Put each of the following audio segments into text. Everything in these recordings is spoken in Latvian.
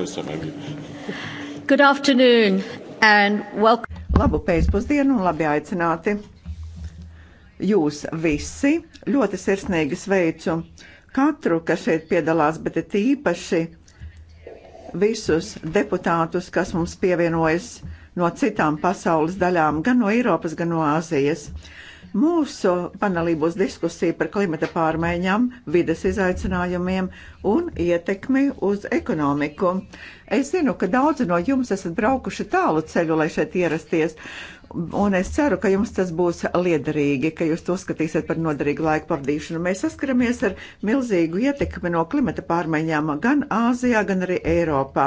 first time I'm here. Good afternoon and welcome. Labu pēcpusdienu un labi aicināti. Jūs visi ļoti sirsnīgi sveicu katru, kas šeit piedalās, bet ir īpaši visus deputātus, kas mums pievienojas no citām pasaules daļām, gan no Eiropas, gan no Āzijas. Uh, Mūsu panelī būs diskusija par klimata pārmaiņām, vides izaicinājumiem un ietekmi uz ekonomiku. Es zinu, ka daudzi no jums esat braukuši tālu ceļu, lai šeit ierasties, un es ceru, ka jums tas būs liederīgi, ka jūs to skatīsiet par noderīgu laiku pavadīšanu. Mēs saskaramies ar milzīgu ietekmi no klimata pārmaiņām gan Āzijā, gan arī Eiropā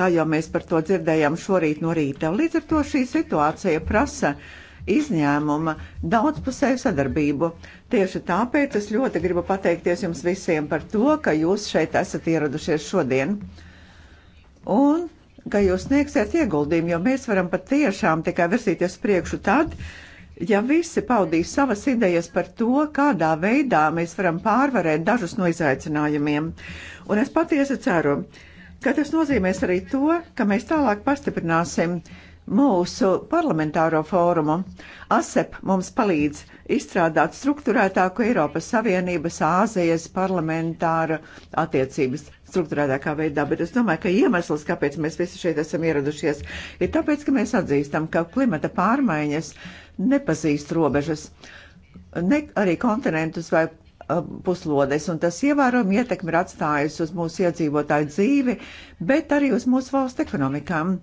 kā jau mēs par to dzirdējām šorīt no rīta. Līdz ar to šī situācija prasa izņēmuma daudzpusēju sadarbību. Tieši tāpēc es ļoti gribu pateikties jums visiem par to, ka jūs šeit esat ieradušies šodien. Un ka jūs sniegsiet ieguldījumu, jo mēs varam patiešām tikai virzīties priekšu tad, ja visi paudīs savas idejas par to, kādā veidā mēs varam pārvarēt dažus no izaicinājumiem. Un es patiesi ceru, ka tas nozīmēs arī to, ka mēs tālāk pastiprināsim mūsu parlamentāro fórumu. ASEP mums palīdz izstrādāt struktūrētāku Eiropas Savienības, Āzijas parlamentāru attiecības struktūrētākā veidā, bet es domāju, ka iemesls, kāpēc mēs visi šeit esam ieradušies, ir tāpēc, ka mēs atzīstam, ka klimata pārmaiņas nepazīst robežas, ne arī kontinentus vai uh, puslodes, un tas ievērojami ietekmi ir atstājusi uz mūsu iedzīvotāju dzīvi, bet arī uz mūsu valstu ekonomikām.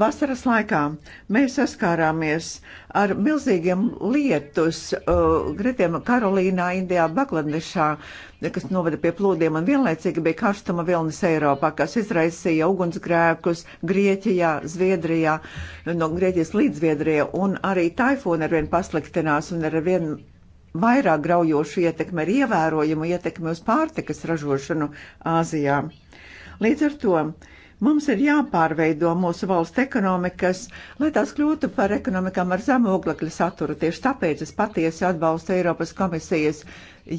Vasaras laikā mēs saskārāmies ar milzīgiem lietus uh, gritiem Karolīnā, Indijā, Bangladešā, kas noveda pie plūdiem, un vienlaicīgi bija karstuma vilnis Eiropā, kas izraisīja ugunsgrēkus Grieķijā, Zviedrijā, no Grieķijas līdz Zviedrijai, un arī taifūni arvien pasliktinās un arvien vairāk graujošu ietekmi ar ievērojumu ietekmi uz pārtikas ražošanu Āzijā. Līdz ar to Mums ir jāpārveido mūsu valsts ekonomikas, lai tās kļūtu par ekonomikām ar zemu oglekļa saturu. Tieši tāpēc es patiesi atbalstu Eiropas komisijas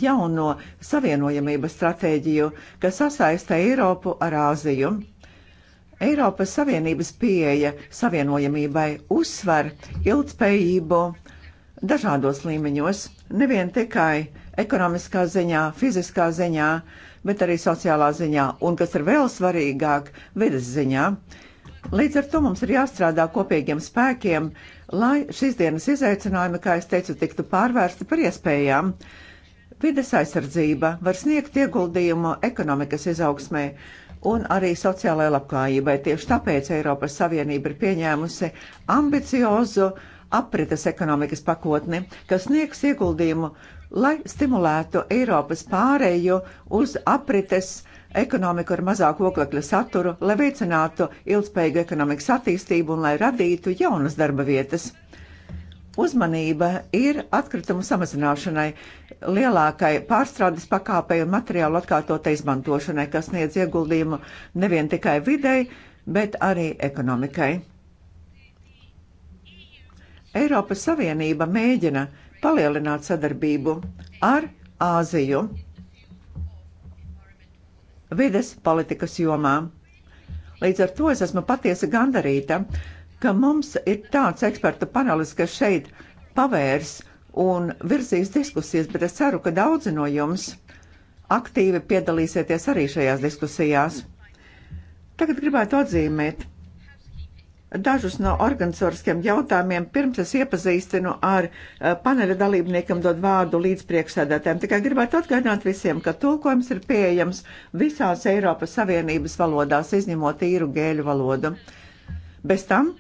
jauno savienojamības stratēģiju, kas sasaista Eiropu ar Āziju. Eiropas Savienības pieeja savienojamībai uzsver ilgspējību dažādos līmeņos, nevien tikai ekonomiskā ziņā, fiziskā ziņā, bet arī sociālā ziņā un, kas ir vēl svarīgāk, vidas ziņā. Līdz ar to mums ir jāstrādā kopīgiem spēkiem, lai šīs dienas izaicinājumi, kā es teicu, tiktu pārvērsti par iespējām. Vides aizsardzība var sniegt ieguldījumu ekonomikas izaugsmē, un arī sociālajai labklājībai. Tieši tāpēc Eiropas Savienība ir pieņēmusi ambiciozu aprites ekonomikas pakotni, kas sniegs ieguldījumu lai stimulētu Eiropas pārēju uz aprites ekonomiku ar mazāku oglekļa saturu, lai veicinātu ilgspējīgu ekonomikas attīstību un lai radītu jaunas darba vietas. Uzmanība ir atkritumu samazināšanai, lielākai pārstrādes pakāpei un materiālu atkārtotai izmantošanai, kas sniedz ieguldījumu nevien tikai videi, bet arī ekonomikai. Eiropas Savienība mēģina palielināt sadarbību ar Āziju vides politikas jomā. Līdz ar to es esmu patiesi gandarīta, ka mums ir tāds eksperta panelis, kas šeit pavērs un virzīs diskusijas, bet es ceru, ka daudzi no jums aktīvi piedalīsieties arī šajās diskusijās. Tagad gribētu atzīmēt dažus no organizatoriskiem jautājumiem. Pirms es iepazīstinu ar eh, paneļa dalībniekam dod vārdu līdz priekšsēdētājiem. Tikai gribētu atgādināt visiem, ka tulkojums ir pieejams visās Eiropas Savienības valodās, izņemot īru gēļu valodu. Bez tam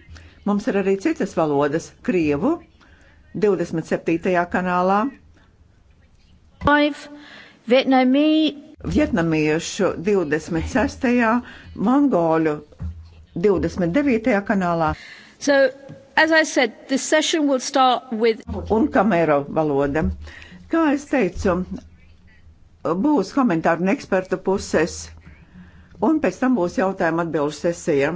mums ir arī citas valodas - Krievu 27. kanālā. Five, Vietnamiešu 26. mongoļu 29. kanālā. So, said, with... Un kamēro valoda. Kā es teicu, būs komentāri no eksperta puses, un pēc tam būs jautājuma atbilžu sesija.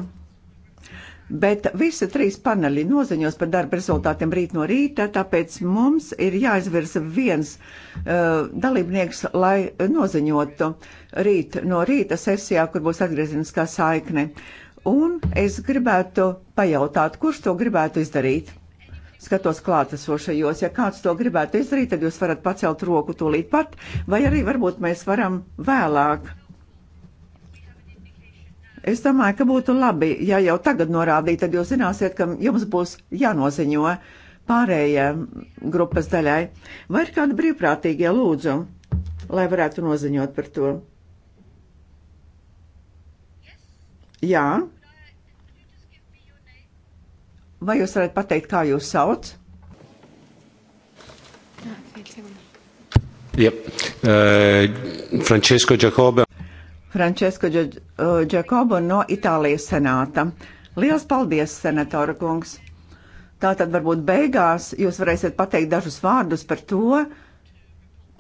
Bet visi trīs paneļi noziņos par darba rezultātiem rīt no rīta, tāpēc mums ir jāizvirza viens uh, dalībnieks, lai noziņotu rīt no rīta sesijā, kur būs atgrieziniskā saikne. Uh, Un es gribētu pajautāt, kurš to gribētu izdarīt? Skatos klātesošajos, ja kāds to gribētu izdarīt, tad jūs varat pacelt roku tūlīt pat, vai arī varbūt mēs varam vēlāk. Es domāju, ka būtu labi, ja jau tagad norādīt, tad jūs zināsiet, ka jums būs jānoziņo pārējai grupas daļai. Vai ir kādi brīvprātīgie lūdzu, lai varētu noziņot par to? Jā. Vai jūs varat pateikt, kā jūs sauc? Yep. Uh, Francesco Giacobbe. Francesco Giacobbe no Itālijas senāta. Lielas paldies, senatora kungs! Tātad varbūt beigās jūs varēsiet pateikt dažus vārdus par to,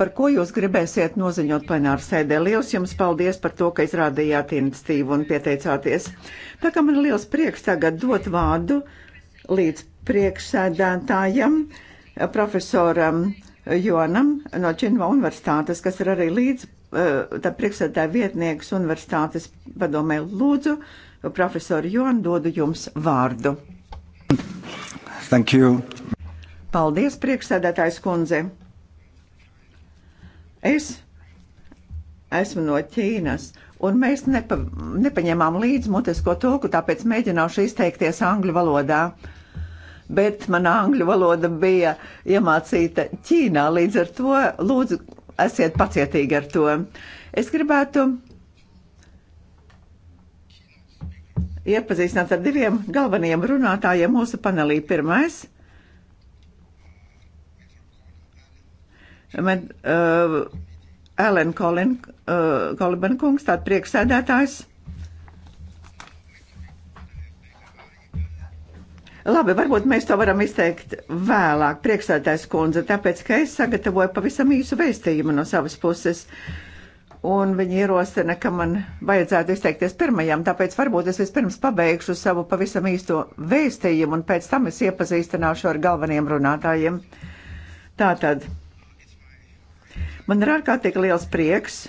par ko jūs gribēsiet noziņot plenāru sēdē. Liels jums paldies par to, ka izrādījāt iniciatīvu un pieteicāties. Tā kā man ir liels prieks tagad dot vārdu uh, līdz priekšsēdētājam, profesoram Jonam no Činva universitātes, kas ir arī līdz eh, priekšsēdētāja vietnieks universitātes padomē. Lūdzu, profesoru Jonu, dodu jums vārdu. Thank you. Paldies, priekšsēdētājs kundze. Es esmu no Ķīnas, un mēs nepa, nepaņēmām līdzi mutisko tulku, tāpēc mēģināšu izteikties angļu valodā. Bet mana angļu valoda bija iemācīta Ķīnā, līdz ar to lūdzu esiet pacietīgi ar to. Es gribētu iepazīstināt ar diviem galvenajiem runātājiem mūsu panelī. Pirmais - uh, Ellen Colin uh, Galiban kungs, tātad prieksēdētājs. Labi, varbūt mēs to varam izteikt vēlāk, priekšsēdētājs kundze, tāpēc, ka es sagatavoju pavisam īsu vēstījumu no savas puses. Un viņi ierosina, ka man vajadzētu izteikties pirmajam, tāpēc varbūt es vispirms pabeigšu savu pavisam īsto vēstījumu, un pēc tam es iepazīstināšu ar galveniem runātājiem. Tātad. Man ir ārkārtīgi liels prieks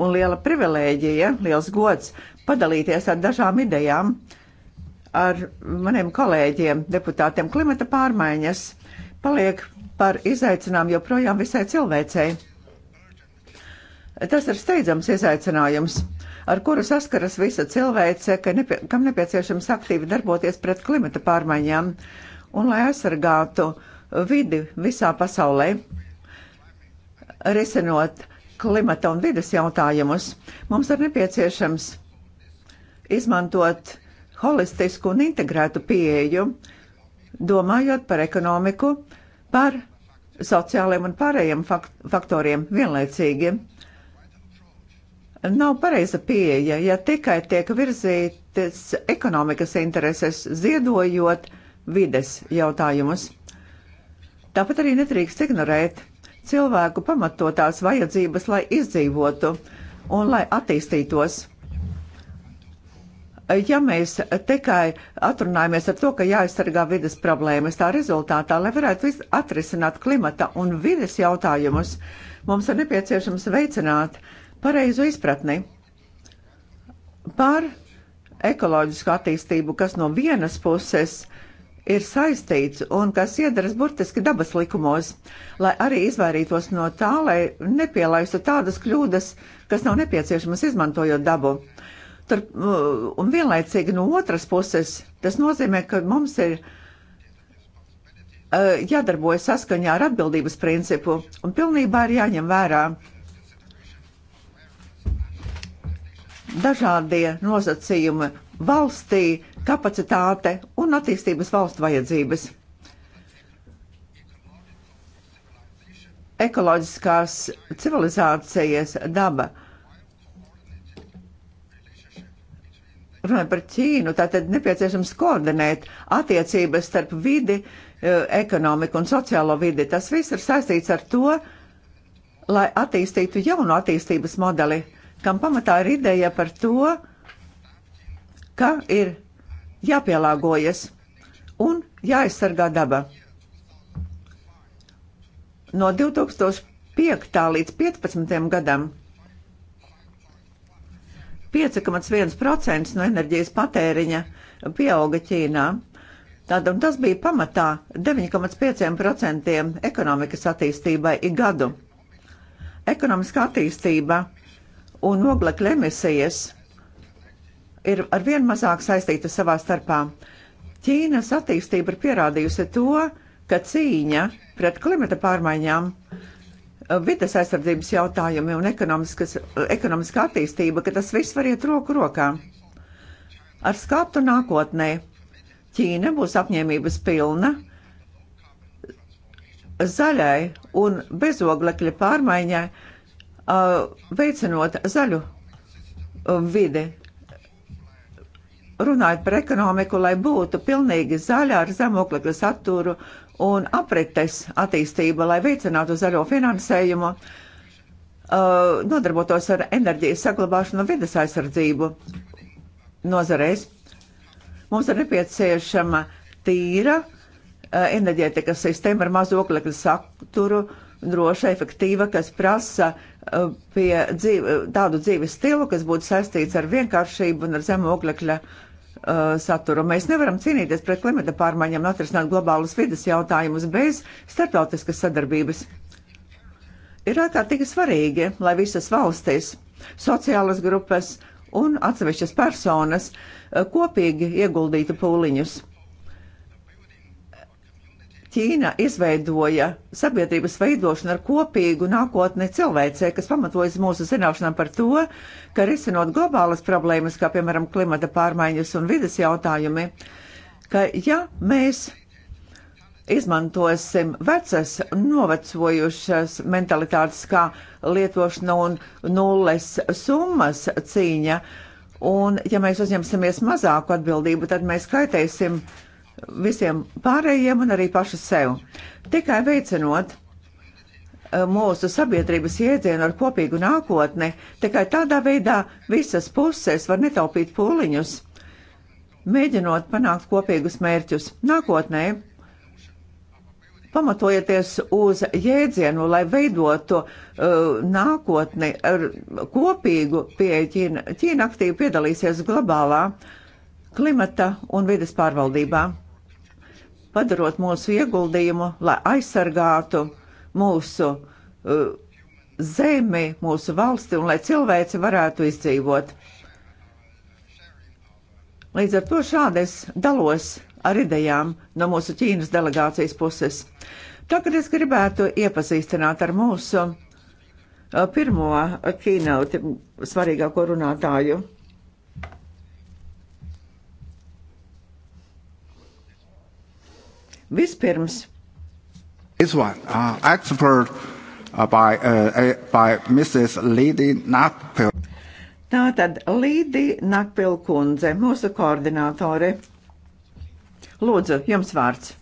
un liela privilēģija, liels gods padalīties ar dažām idejām ar maniem kolēģiem, deputātiem. Klimata pārmaiņas paliek par izaicinājumu joprojām visai cilvēcei. Tas ir steidzams izaicinājums, ar kuru saskaras visa cilvēce, ka nepie, kam nepieciešams aktīvi darboties pret klimata pārmaiņām un lai aizsargātu vidi visā pasaulē, risinot klimata un vidas jautājumus, mums ir nepieciešams izmantot holistisku un integrētu pieeju, domājot par ekonomiku, par sociāliem un pārējiem faktoriem vienlaicīgi. Nav pareiza pieeja, ja tikai tiek virzītas ekonomikas intereses, ziedojot vides jautājumus. Tāpat arī netrīkst ignorēt cilvēku pamatotās vajadzības, lai izdzīvotu un lai attīstītos. Ja mēs tikai atrunājamies ar to, ka jāaizsargā vidas problēmas, tā rezultātā, lai varētu atrisināt klimata un vides jautājumus, mums ir nepieciešams veicināt pareizu izpratni par ekoloģisku attīstību, kas no vienas puses ir saistīts un kas iedaras burtiski dabas likumos, lai arī izvairītos no tā, lai nepielaistu tādas kļūdas, kas nav nepieciešamas izmantojot dabu. Tur, uh, un vienlaicīgi no otras puses tas nozīmē, ka mums ir uh, jādarbojas saskaņā ar atbildības principu un pilnībā ir jāņem vērā dažādie nosacījumi valstī, kapacitāte un attīstības valstu vajadzības. Ekoloģiskās civilizācijas daba. Runājot par Ķīnu, tātad nepieciešams koordinēt attiecības starp vidi, eh, ekonomiku un sociālo vidi. Tas viss ir saistīts ar to, lai attīstītu jaunu attīstības modeli, kam pamatā ir ideja par to, ka ir jāpielāgojas un jāaizsargā daba. No 2005. līdz 2015. gadam 5,1% no enerģijas patēriņa pieauga Ķīnā. Tātad tas bija pamatā 9,5% ekonomikas attīstībai ik gadu. Ekonomiskā attīstība un oglekļa emisijas ir arvien mazāk saistītas savā starpā. Ķīnas attīstība ir pierādījusi to, ka cīņa pret klimata pārmaiņām, vides aizsardzības jautājumi un ekonomiskā attīstība, ka tas viss var iet roku rokā. Ar skatu nākotnē Ķīna būs apņēmības pilna zaļai un bezoglekļa pārmaiņai, uh, veicinot zaļu um, vidi runājot par ekonomiku, lai būtu pilnīgi zaļa ar zemoklekļa saturu un aprites attīstība, lai veicinātu zaļo finansējumu, uh, nodarbotos ar enerģijas saglabāšanu un vides aizsardzību nozareiz. Mums ir nepieciešama tīra uh, enerģētikas sistēma ar mazu oglekļa saturu, droša, efektīva, kas prasa uh, pie dzīve, tādu dzīves stilu, kas būtu saistīts ar vienkāršību un ar zemu oglekļa Uh, saturu. Mēs nevaram cīnīties pret klimata pārmaiņām un atrisināt globālus vidas jautājumus bez starptautiskas sadarbības. Ir ārkārtīgi svarīgi, lai visas valstis, sociālas grupas un atsevišķas personas uh, kopīgi ieguldītu pūliņus. Ķīna izveidoja sabiedrības veidošanu ar kopīgu nākotni cilvēcei, kas pamatojas mūsu zināšanām par to, ka risinot globālas problēmas, kā piemēram klimata pārmaiņas un vidas jautājumi, ka ja mēs izmantosim vecas, novecojušas mentalitātes kā lietošana un nulles summas cīņa, un ja mēs uzņemsimies mazāku atbildību, tad mēs kaitēsim uh, visiem pārējiem un arī pašu sev. Tikai veicinot eh, mūsu sabiedrības jēdzienu ar kopīgu nākotni, tikai tādā veidā visas puses var netaupīt pūliņus, mēģinot panākt kopīgus mērķus nākotnē. Pamatojoties uz jēdzienu, lai veidotu uh, nākotni ar kopīgu pieeju Ķīna, Ķīna aktīvi piedalīsies globālā klimata un vides pārvaldībā padarot mūsu ieguldījumu, lai aizsargātu mūsu uh, zemi, mūsu valsti un lai cilvēci varētu izdzīvot. Līdz ar to šādi es dalos ar idejām no mūsu Ķīnas delegācijas puses. Tagad es gribētu iepazīstināt ar mūsu uh, pirmo kīnauti svarīgāko runātāju. Vispirms. This one, uh, expert uh, by, uh, by Mrs. Lidi Nakpil. Tātad Lidi Nakpil kundze, mūsu koordinātore. Lūdzu, jums vārds.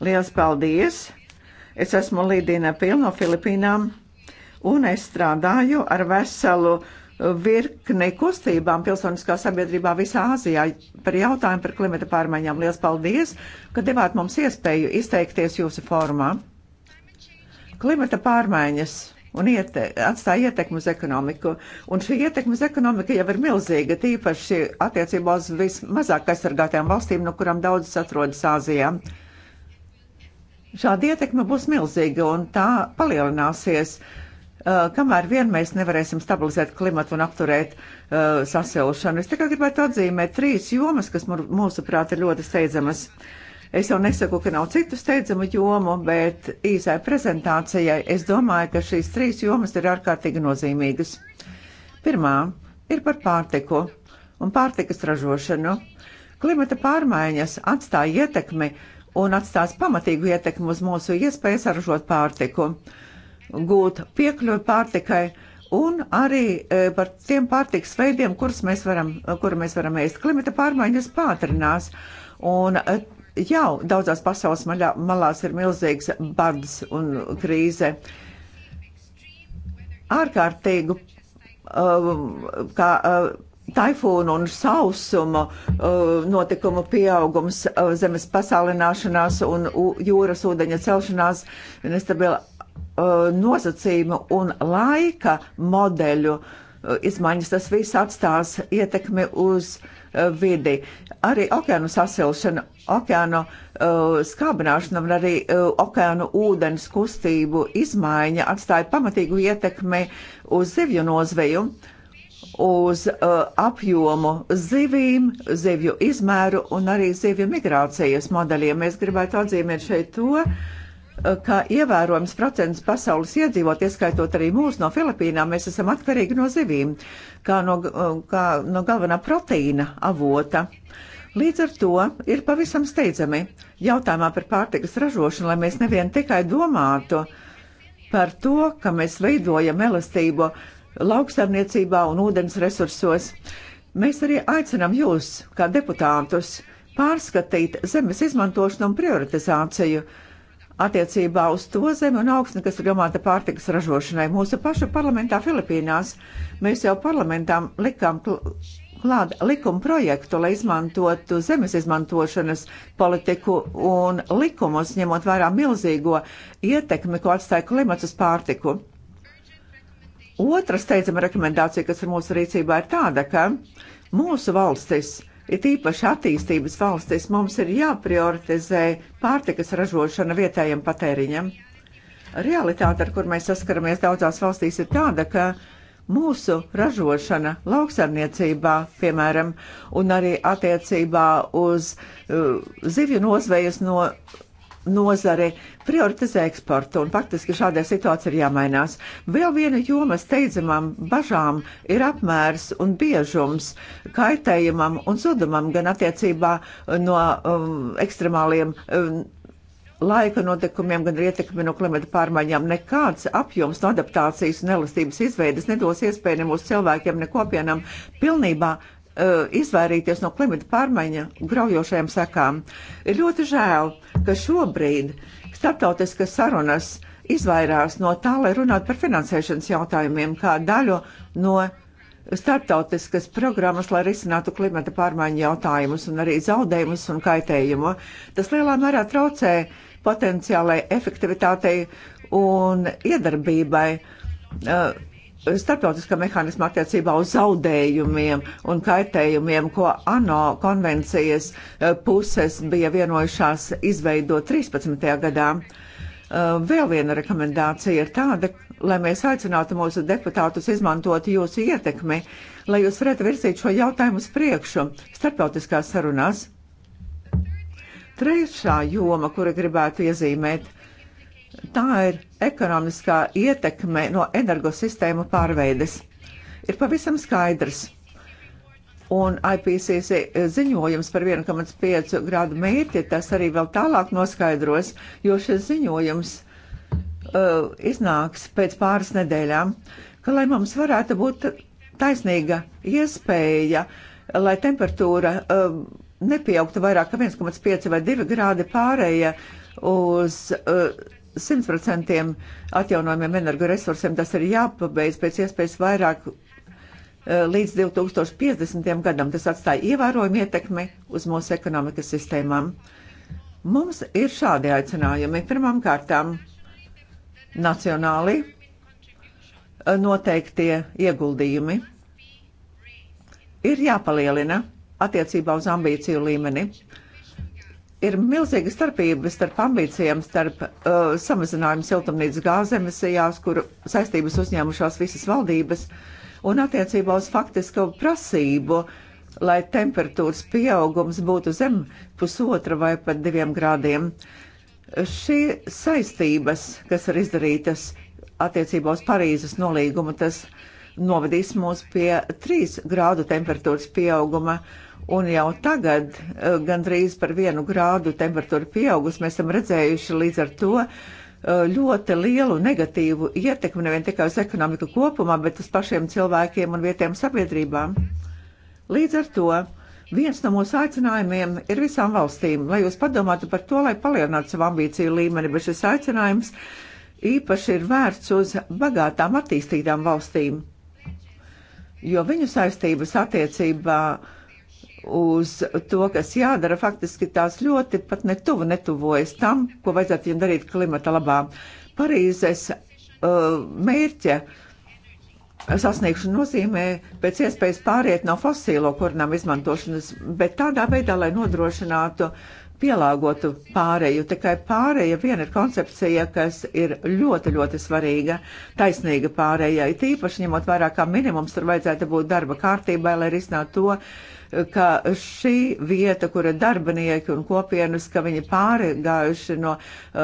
Liels paldies! Es esmu Lidina Pilno Filipīnām un es strādāju ar veselu uh, virkni kustībām pilsoniskā sabiedrībā visā Āzijā par jautājumu par klimata pārmaiņām. Lielas paldies, ka devāt mums iespēju izteikties jūsu formā. Klimata pārmaiņas un iete, atstāja ietekmi uz ekonomiku. Un šī ietekme uz ekonomiku jau ir milzīga, tīpaši attiecībā uz vismazāk aizsargātajām valstīm, no kurām daudzas atrodas Āzijā. Šāda ietekme būs milzīga un tā palielināsies. Uh, Uh, kamēr vien mēs nevarēsim stabilizēt klimatu un apturēt uh, sasilšanu. Es tikai gribētu atzīmēt trīs jomas, kas mūsuprāt ir ļoti steidzamas. Es jau nesaku, ka nav citu steidzamu jomu, bet īsai prezentācijai es domāju, ka šīs trīs jomas ir ārkārtīgi nozīmīgas. Pirmā ir par pārtiku un pārtikas ražošanu. Klimata pārmaiņas atstāja ietekmi un atstās pamatīgu ietekmi uz mūsu iespēju saražot pārtiku. Uh, gūt piekļuvi pārtikai un arī e, par tiem pārtiks veidiem, kurus mēs varam, kuru mēs varam ēst. Klimata pārmaiņas pātrinās. Un e, jau daudzās pasaules maļā, malās ir milzīgs bads un krīze. Ārkārtīgu e, kā taifūnu un sausumu notikumu pieaugums, zemes pasālināšanās un jūras ūdeņa celšanās, nestabila Uh, nosacījumu un laika modeļu uh, izmaiņas, tas viss atstās ietekmi uz uh, vidi. Arī okeānu sasilšana, okeānu uh, skābināšana un arī uh, okeānu ūdens kustību izmaiņa atstāja pamatīgu ietekmi uz zivju nozveju, uz uh, apjomu zivīm, zivju izmēru un arī zivju migrācijas modeļiem. Es gribētu atzīmēt šeit to, uh, Eh, ka ievērojams procents pasaules iedzīvot, ieskaitot arī mūs no Filipīnām, mēs esam atkarīgi no zivīm, kā no, eh, kā no galvenā proteīna avota. Līdz ar to ir pavisam steidzami jautājumā par pārtikas ražošanu, lai mēs nevien tikai domātu par to, ka mēs veidojam elastību lauksaimniecībā un ūdens resursos. Mēs arī aicinām jūs, kā deputātus, pārskatīt zemes izmantošanu un prioritizāciju attiecībā uz to zemi un augsni, kas ir domāta pārtikas ražošanai. Mūsu pašu parlamentā Filipīnās mēs jau parlamentām likām klāt likuma projektu, lai izmantotu zemes izmantošanas politiku un likumus, ņemot vērā milzīgo ietekmi, ko atstāja klimats uz pārtiku. Otra steidzama rekomendācija, kas ir mūsu rīcībā, ir tāda, ka mūsu valstis It īpaši attīstības valstīs mums ir jāprioritizē pārtikas ražošana vietējiem patēriņam. Realitāte, ar kur mēs saskaramies daudzās valstīs, ir tāda, ka mūsu ražošana lauksaimniecībā, piemēram, un arī attiecībā uz uh, zivju nozvejas no nozare prioritizē eksportu, un faktiski šādai situācijai ir jāmainās. Vēl viena joma steidzamām bažām ir apmērs un biežums kaitējumam un zudumam gan attiecībā no um, ekstremāliem. Um, laika notikumiem, gan arī ietekmi no klimata pārmaiņām. Nekāds apjoms no adaptācijas un elastības izveides nedos iespēju ne mūsu cilvēkiem, ne kopienam pilnībā Eh, izvairīties no klimata pārmaiņa graujošajām sekām. Ir ļoti žēl, ka šobrīd starptautiskas sarunas izvairās no tā, lai runātu par finansēšanas jautājumiem kā daļu no starptautiskas programmas, lai risinātu klimata pārmaiņu jautājumus un arī zaudējumus un kaitējumu. Tas lielā mērā traucē potenciālai efektivitātei un iedarbībai. Uh, starptautiskā mehānisma attiecībā uz zaudējumiem un kaitējumiem, ko ANO konvencijas eh, puses bija vienojušās izveidot 13. gadā. Eh, vēl viena rekomendācija ir tāda, lai mēs aicinātu mūsu deputātus izmantot jūsu ietekmi, lai jūs varētu virzīt šo jautājumu uz priekšu starptautiskās sarunās. Trešā joma, kura gribētu iezīmēt, ir Tā ir ekonomiskā ietekme no energosistēmu pārveides. Ir pavisam skaidrs. Un IPCC ziņojums par 1,5 grādu mērķi tas arī vēl tālāk noskaidros, jo šis ziņojums uh, iznāks pēc pāris nedēļām, ka lai mums varētu būt taisnīga iespēja, lai temperatūra uh, nepieaugtu vairāk kā 1,5 vai 2 grādi pārēja uz. Uh, 100% atjaunojumiem energoresursiem tas ir jāpabeidz pēc iespējas vairāk eh, līdz 2050. gadam. Tas atstāja ievērojumu ietekmi uz mūsu ekonomikas sistēmām. Mums ir šādi aicinājumi. Pirmām kārtām nacionāli eh, noteiktie ieguldījumi ir jāpalielina attiecībā uz ambīciju līmeni ir milzīga starpība starp ambīcijām, starp uh, samazinājumu siltumnīcas gāzes emisijās, kur saistības uzņēmušās visas valdības, un attiecībā uz faktisko prasību, lai temperatūras pieaugums būtu zem pusotra vai pat diviem grādiem. Šī saistības, kas ir izdarītas attiecībā uz Parīzes nolīgumu, tas ir novadīs mūs pie 3 grādu temperatūras pieauguma. Un jau tagad eh, gandrīz par vienu grādu temperatūra pieaugus, mēs esam redzējuši līdz ar to eh, ļoti lielu negatīvu ietekmi nevien tikai uz ekonomiku kopumā, bet uz pašiem cilvēkiem un vietiem sabiedrībām. Līdz ar to Viens no mūsu aicinājumiem ir visām valstīm, lai jūs padomātu par to, lai palielinātu savu ambīciju līmeni, bet šis aicinājums īpaši ir vērts uz bagātām attīstītām valstīm jo viņu saistības attiecībā uz to, kas jādara, faktiski tās ļoti pat netuvu netuvojas tam, ko vajadzētu viņiem darīt klimata labā. Parīzes uh, mērķa sasniegšana nozīmē pēc iespējas pāriet no fosīlo kurnām izmantošanas, bet tādā veidā, lai nodrošinātu pielāgotu pāreju. Tikai pāreja viena ir koncepcija, kas ir ļoti, ļoti svarīga, taisnīga pārējai. Tīpaši ņemot vairāk kā minimums, tur vajadzētu būt darba kārtībai, lai risinātu to, ka šī vieta, kur ir darbinieki un kopienas, ka viņi pārgājuši no uh,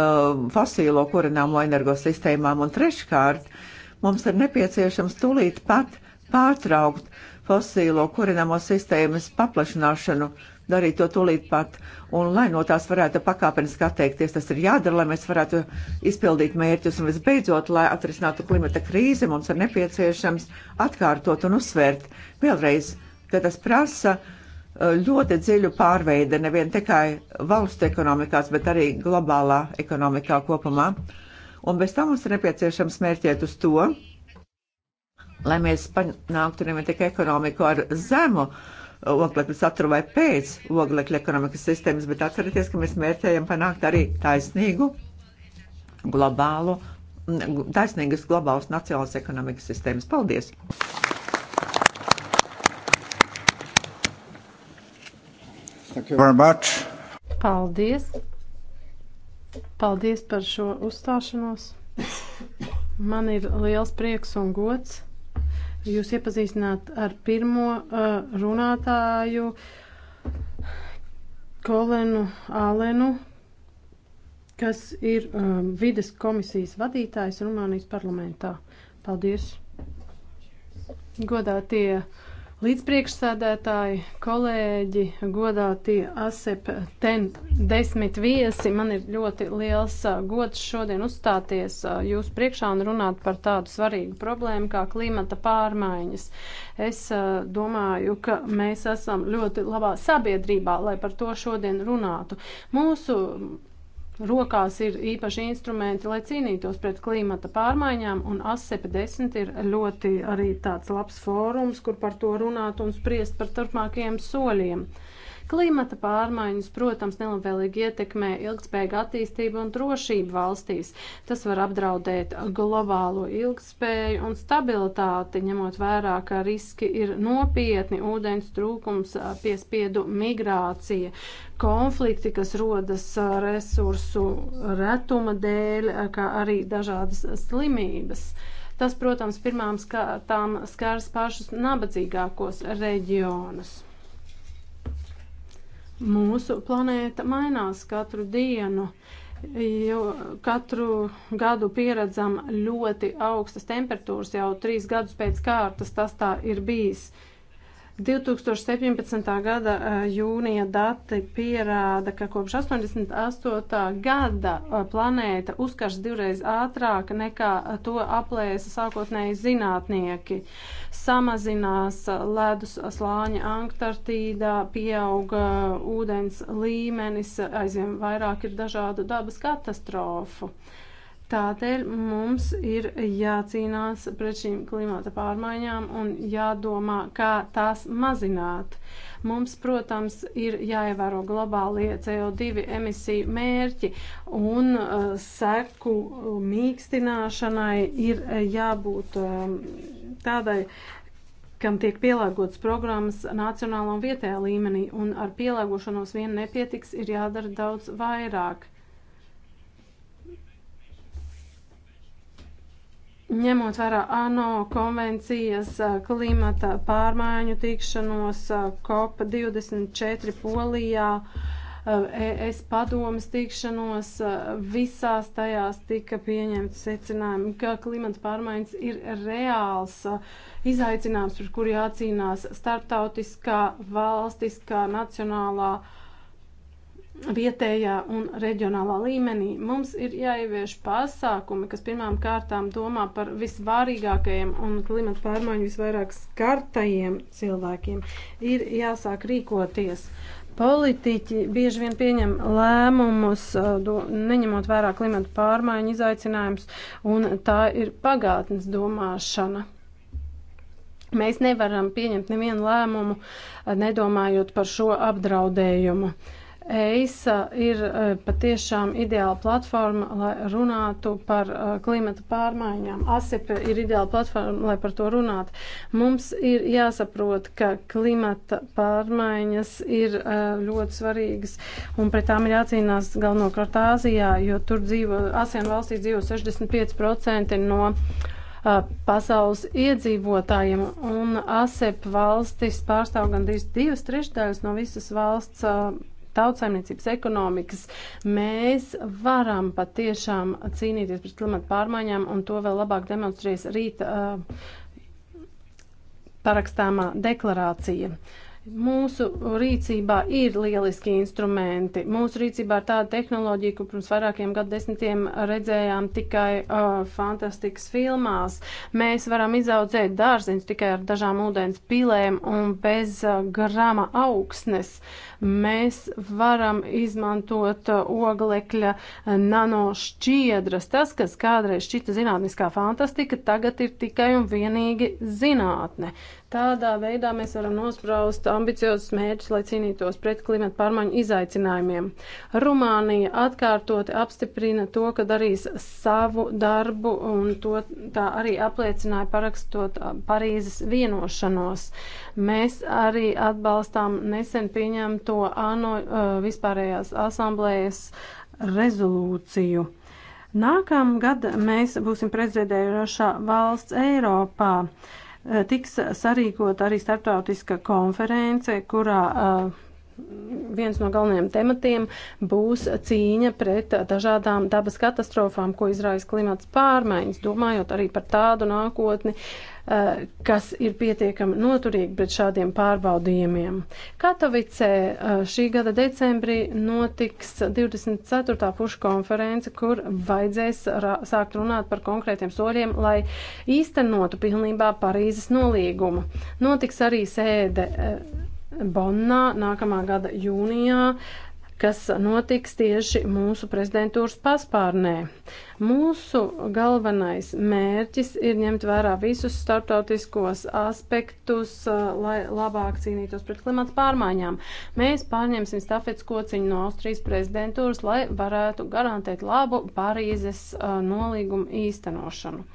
fosīlo kurināmo energosistēmām. Un treškārt, mums ir nepieciešams tūlīt pat pārtraukt fosīlo kurināmo sistēmas paplašināšanu. Uh, darīt to tūlīt pat. Un, lai no tās varētu pakāpeniski atteikties, tas ir jādara, lai mēs varētu izpildīt mērķus. Un visbeidzot, lai atrisinātu klimata krīzi, mums ir nepieciešams atkārtot un uzsvērt vēlreiz, ka tas prasa uh, ļoti dziļu pārveidi nevien tikai valstu ekonomikās, bet arī globālā ekonomikā kopumā. Un bez tam mums ir nepieciešams mērķēt uz to, lai mēs panāktu nevien tikai ekonomiku ar zemu uh, oglekļa saturu vai pēc oglekļa ekonomikas sistēmas, bet atcerieties, ka mēs mērķējam panākt arī taisnīgu globālu, taisnīgas globālas nacionālas ekonomikas sistēmas. Paldies! Paldies! Paldies par šo uzstāšanos. Man ir liels prieks un gods jūs iepazīstināt ar pirmo uh, runātāju Kolenu Alenu, kas ir um, vides komisijas vadītājs Rumānijas parlamentā. Paldies! Godātie! Uh, Līdzpriekšsēdētāji, kolēģi, godātie ASEP ten desmit viesi, man ir ļoti liels gods šodien uzstāties jūsu priekšā un runāt par tādu svarīgu problēmu kā klimata pārmaiņas. Es domāju, ka mēs esam ļoti labā sabiedrībā, lai par to šodien runātu. Mūsu Rokās ir īpaši instrumenti, lai cīnītos pret klimata pārmaiņām, un ASEP 10 ir ļoti arī tāds labs fórums, kur par to runāt un spriest par turpmākajiem soļiem. Uh, Klimata pārmaiņas, protams, nelabvēlīgi ietekmē ilgspējīgu attīstību un drošību valstīs. Tas var apdraudēt globālo ilgspēju un stabilitāti, ņemot vērā, ka riski ir nopietni, ūdens trūkums, piespiedu migrācija konflikti, kas rodas resursu retuma dēļ, kā arī dažādas slimības. Tas, protams, pirmām skār, skars pašus nabadzīgākos reģionus. Mūsu planēta mainās katru dienu, jo katru gadu pieredzam ļoti augstas temperatūras, jau trīs gadus pēc kārtas tas tā ir bijis. Uh, 2017. gada jūnija dati pierāda, ka kopš 88. gada planēta uzkars divreiz ātrāk nekā to aplēsa sākotnēji zinātnieki. Samazinās ledus slāņa Antarktīdā, pieauga ūdens līmenis, aizvien vairāk ir dažādu dabas katastrofu. Uh, Tādēļ mums ir jācīnās pret šīm klimata pārmaiņām un jādomā, kā tās mazināt. Mums, protams, ir jāievēro globālie CO2 emisiju mērķi un uh, seku mīkstināšanai ir uh, jābūt um, tādai kam tiek pielāgotas programmas nacionālā un vietējā līmenī, un ar pielāgošanos vien nepietiks, ir jādara daudz vairāk. ņemot vērā ANO konvencijas klimata pārmaiņu tikšanos COP24 Polijā, ES padomas tikšanos, visās tajās tika pieņemti secinājumi, ka klimata pārmaiņas ir reāls izaicinājums, par kuru jācīnās starptautiskā, valstiskā, nacionālā uh, vietējā un reģionālā līmenī. Mums ir jāievieš pasākumi, kas pirmām kārtām domā par visvārīgākajiem un klimata pārmaiņu visvairāk skartajiem cilvēkiem. Ir jāsāk rīkoties. Politiķi bieži vien pieņem lēmumus, uh, do, neņemot vērā klimata pārmaiņu izaicinājumus, un tā ir pagātnes domāšana. Mēs nevaram pieņemt nevienu lēmumu, uh, nedomājot par šo apdraudējumu. Uh, EISA ir e, patiešām ideāla platforma, lai runātu par e, klimata pārmaiņām. ASEP ir ideāla platforma, lai par to runātu. Mums ir jāsaprot, ka klimata pārmaiņas ir e, ļoti svarīgas un pret tām ir jācīnās galvenokārt Āzijā, jo tur dzīvo, ASEAN valstīs dzīvo 65% no pasaules iedzīvotājiem, un ASEP valstis pārstāv gandrīz divas trešdaļas no visas valsts tautsaimniecības ekonomikas, mēs varam patiešām cīnīties pret klimatu pārmaiņām, un to vēl labāk demonstrēs rīt uh, parakstāmā deklarācija. Uh, Mūsu rīcībā ir lieliski instrumenti. Mūsu rīcībā ir tāda tehnoloģija, ko pirms vairākiem gadsimtiem redzējām tikai uh, fantastikas filmās. Mēs varam izaudzēt dārziņus tikai ar dažām ūdens pilēm un bez uh, grama augsnes. Mēs varam izmantot uh, oglekļa nanošķiedras. Tas, kas kādreiz šķita zinātniskā fantastika, tagad ir tikai un vienīgi zinātne. Uh, Tādā veidā mēs varam nospraust ambiciozus mērķus, lai cīnītos pret klimata pārmaiņu izaicinājumiem. Rumānija atkārtoti apstiprina to, ka darīs savu darbu, un to tā arī apliecināja parakstot Parīzes vienošanos. Mēs arī atbalstām nesen pieņemto ANO vispārējās asamblējas rezolūciju. Nākamgad mēs būsim prezidējošā valsts Eiropā. Uh, tiks sarīkot arī starptautiska konference, kurā uh, viens no galvenajiem tematiem būs cīņa pret dažādām dabas katastrofām, ko izraisa klimats pārmaiņas, domājot arī par tādu nākotni, eh, kas ir pietiekami noturīgi pret šādiem pārbaudījumiem. Katovicē eh, šī gada decembrī notiks 24. pušu konference, kur vajadzēs sākt runāt par konkrētiem soļiem, lai īstenotu pilnībā Parīzes nolīgumu. Notiks arī sēde eh, Bonnā nākamā gada jūnijā, kas notiks tieši mūsu prezidentūras paspārnē. Mūsu galvenais mērķis ir ņemt vērā visus starptautiskos aspektus, uh, lai labāk cīnītos pret klimata pārmaiņām. Mēs pārņemsim stafets kociņu no Austrijas prezidentūras, lai varētu garantēt labu Parīzes uh, nolīgumu īstenošanu.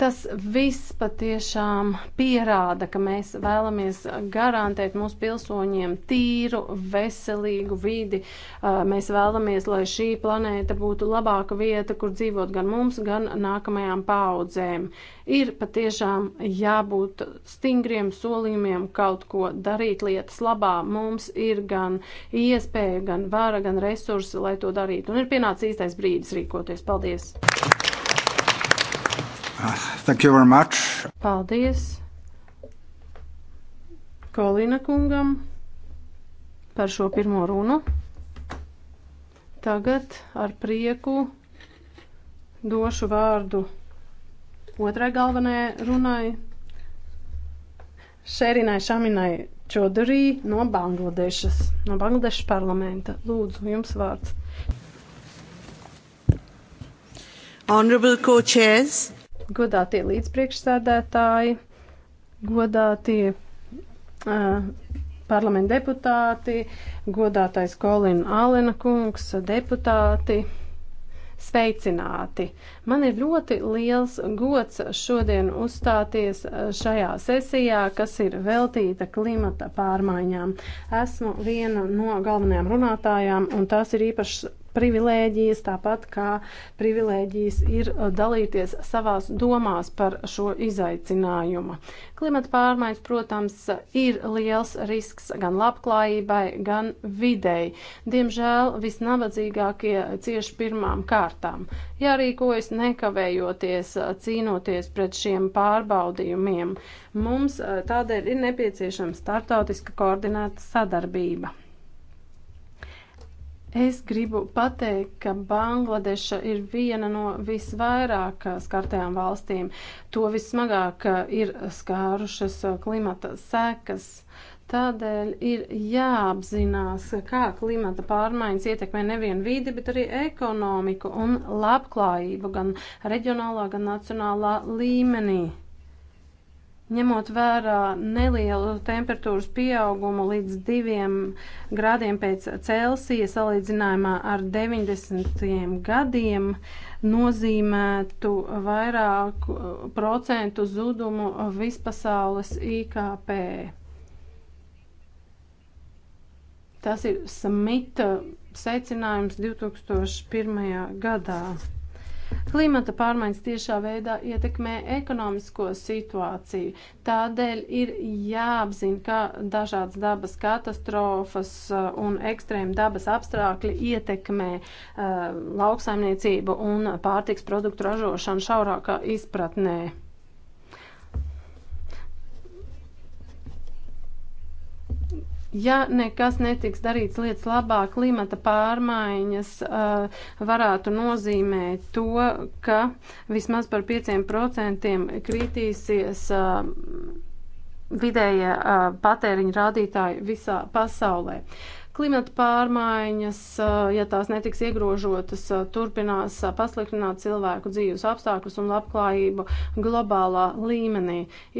Tas viss patiešām pierāda, ka mēs vēlamies garantēt mūsu pilsoņiem tīru, veselīgu vidi. Mēs vēlamies, lai šī planēta būtu labāka vieta, kur dzīvot gan mums, gan nākamajām paudzēm. Ir patiešām jābūt stingriem solījumiem kaut ko darīt lietas labā. Mums ir gan iespēja, gan vara, gan resursi, lai to darītu. Un ir pienācis īstais brīdis rīkoties. Paldies! Thank you very much. Paldies Kolina kungam par šo pirmo runu. Tagad ar prieku došu vārdu otrai galvenajai runai - Šerinai Šaminai Čodurī no Bangladešas, no Bangladešas parlamenta. Lūdzu, jums vārds. Honorable co-chairs, godātie līdzpriekšsēdētāji, godātie uh, parlamenta deputāti, godātais Kolina Alena kungs, deputāti. Sveicināti! Man ir ļoti liels gods šodien uzstāties šajā sesijā, kas ir veltīta klimata pārmaiņām. Esmu viena no galvenajām runātājām, un tas ir īpašs privilēģijas, tāpat kā privilēģijas ir uh, dalīties savās domās par šo izaicinājumu. Klimata pārmaiņas, protams, ir liels risks gan labklājībai, gan videi. Diemžēl visnabadzīgākie cieši pirmām kārtām. Jārīkojas nekavējoties, uh, cīnoties pret šiem pārbaudījumiem. Mums uh, tādēļ ir nepieciešama startautiska koordinēta sadarbība. Es gribu pateikt, ka Bangladeša ir viena no visvairāk skartajām valstīm. To vismagāk ir skārušas klimata sekas. Tādēļ ir jāapzinās, kā klimata pārmaiņas ietekmē nevienu vīdi, bet arī ekonomiku un labklājību gan reģionālā, gan nacionālā līmenī. Ņemot vērā nelielu temperatūras pieaugumu līdz 2 grādiem pēc Celsija salīdzinājumā ar 90. gadiem, nozīmētu vairāk procentu zudumu vispasaules IKP. Tas ir Smita secinājums 2001. gadā. Klimata pārmaiņas tiešā veidā ietekmē ekonomisko situāciju. Tādēļ ir jāapzina, kā dažādas dabas katastrofas uh, un ekstrēma dabas apstākļi ietekmē uh, lauksaimniecību un pārtiks produktu ražošanu šaurākā izpratnē. ja nekas netiks darīts lietas labā, klimata pārmaiņas uh, varētu nozīmēt to, ka vismaz par 5% kritīsies uh, vidējie uh, patēriņa rādītāji visā pasaulē. Uh, Klimata pārmaiņas, eh, ja tās netiks iegrožotas, eh, turpinās eh, pasliktināt cilvēku dzīves apstākļus un labklājību globālā līmenī.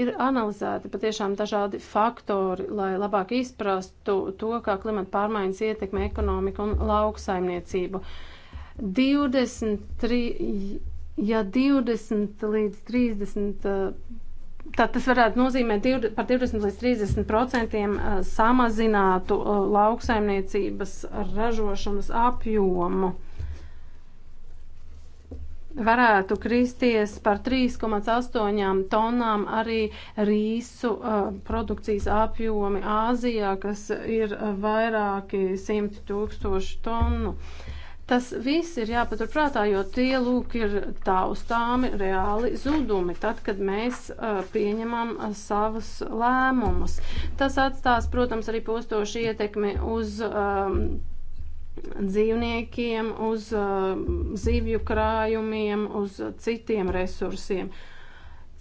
Ir analizēti patiešām dažādi faktori, lai labāk izprastu to, kā klimata pārmaiņas ietekmē ekonomiku un lauksaimniecību. 23, ja 20 līdz 30 Tad tas varētu nozīmēt par 20 līdz 30 procentiem eh, samazinātu eh, lauksaimniecības ražošanas apjomu varētu kristies par 3,8 tonām arī rīsu uh, produkcijas apjomi Āzijā, kas ir vairāki simti tūkstoši tonu. Uh, Tas viss ir jāpaturprātā, jo tie lūk ir taustāmi reāli zudumi, tad, kad mēs uh, pieņemam uh, savus lēmumus. Tas atstās, protams, arī postošu ietekmi uz. Um, dzīvniekiem, uz uh, zivju krājumiem, uz citiem resursiem. Uh,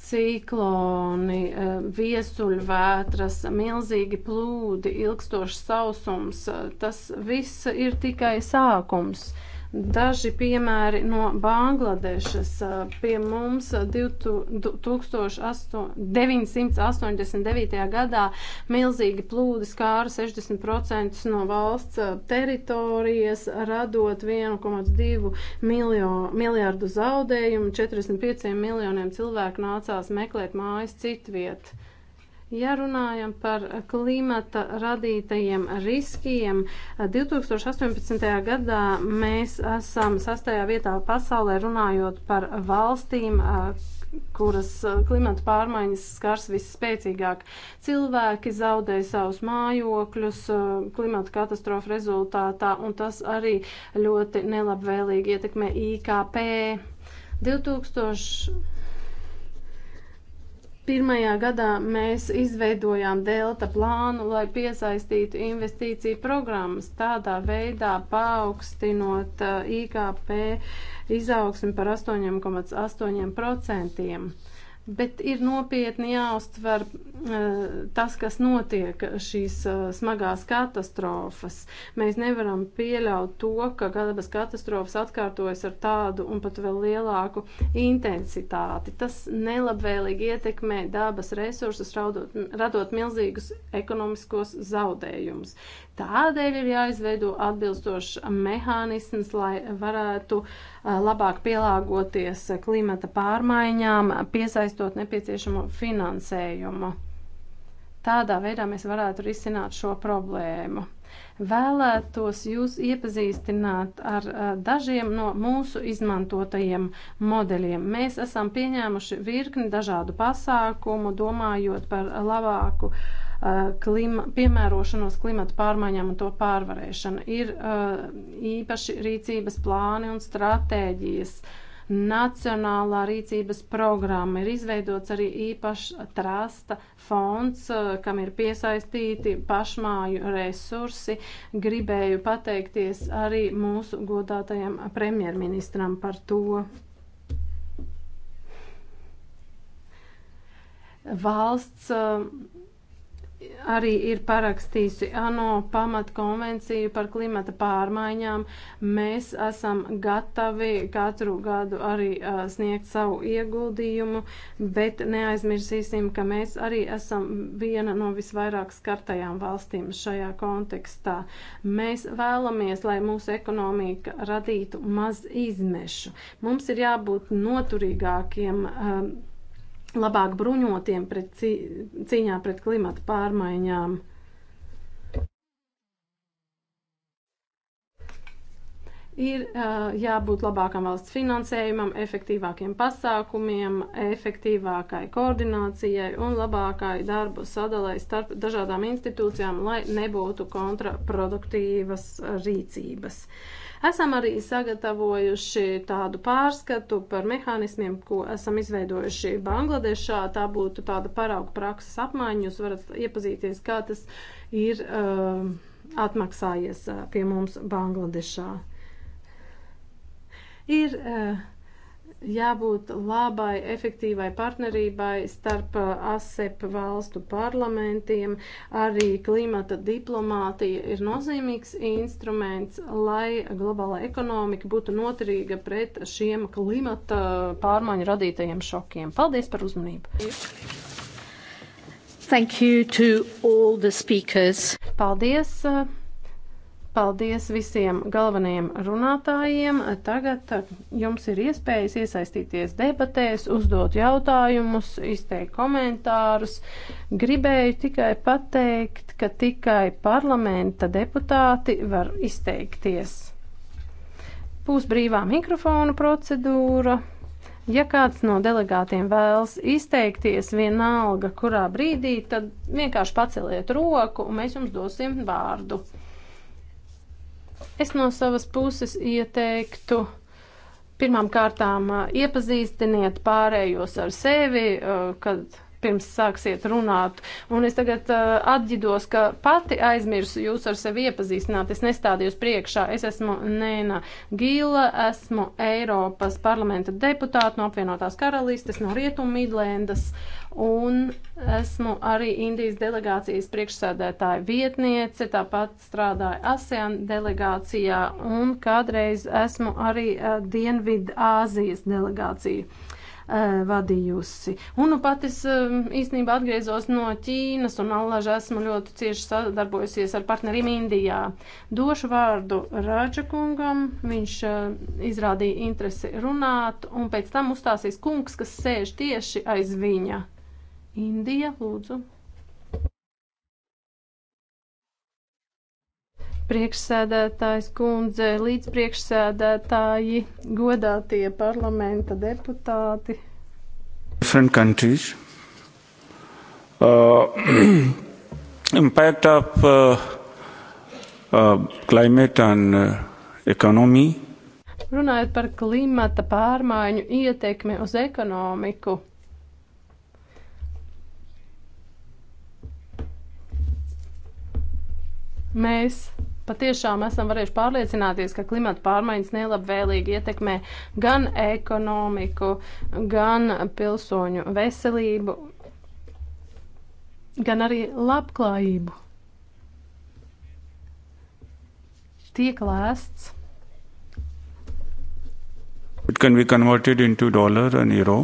cikloni, eh, viesuļvētras, milzīgi plūdi, ilgstošs sausums, eh, tas viss ir tikai sākums. Daži piemēri no Bangladešas. Pie mums 1989. gadā milzīgi plūdi skāra 60% no valsts teritorijas, radot 1,2 miljardu zaudējumu. 45 miljoniem cilvēku nācās meklēt mājas citviet. Ja runājam par klimata radītajiem riskiem, 2018. gadā mēs esam sastajā vietā pasaulē runājot par valstīm, kuras klimata pārmaiņas skars visspēcīgāk. Cilvēki zaudē savus mājokļus klimata katastrofu rezultātā, un tas arī ļoti nelabvēlīgi ietekmē IKP. 2000 Pirmajā gadā mēs izveidojām delta plānu, lai piesaistītu investīciju programmas, tādā veidā paaugstinot IKP izaugsmi par 8,8% bet ir nopietni jāuztver eh, tas, kas notiek šīs eh, smagās katastrofas. Mēs nevaram pieļaut to, ka gadabas katastrofas atkārtojas ar tādu un pat vēl lielāku intensitāti. Tas nelabvēlīgi ietekmē dabas resursus, raudot, radot milzīgus ekonomiskos zaudējumus. Tādēļ ir jāizveido atbilstošs mehānisms, lai varētu labāk pielāgoties klimata pārmaiņām, piesaistot nepieciešamo finansējumu. Tādā veidā mēs varētu risināt šo problēmu vēlētos jūs iepazīstināt ar dažiem no mūsu izmantotajiem modeļiem. Mēs esam pieņēmuši virkni dažādu pasākumu, domājot par labāku uh, Eh, klima, piemērošanos klimata pārmaiņām un to pārvarēšanu. Ir eh, īpaši rīcības plāni un stratēģijas. Nacionālā rīcības programma ir izveidots arī īpašs trasta fonds, eh, kam ir piesaistīti pašmāju resursi. Gribēju pateikties arī mūsu godātajam premjerministram par to. Valsts uh, arī ir parakstījusi ANO pamatkonvenciju par klimata pārmaiņām. Mēs esam gatavi katru gadu arī uh, sniegt savu ieguldījumu, bet neaizmirsīsim, ka mēs arī esam viena no visvairāk skartajām valstīm šajā kontekstā. Mēs vēlamies, lai mūsu ekonomika radītu maz izmešu. Mums ir jābūt noturīgākiem. Uh, labāk bruņotiem pret cīņā pret klimata pārmaiņām. ir uh, jābūt labākam valsts finansējumam, efektīvākiem pasākumiem, efektīvākai koordinācijai un labākai darbu sadalai starp dažādām institūcijām, lai nebūtu kontraproduktīvas rīcības. Uh, Esam arī sagatavojuši tādu pārskatu par mehānismiem, ko esam izveidojuši Bangladešā. Tā būtu tāda parauga prakses apmaiņa. Jūs varat iepazīties, kā tas ir uh, atmaksājies uh, pie mums Bangladešā. Ir uh, jābūt labai efektīvai partnerībai starp uh, ASEP valstu parlamentiem. Arī klimata diplomātija ir nozīmīgs instruments, lai globāla ekonomika būtu noturīga pret šiem klimata pārmaiņu radītajiem šokiem. Paldies par uzmanību! Thank you to all the speakers. Paldies! Uh, Paldies visiem galvenajiem runātājiem. Tagad jums ir iespējas iesaistīties debatēs, uzdot jautājumus, izteikt komentārus. Gribēju tikai pateikt, ka tikai parlamenta deputāti var izteikties. Būs brīvā mikrofona procedūra. Ja kāds no delegātiem vēlas izteikties vienalga kurā brīdī, tad vienkārši paceliet roku un mēs jums dosim vārdu. Es no savas puses ieteiktu. Pirmām kārtām iepazīstiniet pārējos ar sevi, kad pirms sāksiet runāt. Un es tagad uh, atģidos, ka pati aizmirsu jūs ar sevi iepazīstināt. Es nestādījos priekšā. Es esmu Nēna Gila, esmu Eiropas parlamenta deputāta no apvienotās karalistes, no Rietumu Midlendas. Un esmu arī Indijas delegācijas priekšsēdētāja vietniece, tāpat strādāju ASEAN delegācijā un kādreiz esmu arī uh, Dienvidu Āzijas delegācija vadījusi. Un nu pat es īstenībā atgriezos no Ķīnas un allaž esmu ļoti cieši sadarbojusies ar partneriem Indijā. Došu vārdu Rāčakungam, viņš izrādīja interesi runāt un pēc tam uzstāsies kungs, kas sēž tieši aiz viņa. Indija, lūdzu. Priekšsēdētājs kundze, līdzpriekšsēdētāji, godātie parlamenta deputāti. Different countries. Uh, impact of uh, uh, climate and uh, economy. Runājot par klimata pārmaiņu ietekmi uz ekonomiku. Mēs patiešām esam varējuši pārliecināties, ka klimata pārmaiņas nelabvēlīgi ietekmē gan ekonomiku, gan pilsoņu veselību, gan arī labklājību. Tiek lēsts. It can be converted into dollar and euro.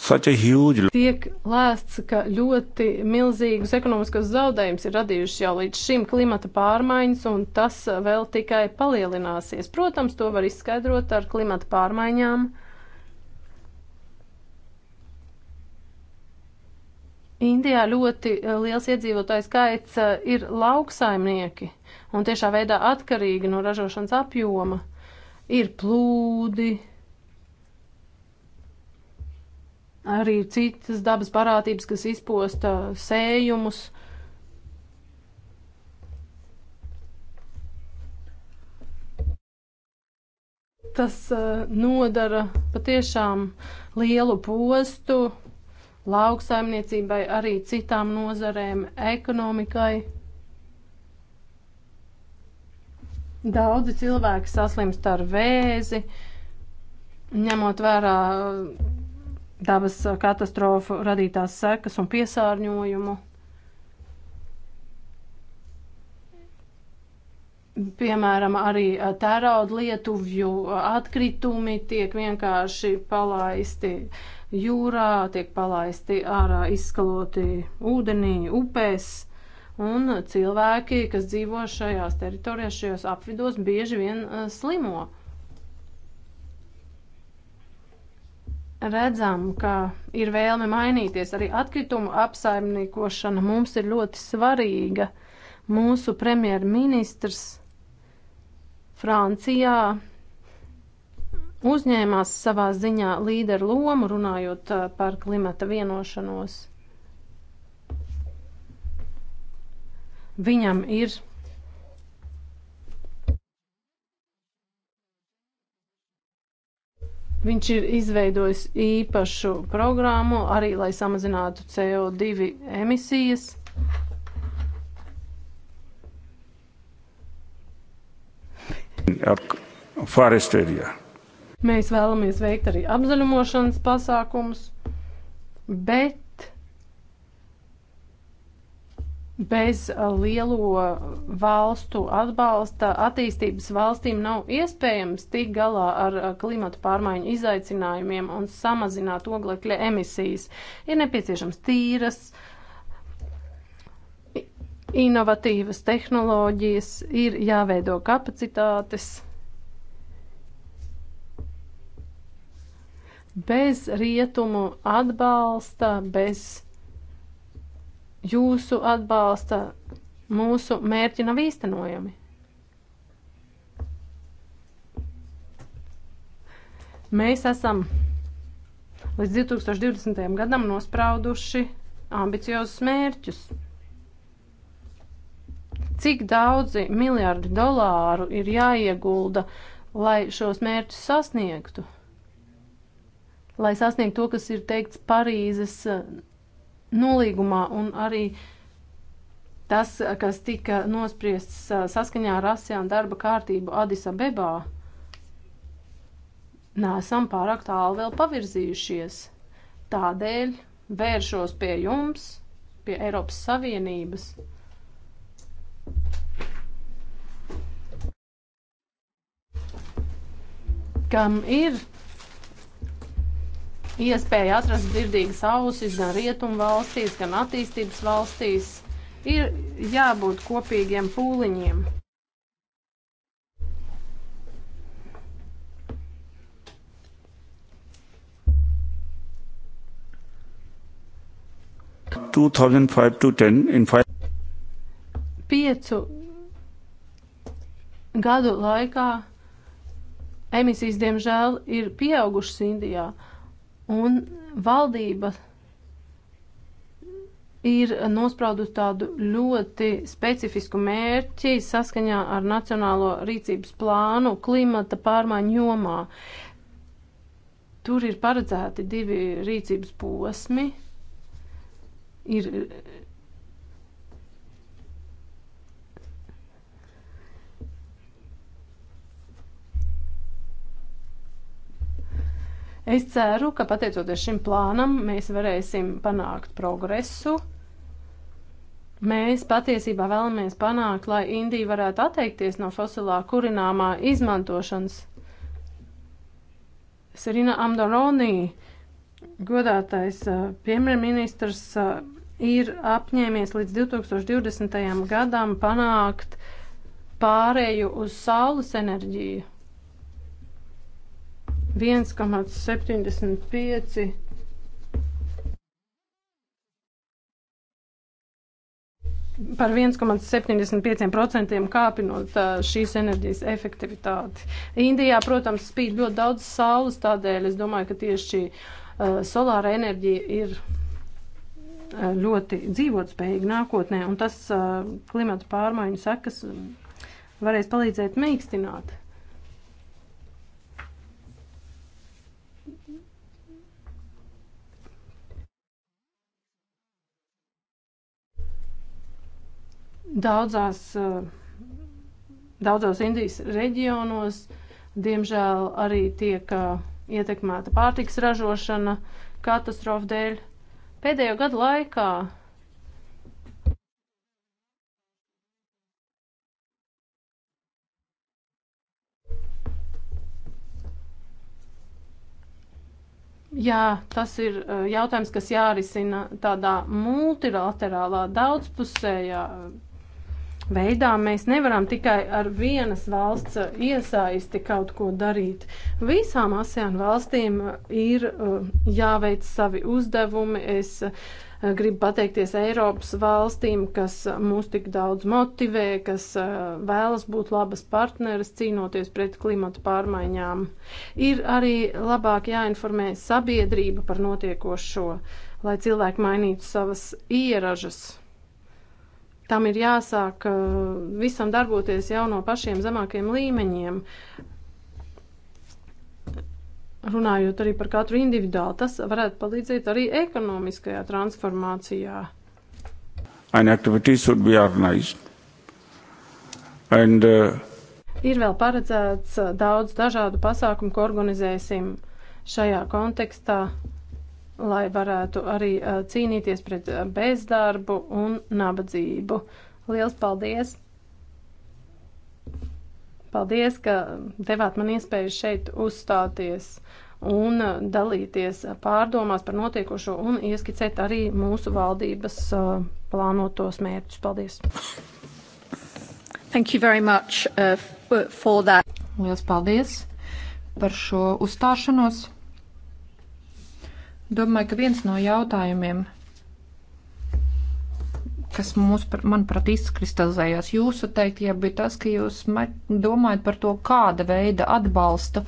Huge... Tiek lēsts, ka ļoti milzīgus ekonomiskos zaudējumus ir radījuši jau līdz šim klimata pārmaiņas, un tas vēl tikai palielināsies. Protams, to var izskaidrot ar klimata pārmaiņām. Indijā ļoti eh, liels iedzīvotājs skaits eh, ir lauksaimnieki un tiešā veidā atkarīgi no ražošanas apjoma. Ir plūdi, arī citas dabas parādības, kas izposta sējumus. Tas uh, nodara patiešām lielu postu lauksaimniecībai, arī citām nozarēm, ekonomikai. Daudzi cilvēki saslimst ar vēzi, ņemot vērā uh, dabas eh, katastrofu radītās sekas un piesārņojumu. Piemēram, arī eh, tērauda lietuvju eh, atkritumi tiek vienkārši palaisti jūrā, tiek palaisti ārā izskaloti ūdenī, upēs. Un cilvēki, kas dzīvo šajās teritorijās, šajos apvidos, bieži vien slimo. redzam, ka ir vēlme mainīties. Arī atkritumu apsaimniekošana mums ir ļoti svarīga. Mūsu premjerministrs Francijā uzņēmās savā ziņā līderu lomu runājot uh, par klimata vienošanos. Viņam ir Viņš ir izveidojis īpašu programmu arī, lai samazinātu CO2 emisijas. Forestērijā. Mēs vēlamies veikt arī apzaļumošanas pasākums, bet Bez uh, lielo uh, valstu atbalsta attīstības valstīm nav iespējams tikt galā ar uh, klimatu pārmaiņu izaicinājumiem un samazināt oglekļa emisijas. Ir nepieciešams tīras, inovatīvas tehnoloģijas, ir jāveido kapacitātes. bez rietumu atbalsta, bez jūsu atbalsta mūsu mērķi nav īstenojami. Mēs esam līdz 2020. gadam nosprauduši ambiciozus mērķus. Cik daudzi miljardi dolāru ir jāiegulda, lai šos mērķus sasniegtu? Lai sasniegtu to, kas ir teikts Parīzes nolīgumā un arī tas, kas tika nospriests saskaņā ar ASEAN darba kārtību Adisa Bebā, nesam pārāk tālu vēl pavirzījušies. Tādēļ vēršos pie jums, pie Eiropas Savienības. Kam ir iespēja atrast dzirdīgas ausis gan rietumu valstīs, gan attīstības valstīs. Ir jābūt kopīgiem pūliņiem. Piecu gadu laikā emisijas, diemžēl, ir pieaugušas Indijā. Uh, Un valdība ir nospraudusi tādu ļoti specifisku mērķi saskaņā ar Nacionālo rīcības plānu klimata pārmaiņu jomā. Tur ir paredzēti divi rīcības posmi. Ir Es ceru, ka pateicoties šim plānam, mēs varēsim panākt progresu. Mēs patiesībā vēlamies panākt, lai Indija varētu atteikties no fosilā kurināmā izmantošanas. Sirina Amdoronī, godātais eh, premjerministrs, eh, ir apņēmies līdz 2020. gadam panākt pārēju uz saules enerģiju. 1,75 par 1,75% kāpinot šīs enerģijas efektivitāti. Indijā, protams, spīd ļoti daudz saules, tādēļ es domāju, ka tieši šī uh, solāra enerģija ir uh, ļoti dzīvotspējīga nākotnē, un tas uh, klimata pārmaiņu sekas varēs palīdzēt mīkstināt. Daudzās, daudzos Indijas reģionos, diemžēl, arī tiek ietekmēta pārtiks ražošana katastrofu dēļ. Pēdējo gadu laikā Jā, tas ir jautājums, kas jārisina tādā multilaterālā, daudzpusējā veidā mēs nevaram tikai ar vienas valsts uh, iesaisti kaut ko darīt. Visām ASEAN valstīm uh, ir uh, jāveic savi uzdevumi. Es gribu pateikties Eiropas valstīm, kas mūs tik daudz motivē, kas vēlas būt labas partneres cīnoties pret klimatu pārmaiņām. Ir arī labāk jāinformē sabiedrība par notiekošo, lai cilvēki mainītu savas ieražas. Tam ir jāsāk uh, visam darboties jau no pašiem zemākiem līmeņiem. Runājot arī par katru individuāli, tas varētu palīdzēt arī ekonomiskajā transformācijā. And activities should be organized. And, uh... Ir vēl paredzēts uh, daudz dažādu pasākumu, ko organizēsim šajā kontekstā lai varētu arī eh, cīnīties pret eh, bezdarbu un nabadzību. Liels paldies! Paldies, ka devāt man iespēju šeit uzstāties un eh, dalīties pārdomās par notiekošo un ieskicēt arī mūsu valdības plānotos mērķus. Paldies! Thank you very much uh, for that. Lielas paldies par šo uzstāšanos. Domāju, ka viens no jautājumiem, kas mums, manuprāt, izkristalizējās jūsu teiktajā, bija tas, ka jūs domājat par to, kāda veida atbalstu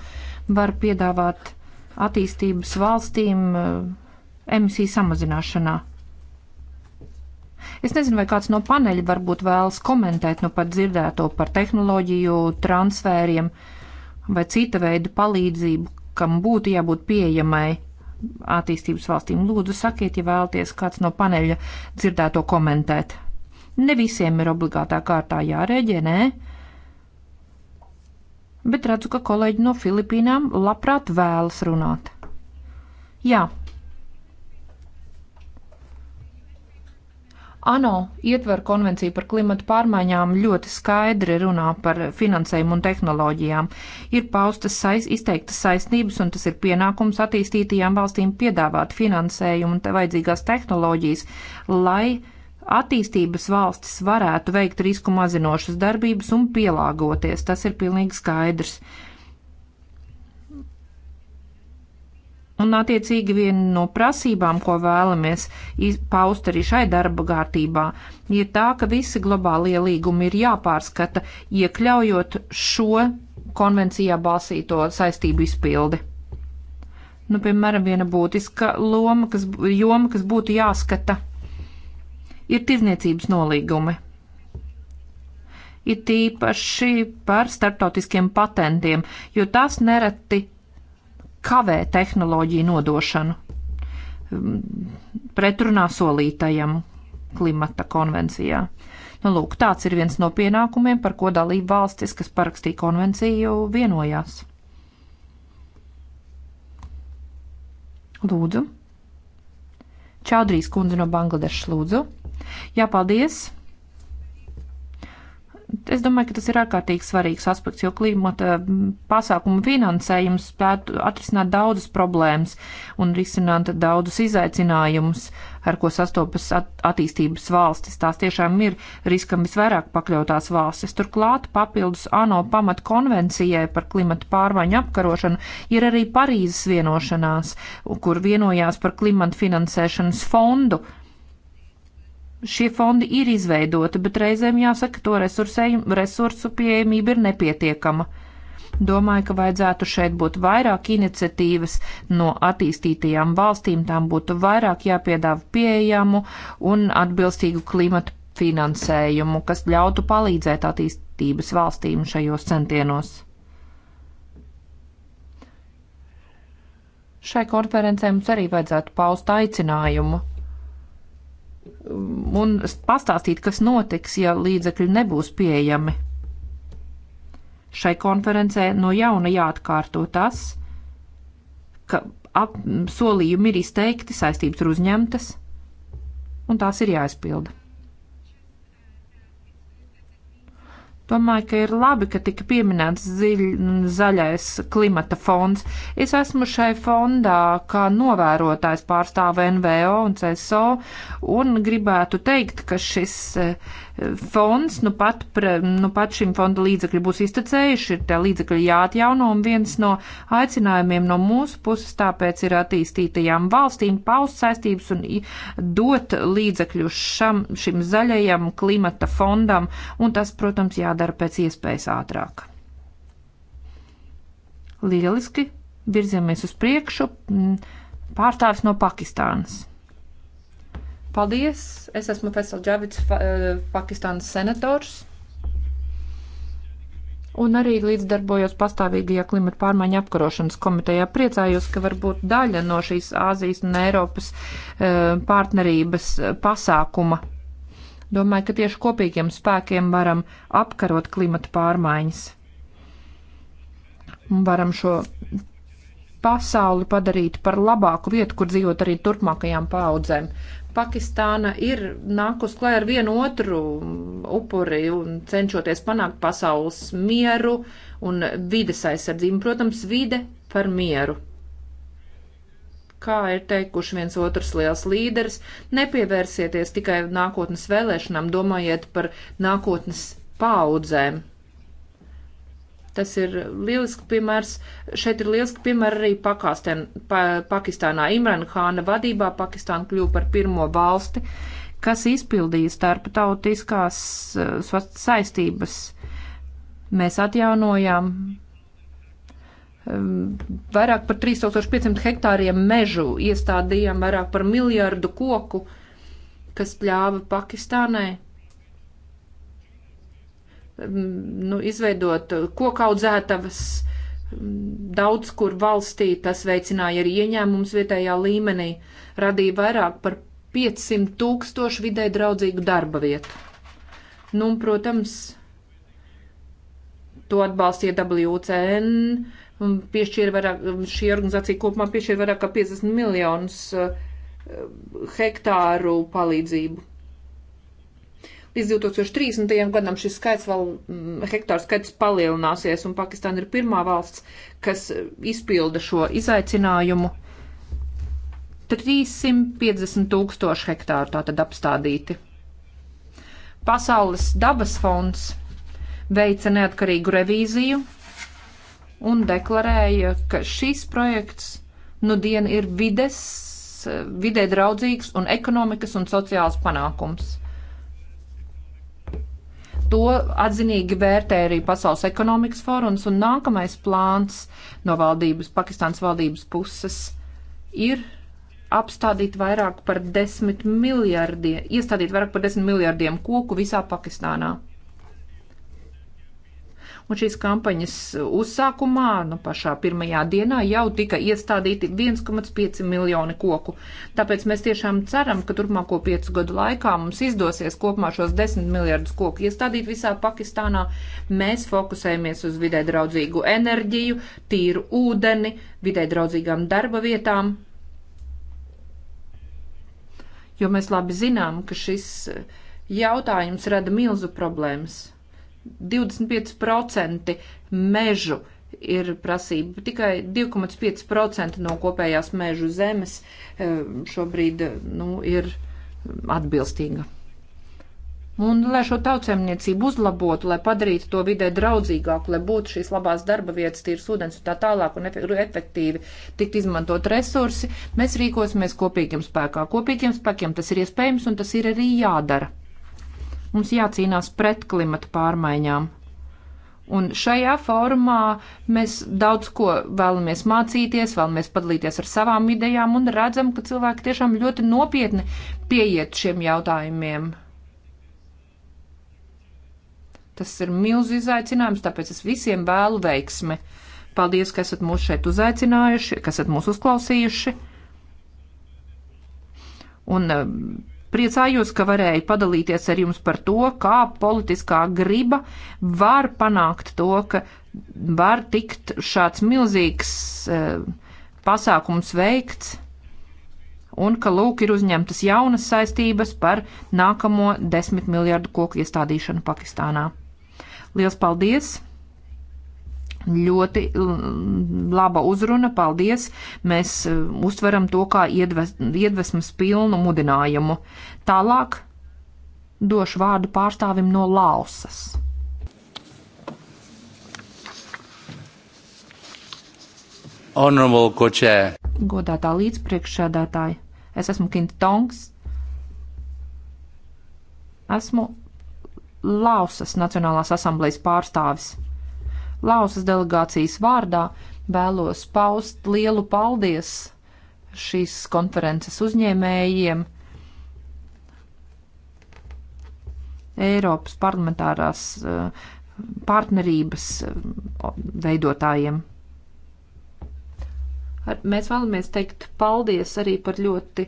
var piedāvāt attīstības valstīm eh, emisiju samazināšanā. Es nezinu, vai kāds no paneļa varbūt vēlas komentēt nu pat dzirdēto par tehnoloģiju, transfēriem vai cita veida palīdzību, kam būtu jābūt pieejamai attīstības valstīm. Lūdzu, sakiet, ja vēlaties kāds no paneļa dzirdēto komentēt. Ne visiem ir obligātā kārtā jārēģē, nē. Bet redzu, ka kolēģi no Filipīnām labprāt vēlas runāt. Jā. ANO ietver konvenciju par klimatu pārmaiņām ļoti skaidri runā par finansējumu un tehnoloģijām. Ir paustas saiz, izteiktas saistības, un tas ir pienākums attīstītajām valstīm piedāvāt finansējumu un vajadzīgās tehnoloģijas, lai attīstības valstis varētu veikt risku mazinošas darbības un pielāgoties. Tas ir pilnīgi skaidrs. Un, attiecīgi, viena no prasībām, ko vēlamies paust arī šai darba kārtībā, ir tā, ka visi globālie līgumi ir jāpārskata, iekļaujot šo konvencijā balsīto saistību izpildi. Nu, piemēram, viena būtiska loma, kas, joma, kas būtu jāskata, ir tirzniecības nolīgumi. Ir tīpaši par starptautiskiem patentiem, jo tas nereti kavē tehnoloģiju nodošanu mm, pretrunā solītajam klimata konvencijā. Nu, lūk, tāds ir viens no pienākumiem, par ko dalība valstis, kas parakstīja konvenciju, vienojās. Lūdzu. Čaudrīs kundze no Bangladešas lūdzu. Jā, paldies! es domāju, ka tas ir ārkārtīgi svarīgs aspekts, jo klimata pasākumu finansējums spētu atrisināt daudzas problēmas un risināt daudzus izaicinājumus, ar ko sastopas at attīstības valstis. Tās tiešām ir riskam visvairāk pakļautās valstis. Turklāt papildus ANO pamat konvencijai par klimata pārmaiņu apkarošanu ir arī Parīzes vienošanās, kur vienojās par klimata finansēšanas fondu šie fondi ir izveidoti, bet reizēm jāsaka, to resursu pieejamība ir nepietiekama. Domāju, ka vajadzētu šeit būt vairāk iniciatīvas no attīstītajām valstīm, tām būtu vairāk jāpiedāva pieejamu un atbilstīgu klimatu finansējumu, kas ļautu palīdzēt attīstības valstīm šajos centienos. Šai konferencē mums arī vajadzētu paust aicinājumu un pastāstīt, kas notiks, ja līdzekļi nebūs pieejami. Šai konferencē no jauna jāatkārto tas, ka ap, solījumi ir izteikti, saistības ir uzņemtas, un tās ir jāizpilda. Domāju, ka ir labi, ka tika pieminēts ziļ, zaļais klimata fonds. Es esmu šai fondā kā novērotājs pārstāvu NVO un CSO un gribētu teikt, ka šis eh, fonds, nu pat, pre, nu pat šim fonda līdzekļi būs iztecējuši, ir tā līdzekļi jāatjauno un viens no aicinājumiem no mūsu puses tāpēc ir attīstītajām valstīm paust saistības un dot līdzekļus šam, šim zaļajam klimata fondam un tas, protams, jādara jādara pēc iespējas ātrāk. Lieliski, virzamies uz priekšu, mm, pārstāvis no Pakistānas. Paldies, es esmu Fesel Džavits, eh, Pakistānas senators un arī līdzdarbojos pastāvīgajā klimata pārmaiņu apkarošanas komitejā. Priecājos, ka varbūt daļa no šīs Āzijas un Eiropas e, partnerības eh, pasākuma Domāju, ka tieši kopīgiem spēkiem varam apkarot klimata pārmaiņas. Varam šo pasauli padarīt par labāku vietu, kur dzīvot arī turpmākajām paudzēm. Pakistāna ir nākus klē ar vienu otru upuri un cenšoties panākt pasaules mieru un vides aizsardzību. Protams, vide par mieru kā ir teikuši viens otrs liels līderis, nepievērsieties tikai nākotnes vēlēšanām, domājiet par nākotnes paudzēm. Tas ir lielisks piemērs. Šeit ir lielisks piemērs arī Pakastēn, pa, Pakistānā. Imran Hāna vadībā Pakistāna kļuva par pirmo valsti, kas izpildīja starptautiskās eh, saistības. Mēs atjaunojām vairāk par 3500 hektāriem mežu, iestādījām vairāk par miljardu koku, kas ļāva Pakistānai nu, izveidot koku audzētavas daudz kur valstī. Tas veicināja arī ieņēmums vietējā līmenī, radīja vairāk par 500 tūkstošu vidē draudzīgu darba vietu. Nu, un, protams, to atbalstīja WCN, piešķīra vairāk, šī organizācija kopumā piešķīra vairāk kā 50 miljonus eh, hektāru palīdzību. Līdz 2030. gadam šis skaits vēl, mm, hektāru skaits palielināsies, un Pakistāna ir pirmā valsts, kas eh, izpilda šo izaicinājumu. 350 tūkstoši hektāru tātad apstādīti. Pasaules dabas fonds veica neatkarīgu revīziju un deklarēja, ka šis projekts nu dien ir vides, vidē draudzīgs un ekonomikas un sociāls panākums. To atzinīgi vērtē arī Pasaules ekonomikas forums, un nākamais plāns no valdības, Pakistānas valdības puses ir apstādīt vairāk par desmit miljardiem, iestādīt vairāk par desmit miljardiem koku visā Pakistānā. Un šīs kampaņas uzsākumā, nu pašā pirmajā dienā, jau tika iestādīti 1,5 miljoni koku. Tāpēc mēs tiešām ceram, ka turpmāko piecu gadu laikā mums izdosies kopumā šos 10 miljardus koku iestādīt visā Pakistānā. Mēs fokusējamies uz vidē draudzīgu enerģiju, tīru ūdeni, vidē draudzīgām darba vietām. Jo mēs labi zinām, ka šis jautājums rada milzu problēmas. 25% mežu ir prasība. Tikai 2,5% no kopējās mežu zemes eh, šobrīd nu, ir atbilstīga. Un, lai šo tautsēmniecību uzlabotu, lai padarītu to vidē draudzīgāku, lai būtu šīs labās darba vietas, tīrs ūdens un tā tālāk, un efektīvi tikt izmantot resursi, mēs rīkosimies kopīgiem spēkā. Kopīgiem spēkiem tas ir iespējams un tas ir arī jādara. Mums jācīnās pret klimata pārmaiņām. Un šajā formā mēs daudz ko vēlamies mācīties, vēlamies padalīties ar savām idejām un redzam, ka cilvēki tiešām ļoti nopietni pieiet šiem jautājumiem. Tas ir milzu izaicinājums, tāpēc es visiem vēlu veiksmi. Paldies, ka esat mūs šeit uzaicinājuši, ka esat mūs uzklausījuši. Un eh, Priecājos, ka varēju padalīties ar jums par to, kā politiskā griba var panākt to, ka var tikt šāds milzīgs e, pasākums veikts un ka lūk ir uzņemtas jaunas saistības par nākamo desmit miljardu koku iestādīšanu Pakistānā. Lielas paldies! Ļoti laba uzruna, paldies. Mēs e, uztveram to kā iedves, iedvesmas pilnu mudinājumu. Tālāk došu vārdu pārstāvim no Lausas. Honorable Kočē. Godātā līdzpriekšsēdētāja, es esmu Kinta Tongs. Esmu Lausas Nacionālās asamblejas pārstāvis. Lausas delegācijas vārdā vēlos paust lielu paldies šīs konferences uzņēmējiem, Eiropas parlamentārās eh, partnerības eh, veidotājiem. Mēs vēlamies teikt paldies arī par ļoti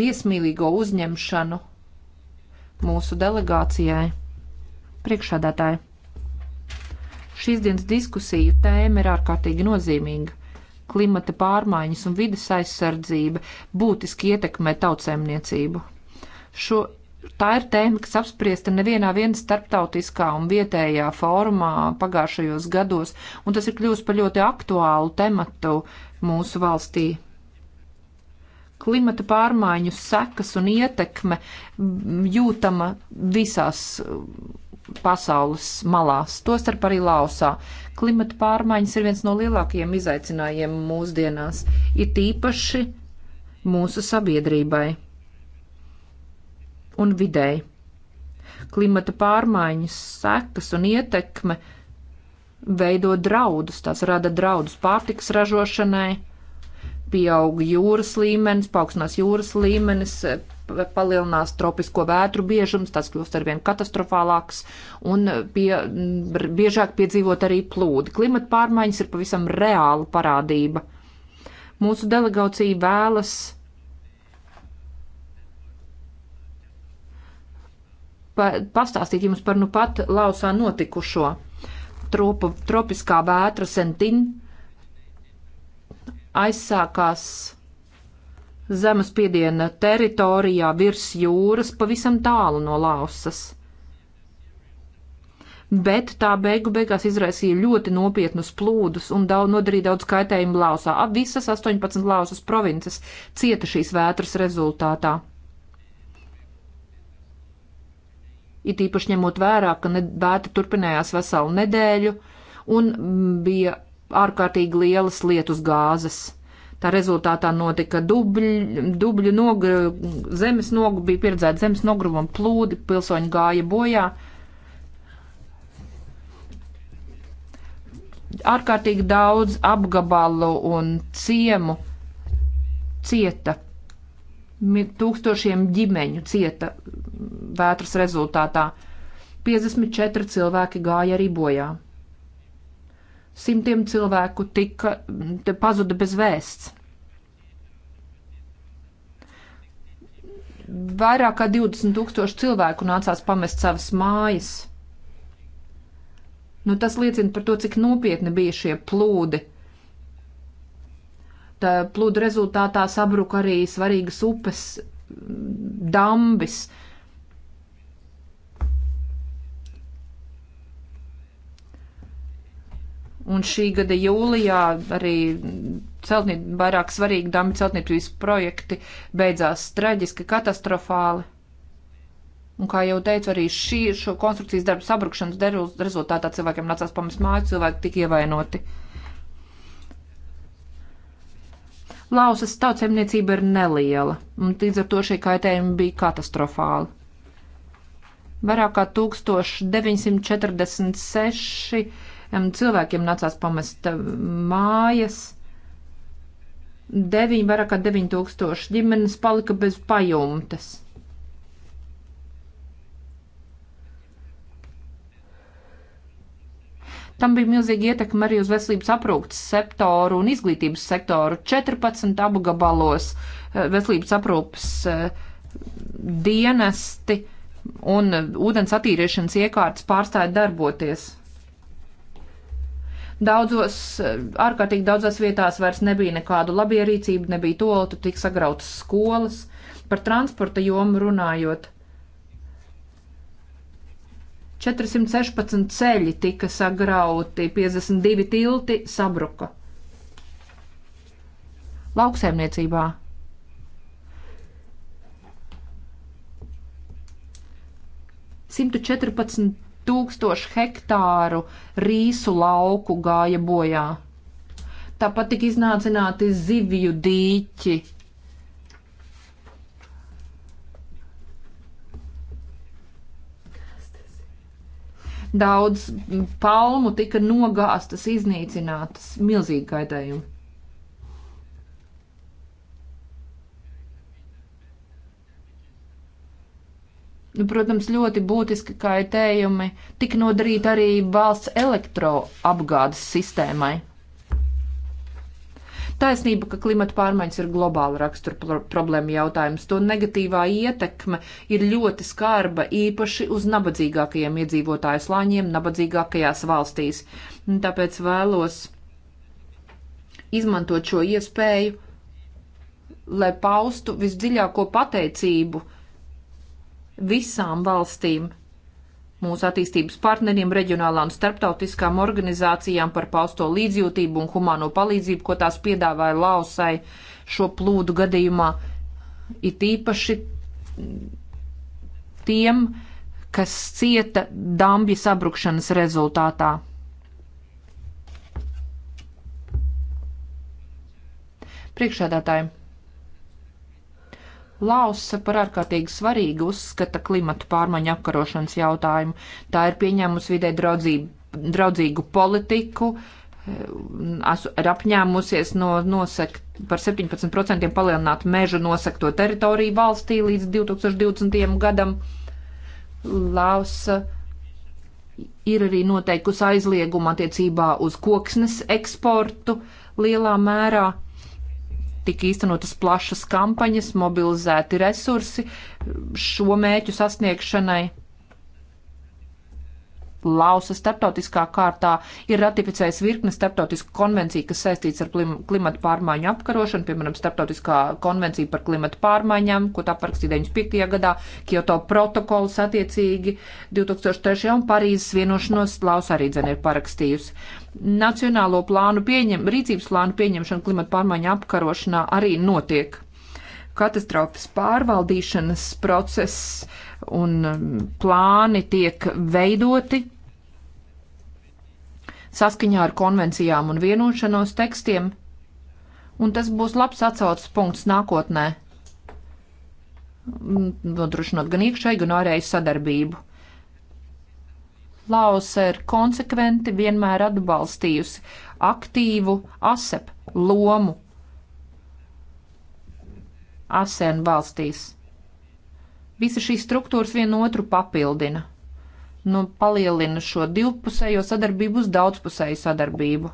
viesmīlīgo uzņemšanu mūsu delegācijai. Priekšādātāji! Šīs dienas diskusiju tēma ir ārkārtīgi nozīmīga. Klimata pārmaiņas un vidas aizsardzība būtiski ietekmē tautsēmniecību. Šo tā ir tēma, kas apspriesta nevienā viena starptautiskā un vietējā fórumā pagājušajos gados, un tas ir kļūst par ļoti aktuālu tematu mūsu valstī. Klimata pārmaiņu sekas un ietekme jūtama visās pasaules malās, tostarp arī Lausā. Klimata pārmaiņas ir viens no lielākajiem izaicinājumiem mūsdienās, ir tīpaši mūsu sabiedrībai un videi. Klimata pārmaiņas sekas un ietekme veido draudus, tās rada draudus pārtiks ražošanai, pieaug jūras līmenis, paaugstinās jūras līmenis, palielinās tropisko vētru biežums, tas kļūst arvien katastrofālāks un pie, biežāk piedzīvot arī plūdi. Klimata pārmaiņas ir pavisam reāla parādība. Mūsu delegācija vēlas pa, pastāstīt jums par nu pat lausā notikušo. Tropu, tropiskā vētra sentin aizsākās zemes piediena teritorijā virs jūras pavisam tālu no Lausas. Bet tā beigu beigās izraisīja ļoti nopietnus plūdus un daudz, nodarīja daudz kaitējumu Lausā. Ap visas 18 Lausas provinces cieta šīs vētras rezultātā. It īpaši ņemot vērā, ka vētra turpinājās veselu nedēļu un bija ārkārtīgi lielas lietus gāzes. Tā rezultātā notika dubļu, dubļu nogru, zemes nogru, bija pieredzēta zemes nogruma plūdi, pilsoņi gāja bojā. Ārkārtīgi daudz apgabalu un ciemu cieta, tūkstošiem ģimeņu cieta vētras rezultātā. 54 cilvēki gāja arī bojā. Simtiem cilvēku tika pazuda bez vēsts. Vairāk kā 20 tūkstoši cilvēku nācās pamest savas mājas. Nu, tas liecina par to, cik nopietni bija šie plūdi. Tā plūdu rezultātā sabruka arī svarīgas upes, dambis, uh, Un šī gada jūlijā arī celtniet, vairāk svarīgi dāmas celtniecības projekti beidzās traģiski, katastrofāli. Un, kā jau teicu, arī šī, šo konstrukcijas darbu sabrukšanas rezultātā cilvēkiem nācās pamest māju, cilvēki tika ievainoti. Lausas tautsēmniecība ir neliela, un līdz ar to šie kaitējumi bija katastrofāli. Vairāk kā 1946 cilvēkiem nācās pamest mājas. Deviņi, vairāk kā 9000 ģimenes palika bez pajumtes. Tam bija milzīga ietekme arī uz veselības aprūpes sektoru un izglītības sektoru. 14 apgabalos eh, veselības aprūpes eh, dienesti un eh, ūdens attīrīšanas iekārtas pārstāja darboties. Daudzos, eh, ārkārtīgi daudzās vietās vairs nebija nekādu labierīcību, nebija toltu, tika sagrautas skolas. Par transporta jomu runājot, 416 ceļi tika sagrauti, 52 tilti sabruka. Lauksaimniecībā Simtu četrpadsmit tūkstoši hektāru rīsu lauku gāja bojā. Tāpat tika iznācināti zivju dīķi. Daudz palmu tika nogāstas, iznīcinātas, milzīgi gaidējumi. Nu, protams, ļoti būtiski kaitējumi tika nodarīti arī valsts elektroapgādes sistēmai. Taisnība, ka klimata pārmaiņas ir globāla rakstura problēma jautājums, to negatīvā ietekme ir ļoti skarba īpaši uz nabadzīgākajiem iedzīvotāju slāņiem, nabadzīgākajās valstīs. Tāpēc vēlos izmantot šo iespēju, lai paustu visdziļāko pateicību visām valstīm, mūsu attīstības partneriem, reģionālām un starptautiskām organizācijām par pausto līdzjūtību un humāno palīdzību, ko tās piedāvāja Lausai šo plūdu gadījumā, it īpaši tiem, kas cieta dambja sabrukšanas rezultātā. Priekšādātājiem! Lausa par ārkārtīgi svarīgu uzskata klimatu pārmaiņu apkarošanas jautājumu. Tā ir pieņēmusi vidē draudzību, draudzīgu politiku, ir apņēmusies no nosekt par 17% palielināt mežu nosekto teritoriju valstī līdz 2020. gadam. Lausa ir arī noteikusi aizliegumu attiecībā uz koksnes eksportu lielā mērā tika īstenotas plašas kampaņas, mobilizēti resursi šo mēķu sasniegšanai. Lausa starptautiskā kārtā ir ratificējis virkni starptautisku konvenciju, kas saistīts ar klim klimatu pārmaiņu apkarošanu, piemēram, starptautiskā konvencija par klimatu pārmaiņām, ko tā parakstīja 95. gadā, Kyoto protokols attiecīgi 2003. un Parīzes vienošanos Lausa arī dzene ir parakstījusi. Nacionālo plānu pieņem, rīcības plānu pieņemšana klimatu pārmaiņu apkarošanā arī notiek. Katastrofas pārvaldīšanas process un um, plāni tiek veidoti saskaņā ar konvencijām un vienošanos tekstiem, un tas būs labs atsaucas punkts nākotnē, nodrošinot gan iekšēju, gan ārēju sadarbību. Lausa ir konsekventi vienmēr atbalstījusi aktīvu ASEP lomu ASEAN valstīs. Visa šīs struktūras vienotru papildina, nu, palielina šo divpusējo sadarbību uz daudzpusēju sadarbību.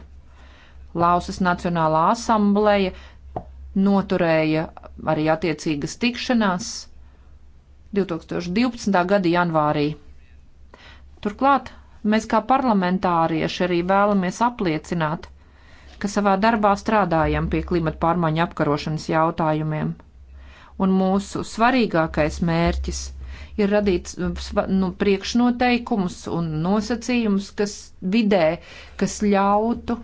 Lausas Nacionālā asambleja noturēja arī attiecīgas tikšanās 2012. gada janvārī. Turklāt mēs kā parlamentārieši arī vēlamies apliecināt, ka savā darbā strādājam pie klimata pārmaiņu apkarošanas jautājumiem un mūsu svarīgākais mērķis ir radīt nu, priekšnoteikumus un nosacījumus, kas vidē, kas ļautu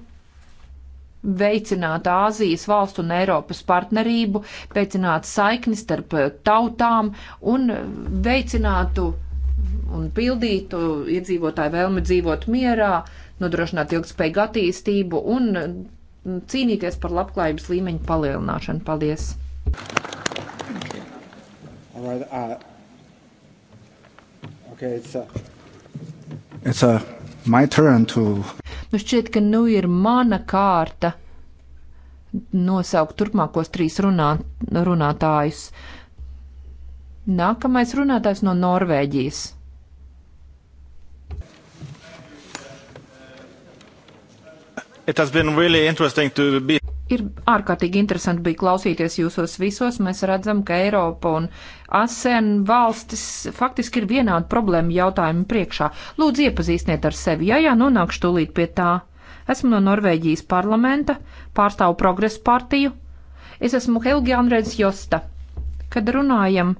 veicināt Āzijas valstu un Eiropas partnerību, veicināt saikni starp eh, tautām un eh, veicinātu un pildītu iedzīvotāju vēlmi dzīvot mierā, nodrošināt ilgspējīgu attīstību un mm, cīnīties par labklājības līmeņu palielināšanu. Paldies! right? Uh, okay, it's a, uh, it's a uh, my turn to. Nu šķiet, ka nu ir mana kārta nosaukt turpmākos trīs runā, runātājus. Nākamais runātājs no Norvēģijas. It has been really interesting to be ir ārkārtīgi interesanti bija klausīties jūsos visos. Mēs redzam, ka Eiropa un ASEAN valstis faktiski ir vienādi problēma jautājumu priekšā. Lūdzu, iepazīstiniet ar sevi. Jā, jā, nonākšu tūlīt pie tā. Esmu no Norvēģijas parlamenta, pārstāvu progresu partiju. Es esmu Helgi Anrēds Josta. Kad runājam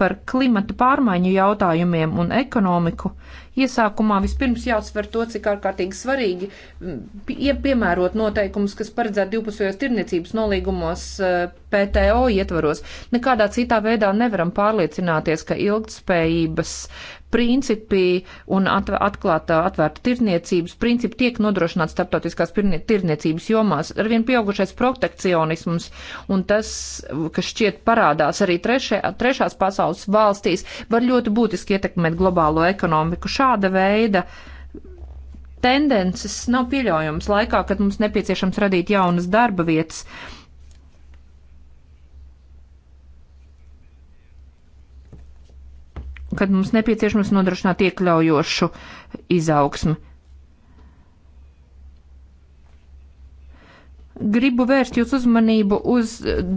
par klimatu pārmaiņu jautājumiem un ekonomiku, iesākumā vispirms jāuzsver to, cik ārkārtīgi svarīgi piemērot noteikumus, kas paredzētu divpusējos tirniecības nolīgumos e, PTO ietvaros. Nekādā citā veidā nevaram pārliecināties, ka ilgtspējības principi un atklātā atvērta tirniecības principi tiek nodrošināti starptautiskās tirniecības jomās. Arvien pieaugušais protekcionisms un tas, kas šķiet parādās arī trešē, trešās pasaules valstīs, var ļoti būtiski ietekmēt globālo ekonomiku. Šāda veida tendences nav pieļaujams laikā, kad mums nepieciešams radīt jaunas darba vietas kad mums nepieciešams nodrošināt iekļaujošu izaugsmu. gribu vērst jūs uzmanību uz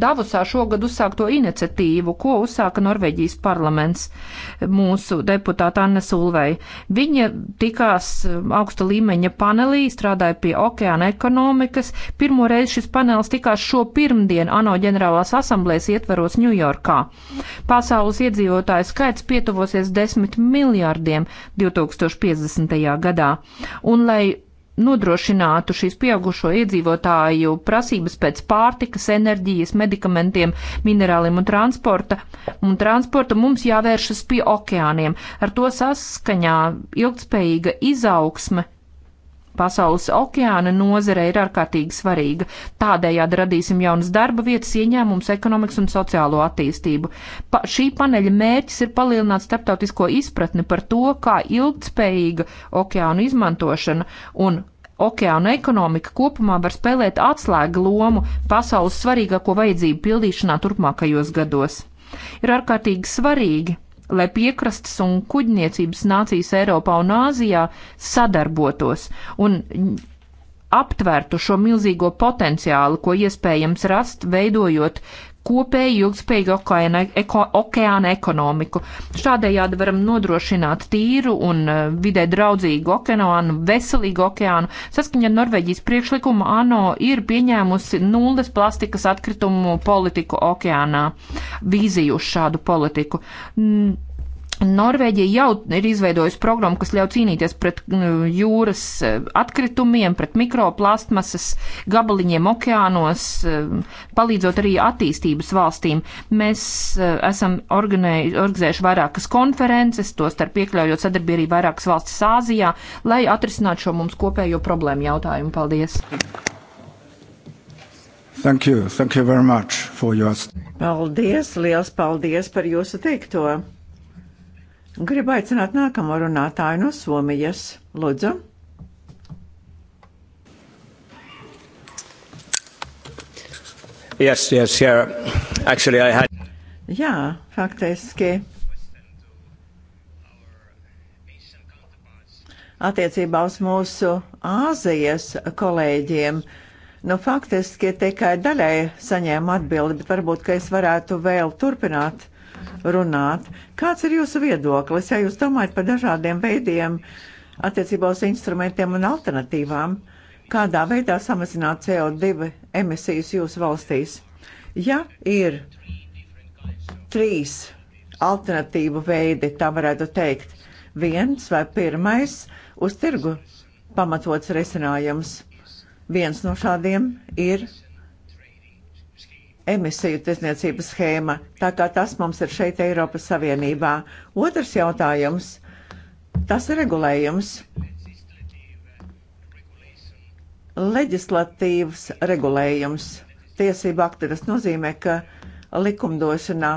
Davusā šogad uzsākto iniciatīvu, ko uzsāka Norvēģijas parlaments mūsu deputāta Anne Sulvei. Viņa tikās um, augsta līmeņa panelī, strādāja pie okeāna ekonomikas. Pirmoreiz šis panels tikās šo pirmdienu ANO ģenerālās asamblēs ietveros Ņujorkā. Pasaules iedzīvotāju skaits pietuvosies 10 miljārdiem 2050. gadā. Un, lai nodrošinātu šīs pieaugušo iedzīvotāju prasības pēc pārtikas, enerģijas, medikamentiem, minerāliem un transporta. Un transporta mums jāvēršas pie okeāniem. Ar to saskaņā ilgspējīga izaugsme Pasaules okeāna nozare ir ārkārtīgi svarīga. Tādējādi radīsim jaunas darba vietas, ieņēmums, ekonomikas un sociālo attīstību. Pa šī paneļa mērķis ir palielināt starptautisko izpratni par to, kā ilgtspējīga okeāna izmantošana un okeāna ekonomika kopumā var spēlēt atslēgu lomu pasaules svarīgāko vajadzību pildīšanā turpmākajos gados. Ir ārkārtīgi svarīgi lai piekrastes un kuģniecības nācijas Eiropā un Āzijā sadarbotos un aptvērtu šo milzīgo potenciālu, ko iespējams rast, veidojot kopēju ilgspējīgu okeāna, eko, okeāna ekonomiku. Šādējādi varam nodrošināt tīru un e, vidē draudzīgu okeānu, veselīgu okeānu. Saskaņā ar Norvēģijas priekšlikumu ANO ir pieņēmusi nulles plastikas atkritumu politiku okeānā, vīziju uz šādu politiku. N Norvēģija jau ir izveidojusi programmu, kas ļauj cīnīties pret uh, jūras uh, atkritumiem, pret mikroplastmasas gabaliņiem okeānos, uh, palīdzot arī attīstības valstīm. Mēs esam organizējuši vairākas konferences, to starp iekļaujot sadarbību arī vairākas valstis Āzijā, lai atrisinātu šo mums kopējo problēmu jautājumu. Paldies! Thank you. Thank you very much for your... Paldies, liels paldies par jūsu teikto! Gribu aicināt nākamo runātāju no Somijas. Lūdzu! Yes, yes, yeah. Actually, I had... Jā, faktiski. Attiecībā uz mūsu Āzijas kolēģiem, nu faktiski tikai daļai saņēmu atbildi, bet varbūt, ka es varētu vēl turpināt runāt. Kāds ir jūsu viedoklis, ja jūs domājat par dažādiem veidiem attiecībā uz instrumentiem un alternatīvām? Kādā veidā samazināt CO2 emisijas jūsu valstīs? Ja ir trīs alternatīvu veidi, tā varētu teikt, viens vai pirmais uz tirgu pamatots risinājums. Viens no šādiem ir emisiju tirdzniecības schēma, tā kā tas mums ir šeit Eiropas Savienībā. Otrs jautājums - tas ir regulējums. Leģislatīvs regulējums, tiesība akti, tas nozīmē, ka likumdošanā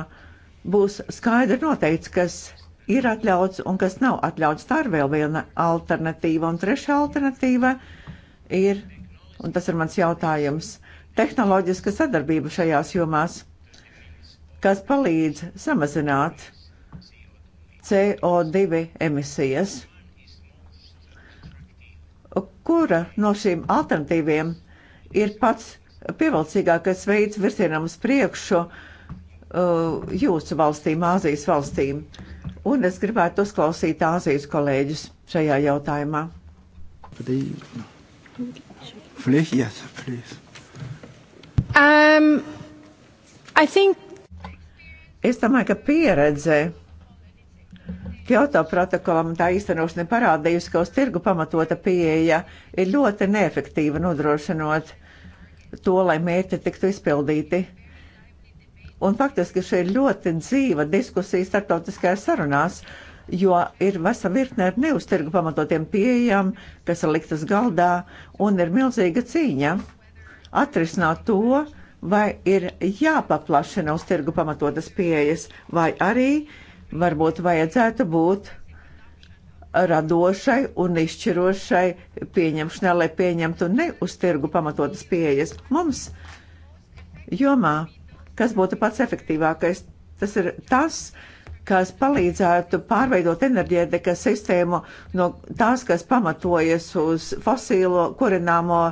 būs skaidri noteikts, kas ir atļauts un kas nav atļauts. Tā ir vēl viena alternatīva. Un trešā alternatīva ir, un tas ir mans jautājums, tehnoloģiska sadarbība šajās jomās, kas palīdz samazināt CO2 emisijas. Kura no šīm alternatīviem ir pats pievilcīgākais veids virzienam uz priekšu uh, jūsu valstīm, Āzijas valstīm? Un es gribētu uzklausīt Āzijas kolēģus šajā jautājumā. Please, yes, please. Um, think... Es domāju, ka pieredze Kyoto protokolam tā īstenošana ir parādījusi, ka uz tirgu pamatota pieeja ir ļoti neefektīva nodrošinot to, lai mērķi tiktu izpildīti. Un faktiski šī ir ļoti dzīva diskusija starptautiskajās sarunās, jo ir vesa virkne ar neuztirgu pamatotiem pieejām, kas ir liktas galdā, un ir milzīga cīņa atrisināt to, vai ir jāpaplašina uz tirgu pamatotas pieejas, vai arī varbūt vajadzētu būt radošai un izšķirošai pieņemšanai, lai pieņemtu ne uz tirgu pamatotas pieejas. Mums jomā, kas būtu pats efektīvākais, tas ir tas, kas palīdzētu pārveidot enerģētikas sistēmu no tās, kas pamatojas uz fosīlo kurināmo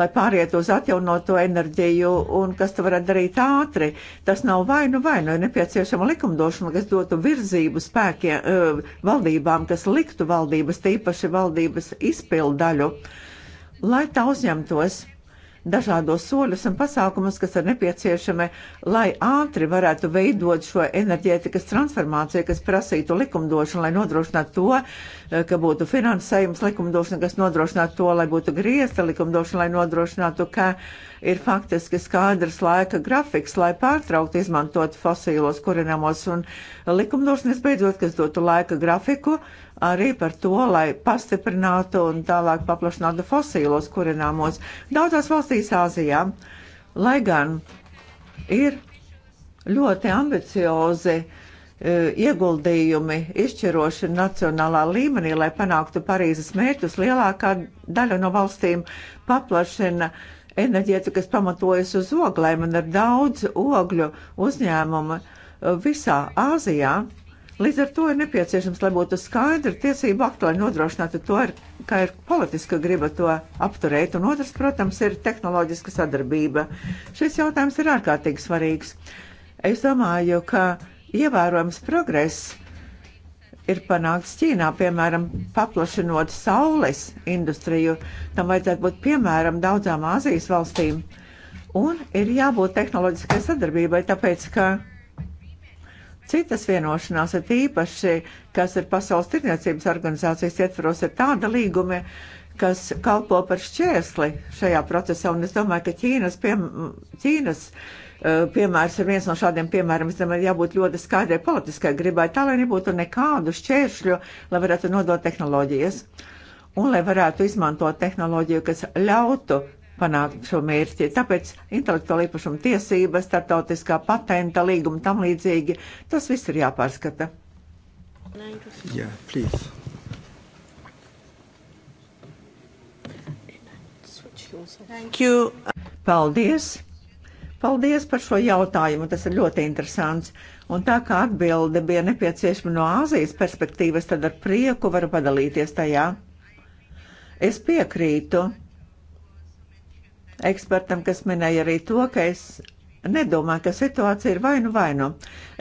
lai pāriet uz atjaunoto enerģiju un kas to varētu darīt ātri. Tas nav vainu vainu, ir nepieciešama likumdošana, kas dotu virzību spēkiem eh, valdībām, kas liktu valdības, tīpaši valdības izpildaļu, lai tā uzņemtos dažādos soļus un pasākumus, kas ir nepieciešami, lai ātri varētu veidot šo enerģētikas transformāciju, kas prasītu likumdošanu, lai nodrošinātu to, eh, ka būtu finansējums likumdošana, kas nodrošinātu to, lai būtu griezta likumdošana, lai nodrošinātu, ka uh, ir faktiski skaidrs laika grafiks, lai pārtrauktu izmantot fosīlos kurinamos un likumdošanas beidzot, kas dotu laika grafiku arī par to, lai pastiprinātu un tālāk paplašinātu fosīlos kurināmos daudzās valstīs Āzijā. Lai gan ir ļoti ambiciozi e, ieguldījumi izšķiroši nacionālā līmenī, lai panāktu Parīzes mērķus, lielākā daļa no valstīm paplašina uh, enerģētiku, kas pamatojas uz oglēm un ir daudz ogļu uzņēmumu uh, visā Āzijā. Līdz ar to ir nepieciešams, lai būtu skaidra tiesība aktu, lai nodrošinātu to, ir, ka ir politiska griba to apturēt, un otrs, protams, ir tehnoloģiska sadarbība. Šis jautājums ir ārkārtīgi svarīgs. Es domāju, ka ievērojams progress ir panākts Ķīnā, piemēram, paplašinot saules industriju. Tam vajadzētu būt piemēram daudzām Āzijas valstīm. Un ir jābūt tehnoloģiskai sadarbībai, tāpēc, ka citas vienošanās, ir īpaši, kas ir Pasaules tirniecības organizācijas ietvaros, ir tāda līguma, kas kalpo par šķērsli šajā procesā. Un es domāju, ka Ķīnas, pie, Ķīnas uh, Eh, piemērs ir viens no šādiem piemēram. Es domāju, jābūt ļoti skaidrai politiskai gribai, tā lai nebūtu nekādu šķēršļu, lai varētu nodot tehnoloģijas. Un lai varētu izmantot tehnoloģiju, kas ļautu panākt šo mērķi. Tāpēc intelektuāla īpašuma tiesības, starptautiskā patenta līguma tam līdzīgi, tas viss ir jāpārskata. Yeah, please. Thank you. Paldies. Paldies par šo jautājumu, tas ir ļoti interesants. Un tā kā atbilde bija nepieciešama no Āzijas perspektīvas, tad ar prieku varu padalīties tajā. Es piekrītu ekspertam, kas minēja arī to, ka es nedomāju, ka situācija ir vainu vainu.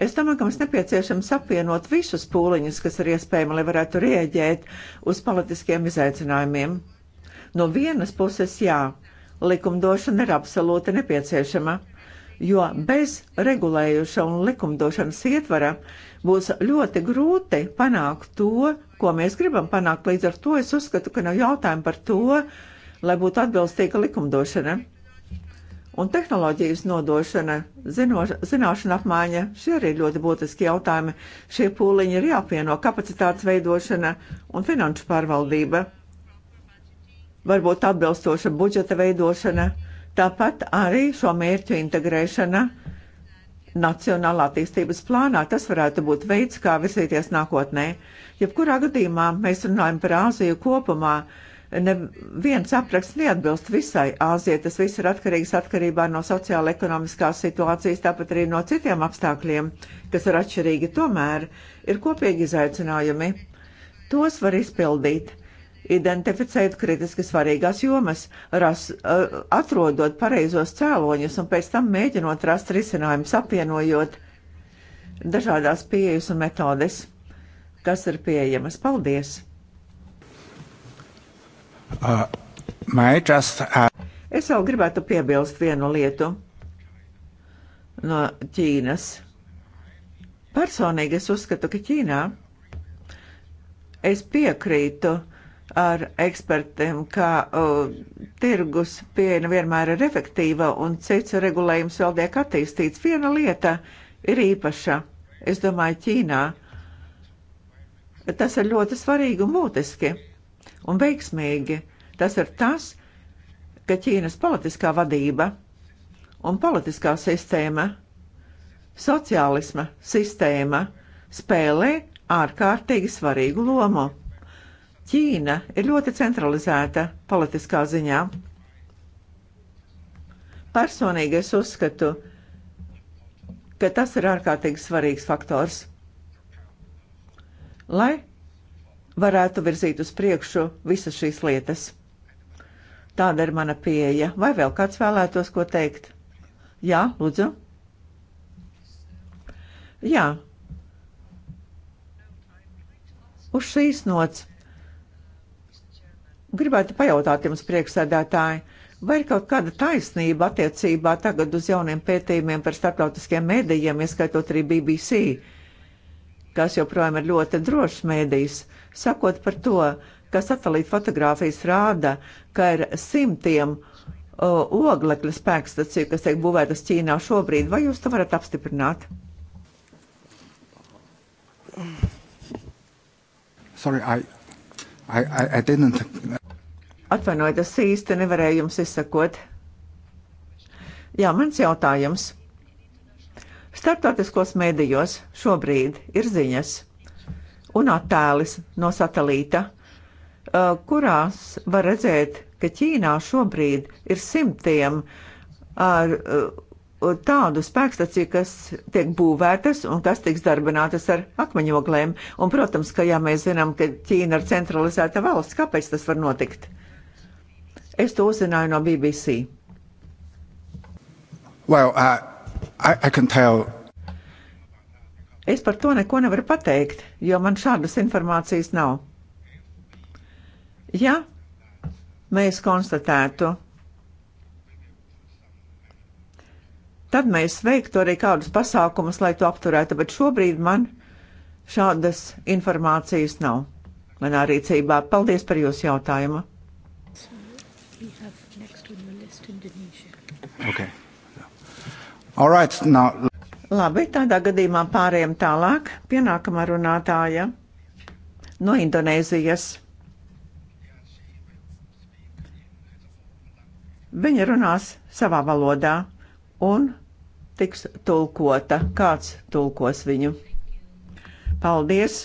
Es domāju, ka mums nepieciešams apvienot visus pūliņus, kas ir iespējami, lai varētu rieģēt uz politiskiem izaicinājumiem. No vienas puses, jā, likumdošana ir absolūti nepieciešama, jo bez regulējuša un likumdošanas ietvara būs ļoti grūti panākt to, ko mēs gribam panākt. Līdz ar to es uzskatu, ka nav jautājumu par to, lai būtu atbilstīga likumdošana. Un tehnoloģijas nodošana, zinoš, zināšana apmaiņa, šie arī ir ļoti būtiski jautājumi. Šie pūliņi ir jāapvieno kapacitātes veidošana un finanšu pārvaldība varbūt atbilstoša budžeta veidošana, tāpat arī šo mērķu integrēšana Nacionālā attīstības plānā. Tas varētu būt veids, kā virzīties nākotnē. Jebkurā gadījumā mēs runājam par Āziju kopumā. Neviens apraksts neatbilst visai Āzijai. Tas viss ir atkarīgs atkarībā no sociāla ekonomiskās situācijas, tāpat arī no citiem apstākļiem, kas ir atšķirīgi. Tomēr ir kopīgi izaicinājumi. Tos var izpildīt identificēt kritiski svarīgās jomas, ras, eh, atrodot pareizos cēloņus un pēc tam mēģinot rast risinājumus, apvienojot dažādās pieejas un metodes, kas ir pieejamas. Paldies! Uh, just, uh... Es vēl gribētu piebilst vienu lietu no Ķīnas. Personīgi es uzskatu, ka Ķīnā es piekrītu uh, ar ekspertiem, ka uh, tirgus pieeja vienmēr ir efektīva un cits regulējums vēl tiek attīstīts. Viena lieta ir īpaša, es domāju, Ķīnā. Tas ir ļoti svarīgi un būtiski un veiksmīgi. Tas ir tas, ka Ķīnas politiskā vadība un politiskā sistēma, sociālisma sistēma spēlē ārkārtīgi svarīgu lomu. Ķīna ir ļoti centralizēta politiskā ziņā. Personīgi es uzskatu, ka tas ir ārkārtīgi svarīgs faktors, lai varētu virzīt uz priekšu visas šīs lietas. Tāda ir mana pieeja. Vai vēl kāds vēlētos ko teikt? Jā, lūdzu. Jā. Uz šīs nots Gribētu pajautāt jums, priekšsēdētāji, vai ir kaut kāda taisnība attiecībā tagad uz jauniem pētījumiem par starptautiskiem mēdījiem, ieskaitot arī BBC, kas joprojām ir ļoti drošs mēdījis, sakot par to, ka satelīta fotografijas rāda, ka ir simtiem uh, oglekļa spēkstaciju, kas tiek būvētas Ķīnā šobrīd. Vai jūs to varat apstiprināt? Sorry, I, I, I, I didn't... Atvainojiet, es īsti nevarēju jums izsakot. Jā, mans jautājums. Startautiskos medijos šobrīd ir ziņas un attēlis no satelīta, uh, kurās var redzēt, ka Ķīnā šobrīd ir simtiem ar uh, tādu spēkstaciju, kas tiek būvētas un kas tiks darbinātas ar akmeņoglēm. Un, protams, ka jā, mēs zinām, ka Ķīna ir centralizēta valsts. Kāpēc tas var notikt? Es to uzzināju no BBC. Well, uh, I, I can tell. Es par to neko nevaru pateikt, jo man šādas informācijas nav. Ja mēs konstatētu, tad mēs veiktu arī kādus pasākumus, lai to apturētu, bet šobrīd man šādas informācijas nav manā rīcībā. Paldies par jūsu jautājumu. Okay. All right, now... Labi, tādā gadījumā pārējām tālāk pie nākamā runātāja no Indonēzijas. Viņa runās savā valodā un tiks tulkota. Kāds tulkos viņu? Paldies!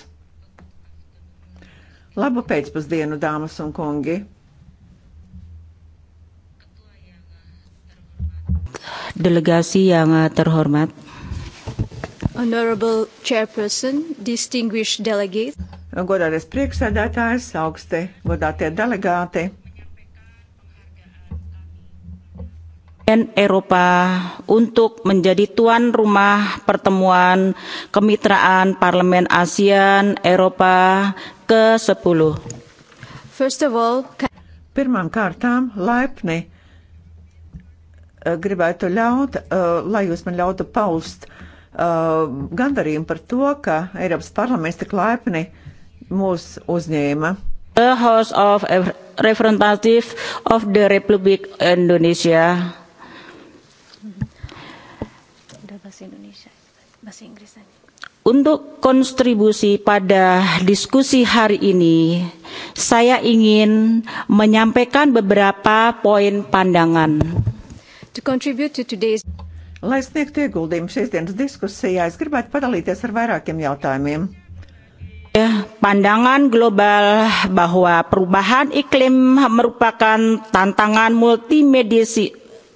Labu pēcpusdienu, dāmas un kungi! Delegācija yang terhormat. Honorable Chairperson, distinguished delegates. Godāties priekšsēdētājs, augsti godātie delegāti. dan Eropa untuk menjadi tuan rumah pertemuan kemitraan parlemen ASEAN Eropa ke-10. First of all, Pirmām kārtām laipni eh, gribētu ļaut, eh, lai jūs man ļautu paust eh, gandarījumu par to, ka Eiropas parlaments tik laipni mūs uzņēma. The House of Representatives of the Republic Indonesia. untuk kontribusi pada diskusi hari ini saya ingin menyampaikan beberapa poin pandangan. To contribute to today's... Lai sniegtu ieguldījumu šeisdienas diskusijā, es gribētu padalīties ar vairākiem jautājumiem. Pandangan global bahwa perubahan iklim merupakan tantangan multimediasi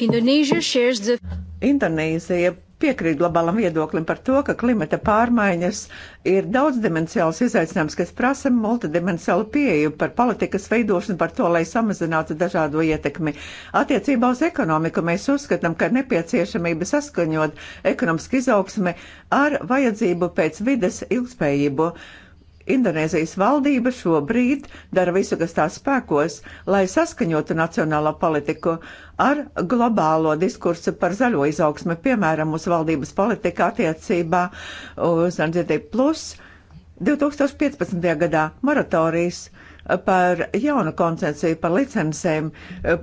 The... Indonēzija piekrīt globālam viedoklim par to, ka klimata pārmaiņas ir daudzdimensionāls izaicinājums, kas prasa multidimensionālu pieeju par politikas veidošanu, par to, lai samazinātu dažādo ietekmi. Attiecībā uz ekonomiku mēs uzskatām, ka nepieciešamība saskaņot ekonomisku izaugsmi ar vajadzību pēc vides ilgspējību. Indonēzijas valdība šobrīd dara visu, kas tā spēkos, lai saskaņotu nacionālo politiku ar globālo diskursu par zaļo izaugsmi, piemēram, uz valdības politika attiecībā uz NGT plus 2015. gadā moratorijas par jaunu koncepciju, par licencēm,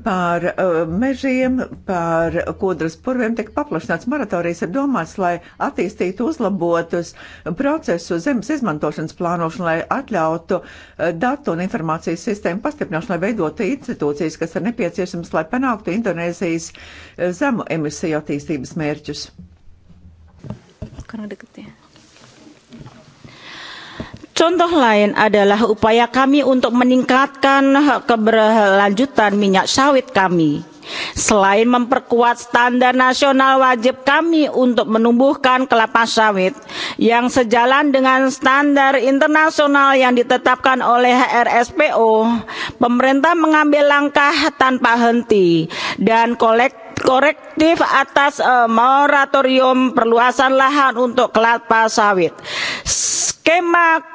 par eh, mežiem, par kodras purviem tiek paplašināts moratorijas ir domāts, lai attīstītu uzlabotus procesu zemes izmantošanas plānošanu, lai atļautu eh, datu un informācijas sistēmu pastiprināšanu, lai veidotu institūcijas, kas ir nepieciešams, lai panāktu Indonēzijas eh, zemu emisiju attīstības mērķus. Kanada, Contoh lain adalah upaya kami untuk meningkatkan keberlanjutan minyak sawit kami. Selain memperkuat standar nasional wajib kami untuk menumbuhkan kelapa sawit yang sejalan dengan standar internasional yang ditetapkan oleh RSPO, pemerintah mengambil langkah tanpa henti dan kolektif korektif atas uh, moratorium perluasan lahan untuk kelapa sawit. Skema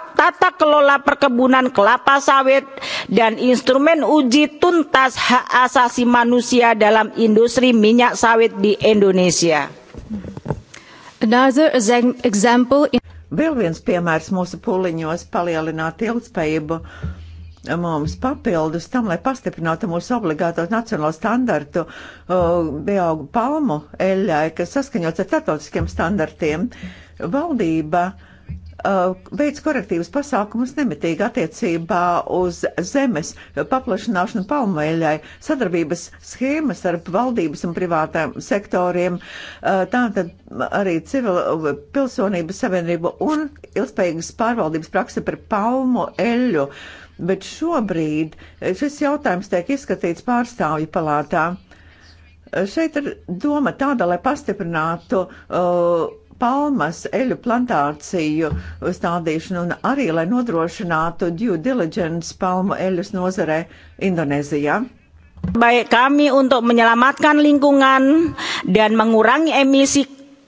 tata kelola perkebunan kelapa sawit dan instrumen uji tuntas hak asasi manusia dalam industri minyak sawit di Indonesia. Another example in Vēl viens piemērs mūsu pūliņos palielināt ilgspējību mums papildus tam, lai pastiprinātu mūsu obligāto nacionālo standartu uh, bioaugu palmu eļļai, kas saskaņots ar starptautiskiem standartiem. Valdība uh, Uh, veids korektīvas pasākumus nemitīgi attiecībā uz zemes paplašināšanu palmeļai, sadarbības schēmas ar valdības un privātām sektoriem, uh, tātad arī civil uh, pilsonības savienību un ilgspējīgas pārvaldības prakse par palmu eļu. Bet šobrīd šis jautājums tiek izskatīts pārstāvju palātā. Šeit ir doma tāda, lai pastiprinātu uh, palmas eļu plantāciju stādīšanu un arī, lai nodrošinātu due diligence palmu eļus nozarē Indonēzijā. Baik kami untuk menyelamatkan lingkungan dan mengurangi emisi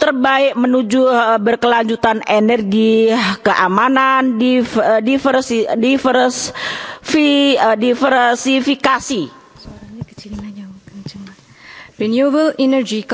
terbaik menuju eh, berkelanjutan energi keamanan eh, diversi divers fi, eh, diversifikasi renewable energy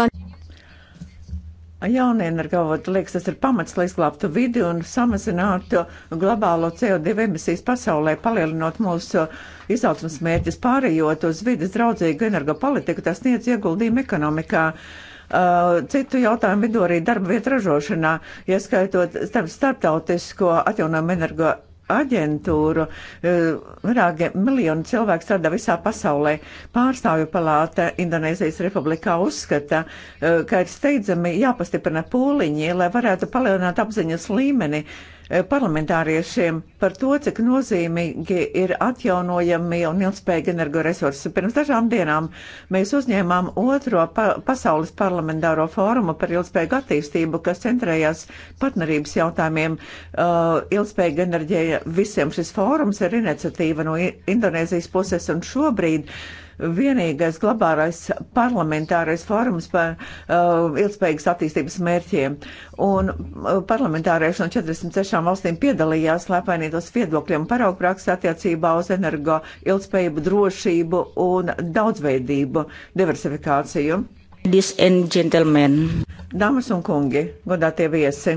Jauna energoavota, liekas, tas ir pamats, lai izglābtu vidi un samazinātu globālo CO2 emisijas pasaulē, palielinot mūsu izaugsmas mērķis, pārējot uz vidas draudzīgu energopolitiku, tas sniedz ieguldījumu ekonomikā. Uh, Uh, citu jautājumu vidū arī darba vietu ražošanā, ieskaitot starp starptautisko atjaunojumu energo aģentūru. Uh, Vairāk miljonu cilvēku strādā visā pasaulē. Pārstāvju palāta Indonēzijas republikā uzskata, uh, ka ir steidzami jāpastiprina pūliņi, lai varētu palielināt apziņas līmeni Eh, parlamentāriešiem par to, cik nozīmīgi ir atjaunojami un ilgspējīgi energoresursi. Pirms dažām dienām mēs uzņēmām otro pa pasaules parlamentāro fórumu par ilgspējīgu attīstību, kas centrējās partnerības jautājumiem. Uh, ilgspējīga enerģija visiem šis fórums ir iniciatīva no Indonēzijas puses un šobrīd. Uh, vienīgais glabārais parlamentārais forums par uh, ilgspējīgas attīstības mērķiem. Un uh, parlamentārieši no 46 valstīm piedalījās, lai apvainītos viedokļiem paraugprāks attiecībā uz energo ilgspējību, drošību un daudzveidību, diversifikāciju. Ladies and gentlemen. Dāmas un kungi, godātie viesi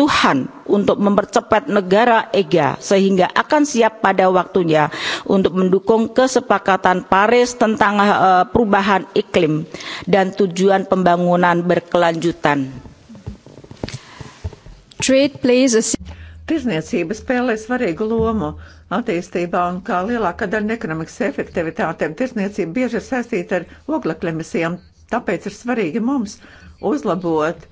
Tuhan untuk mempercepat negara EGA sehingga akan siap pada waktunya untuk mendukung kesepakatan Paris tentang uh, perubahan iklim dan tujuan pembangunan berkelanjutan. Trade plays a Tirzniecība spēlē svarīgu lomu attīstībā un kā lielākā daļa no ekonomikas efektivitātēm tirzniecība bieži ir saistīta ar oglekļa emisijām. Tāpēc ir svarīgi mums uzlabot uh,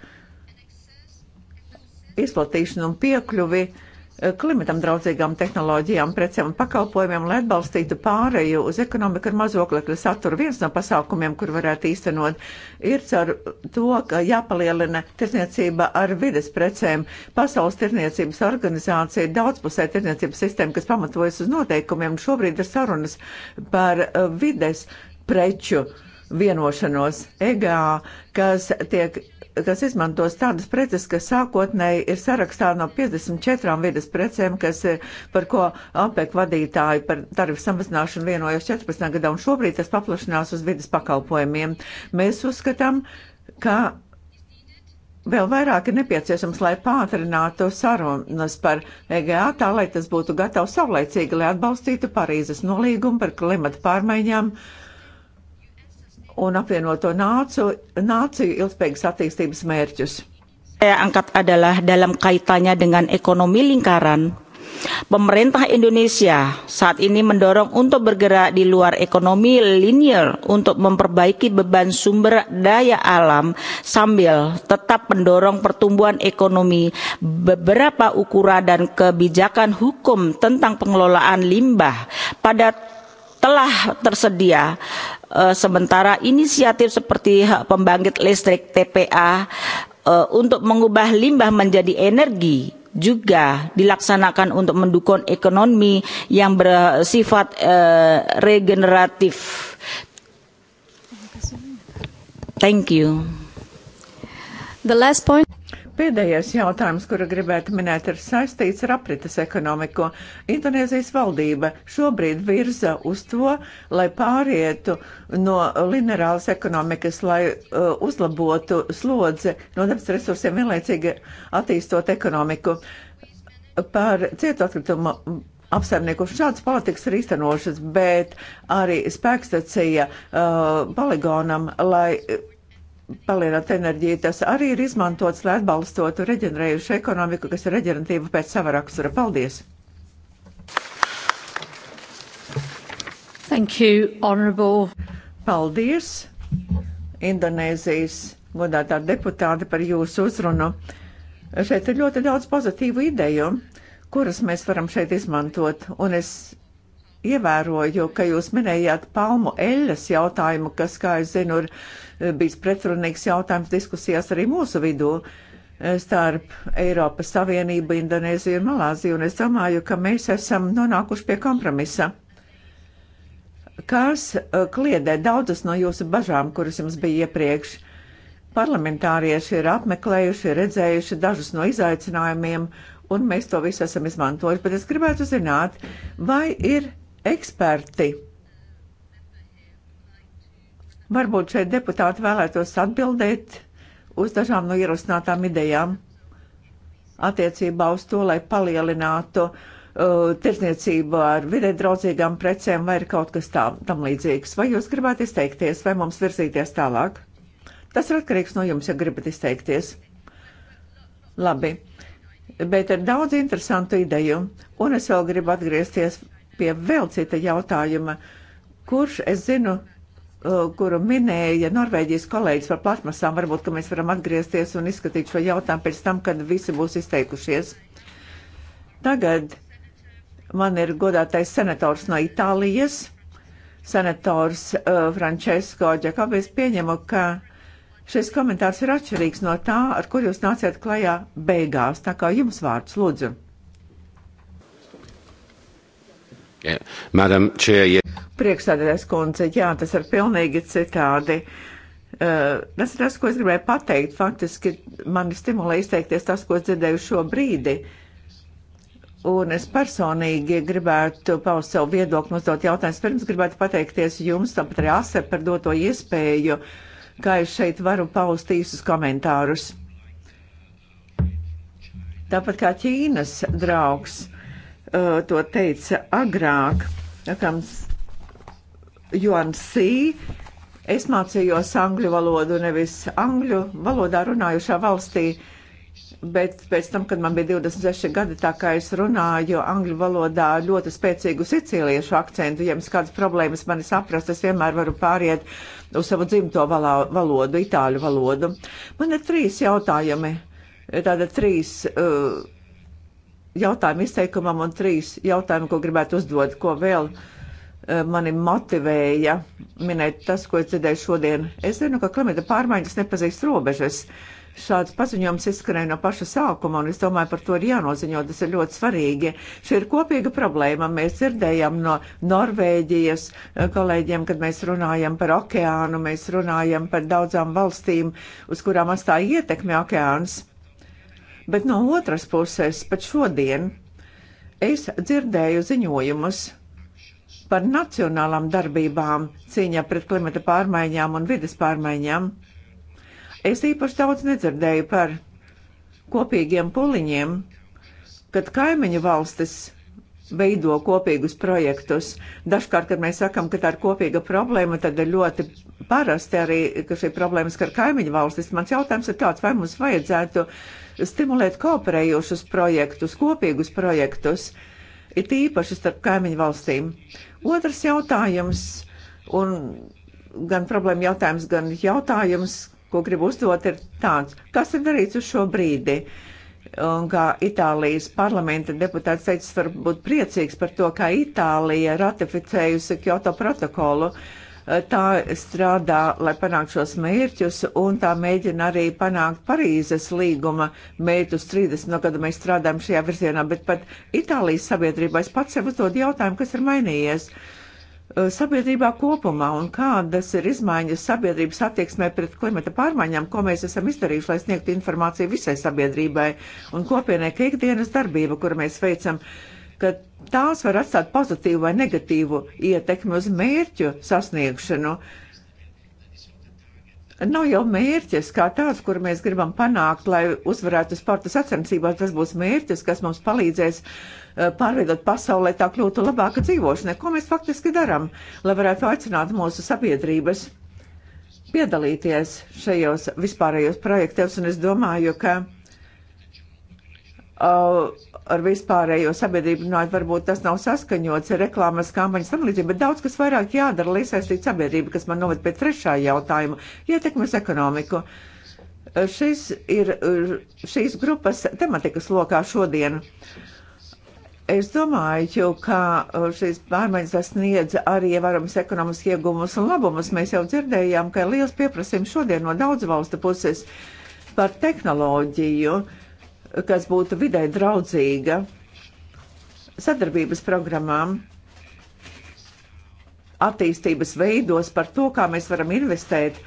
izplatīšanu un piekļuvi eh, klimatam draudzīgām tehnoloģijām, precēm un pakalpojumiem, lai atbalstītu pāreju uz ekonomiku ar mazoglekļa saturu. Viens no pasākumiem, kur varētu īstenot, ir caur to, ka jāpalielina tirzniecība ar vides precēm. Pasaules tirzniecības organizācija ir daudzpusē tirzniecības sistēma, kas pamatojas uz noteikumiem. Šobrīd ir sarunas par eh, vides preču uh, vienošanos EGA, kas tiek kas izmantos tādas preces, kas sākotnēji ir sarakstā no 54 vidas precēm, kas ir eh, par ko APEC vadītāji par tarifu samazināšanu vienojas 14. gadā, un šobrīd tas paplašinās uz vidas pakalpojumiem. Mēs uzskatām, ka vēl vairāk ir nepieciešams, lai pātrinātu sarunas par EGA, tā lai tas būtu gatavs savlaicīgi, lai atbalstītu Parīzes nolīgumu par klimatu pārmaiņām un apvienoto nācu, nāciju ilgspējīgas attīstības mērķus. Saya angkat adalah dalam kaitannya dengan ekonomi lingkaran, Pemerintah Indonesia saat ini mendorong untuk bergerak di luar ekonomi linear untuk memperbaiki beban sumber daya alam sambil tetap mendorong pertumbuhan ekonomi. Beberapa ukuran dan kebijakan hukum tentang pengelolaan limbah pada telah tersedia Eh, sementara inisiatif seperti hak pembangkit listrik TPA eh, untuk mengubah limbah menjadi energi juga dilaksanakan untuk mendukung ekonomi yang bersifat uh, regeneratif. Thank you. The last point Pēdējais jautājums, kuru gribētu minēt, ir saistīts ar aprites ekonomiku. Indonēzijas valdība šobrīd virza uz to, lai pārietu no lineāras ekonomikas, lai uh, uzlabotu slodzi no dabas resursiem, vienlaicīgi attīstot ekonomiku par cietu atkritumu apsaimniekošu šādas politikas ir īstenošas, bet arī spēkstacija uh, poligonam, lai palielināt enerģiju, tas arī ir izmantots, lai atbalstotu reģenerējušu ekonomiku, kas ir reģeneratīva pēc sava rakstura. Paldies! Thank you, honorable. Paldies, Indonēzijas godātā deputāte par jūsu uzrunu. Šeit ir ļoti daudz pozitīvu ideju, kuras mēs varam šeit izmantot, un es ievēroju, ka jūs minējāt palmu eļas jautājumu, kas, kā es zinu, ir bijis pretrunīgs jautājums diskusijās arī mūsu vidū eh, starp Eiropas Savienību, Indonēziju un Malāziju, un es domāju, ka mēs esam nonākuši pie kompromisa. Kas eh, kliedē daudzas no jūsu bažām, kuras jums bija iepriekš? Parlamentārieši ir apmeklējuši, redzējuši dažus no izaicinājumiem, un mēs to visu esam izmantojuši, bet es gribētu zināt, vai ir eksperti Varbūt šeit deputāti vēlētos atbildēt uz dažām no ierosinātām idejām attiecībā uz to, lai palielinātu uh, tirzniecību ar vidē draudzīgām precēm vai ir kaut kas tā, tam līdzīgs. Vai jūs gribētu izteikties, vai mums virzīties tālāk? Tas ir atkarīgs no jums, ja gribat izteikties. Labi, bet ir daudz interesantu ideju, un es vēl gribu atgriezties pie vēl cita jautājuma, kurš, es zinu, Uh, kuru minēja Norvēģijas kolēģis par platmasām, varbūt, ka mēs varam atgriezties un izskatīt šo jautājumu pēc tam, kad visi būs izteikušies. Tagad man ir godātais senators no Itālijas, senators uh, Francesco Džekabis. Pieņemu, ka šis komentārs ir atšķirīgs no tā, ar kur jūs nācāt klajā beigās. Tā kā jums vārds, lūdzu. Yeah. Madam Chair, yeah. Priekšstādātais kundze, jā, tas ir pilnīgi citādi. Uh, tas ir tas, ko es gribēju pateikt. Faktiski mani stimulē izteikties tas, ko es dzirdēju šo brīdi. Un es personīgi gribētu paust savu viedokli, uzdot jautājumus. Pirms gribētu pateikties jums, tāpat arī ASE par doto iespēju, kā es šeit varu paust īsus komentārus. Tāpat kā Ķīnas draugs uh, to teica agrāk, kams UNC. Es mācījos angļu valodu, nevis angļu valodā runājušā valstī, bet pēc tam, kad man bija 26 gadi, tā kā es runāju angļu valodā ļoti spēcīgu sicīliešu akcentu, ja jums kādas problēmas mani saprast, es vienmēr varu pāriet uz savu dzimto valodu, itāļu valodu. Man ir trīs jautājumi, tāda trīs. Uh, jautājumu izteikumam un trīs jautājumu, ko gribētu uzdot, ko vēl eh, mani motivēja minēt tas, ko es dzirdēju šodien. Es zinu, ka klimata pārmaiņas nepazīst robežas. Šāds paziņojums izskanēja no paša sākuma, un es domāju, par to ir jānoziņo. Tas ir ļoti svarīgi. Šī ir kopīga problēma. Mēs dzirdējām no Norvēģijas eh, kolēģiem, kad mēs runājam par okeānu, mēs runājam par daudzām valstīm, uz kurām atstāja ietekmi okeāns. Bet no otras puses, pat šodien es dzirdēju ziņojumus par nacionālām darbībām cīņā pret klimata pārmaiņām un vidas pārmaiņām. Es īpaši daudz nedzirdēju par kopīgiem puliņiem, kad kaimiņu valstis veido kopīgus projektus. Dažkārt, kad mēs sakam, ka tā ir kopīga problēma, tad ir ļoti parasti arī, ka šī problēma skar kaimiņu valstis. Mans jautājums ir tāds, vai mums vajadzētu uh, stimulēt kooperējošus projektus, kopīgus projektus, it īpaši starp kaimiņu valstīm. Otrs jautājums, un gan problēma jautājums, gan jautājums, ko gribu uzdot, ir tāds, kas ir darīts uz šo brīdi? Un kā Itālijas parlamenta deputāts teica, var būt priecīgs par to, ka Itālija ratificējusi Kyoto protokolu. Uh, tā strādā, lai panāktu šos mērķus, un tā mēģina arī panākt Parīzes līguma mērķus 30 no gada mēs strādājam šajā virzienā, bet pat Itālijas sabiedrībā es pats sev uzdod jautājumu, kas ir mainījies uh, sabiedrībā kopumā un kādas ir izmaiņas sabiedrības attieksmē pret klimata pārmaiņām, ko mēs esam izdarījuši, lai sniegtu informāciju visai sabiedrībai un kopienai, ka ikdienas darbība, kuru mēs veicam, ka tās var atstāt pozitīvu vai negatīvu ietekmi uz mērķu sasniegšanu. Nav jau mērķis kā tāds, kur mēs gribam panākt, lai uzvarētu sporta sacensībās. Tas būs mērķis, kas mums palīdzēs eh, pārveidot pasaulē tā kļūtu labāka dzīvošana. Ko mēs faktiski darām, lai varētu aicināt mūsu sabiedrības piedalīties šajos vispārējos projektos? Un es domāju, ka Uh, ar vispārējo sabiedrību runāt, varbūt tas nav saskaņots ar reklāmas kampaņas tam līdzīgi, bet daudz kas vairāk jādara, lai iesaistītu sabiedrību, kas man noved pie trešā jautājuma - ietekmes ekonomiku. Uh, šis ir uh, šīs grupas tematikas lokā šodien. Es domāju, ka šīs pārmaiņas sniedz arī varams ekonomiski iegumus un labumus. Mēs jau dzirdējām, ka ir liels pieprasījums šodien no daudz valstu puses par tehnoloģiju. Uh, kas būtu vidē draudzīga sadarbības programmām, attīstības veidos par to, kā mēs varam investēt,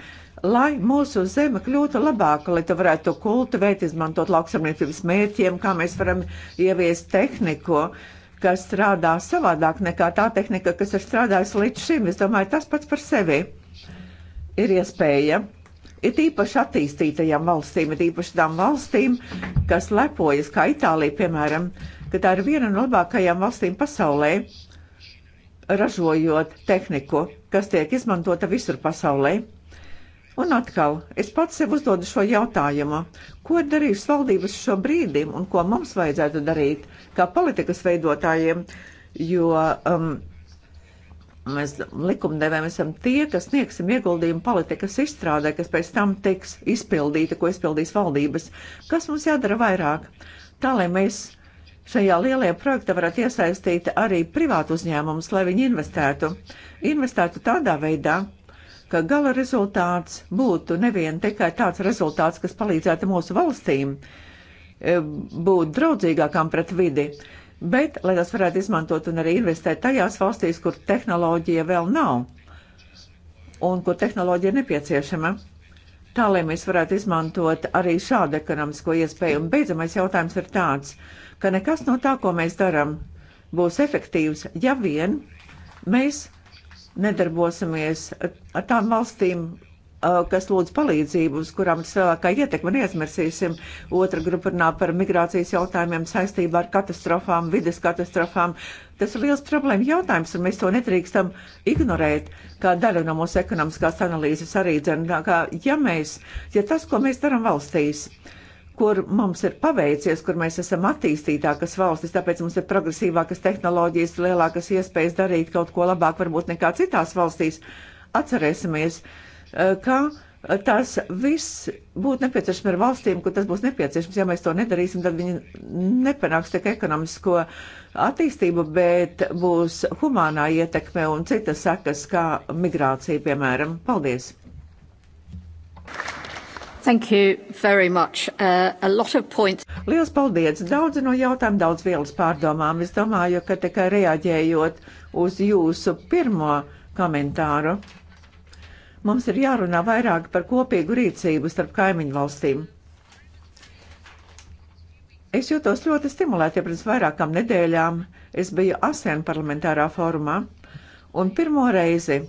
lai mūsu zeme kļūtu labāka, lai to varētu kultivēt, izmantot lauksamniecības mērķiem, kā mēs varam ieviest tehniku, kas strādā savādāk nekā tā tehnika, kas ir strādājusi līdz šim. Es domāju, tas pats par sevi ir iespēja. Ja? ir īpaši attīstītajām valstīm, ir īpaši tām valstīm, kas lepojas, kā Itālija, piemēram, ka tā ir viena no labākajām valstīm pasaulē, ražojot tehniku, kas tiek izmantota visur pasaulē. Un atkal, es pats sev uzdodu šo jautājumu, ko ir darījusi valdības šo brīdim un ko mums vajadzētu darīt kā politikas veidotājiem, jo um, Mēs likumdevējiem esam tie, kas sniegsim ieguldījumu politikas izstrādē, kas pēc tam tiks izpildīta, ko izpildīs valdības. Kas mums jādara vairāk? Tā, lai mēs šajā lielajā projektā varētu iesaistīt arī privātu uzņēmumus, lai viņi investētu. Investētu tādā veidā, ka gala rezultāts būtu nevien tikai tāds rezultāts, kas palīdzētu mūsu valstīm e, būt draudzīgākām pret vidi, bet lai tās varētu izmantot un arī investēt tajās valstīs, kur tehnoloģija vēl nav un kur tehnoloģija ir nepieciešama. Tā, lai mēs varētu izmantot arī šādu ekonomisko iespēju. Un beidzamais jautājums ir tāds, ka nekas no tā, ko mēs darām, būs efektīvs, ja vien mēs nedarbosimies ar tām valstīm, Uh, kas lūdz palīdzību, uz kurām vislielākā ietekme neaizmirsīsim. Otra grupa runā par migrācijas jautājumiem saistībā ar katastrofām, vides katastrofām. Tas ir liels problēma jautājums, un mēs to nedrīkstam ignorēt, kā daļa no mūsu ekonomiskās analīzes arī dzen. Kā, ja mēs, ja tas, ko mēs darām valstīs, kur mums ir paveicies, kur mēs esam attīstītākas valstis, tāpēc mums ir progresīvākas tehnoloģijas, lielākas iespējas darīt kaut ko labāk varbūt nekā citās valstīs, atcerēsimies, uh, Eh, ka tas viss būtu nepieciešams ar valstīm, kur tas būs nepieciešams. Ja mēs to nedarīsim, tad viņi nepanāks tik ekonomisko attīstību, bet būs humānā ietekme un citas sekas, kā migrācija, piemēram. Paldies! Thank you very much. Uh, a lot of points. Lielas paldies! Daudz no jautājumiem, daudz vielas pārdomām. Es domāju, ka tikai reaģējot uz jūsu pirmo komentāru. Mums ir jārunā vairāk par kopīgu rīcību starp kaimiņu valstīm. Es jūtos ļoti stimulēti, ja pirms vairākām nedēļām es biju ASEAN parlamentārā fórumā, un pirmo reizi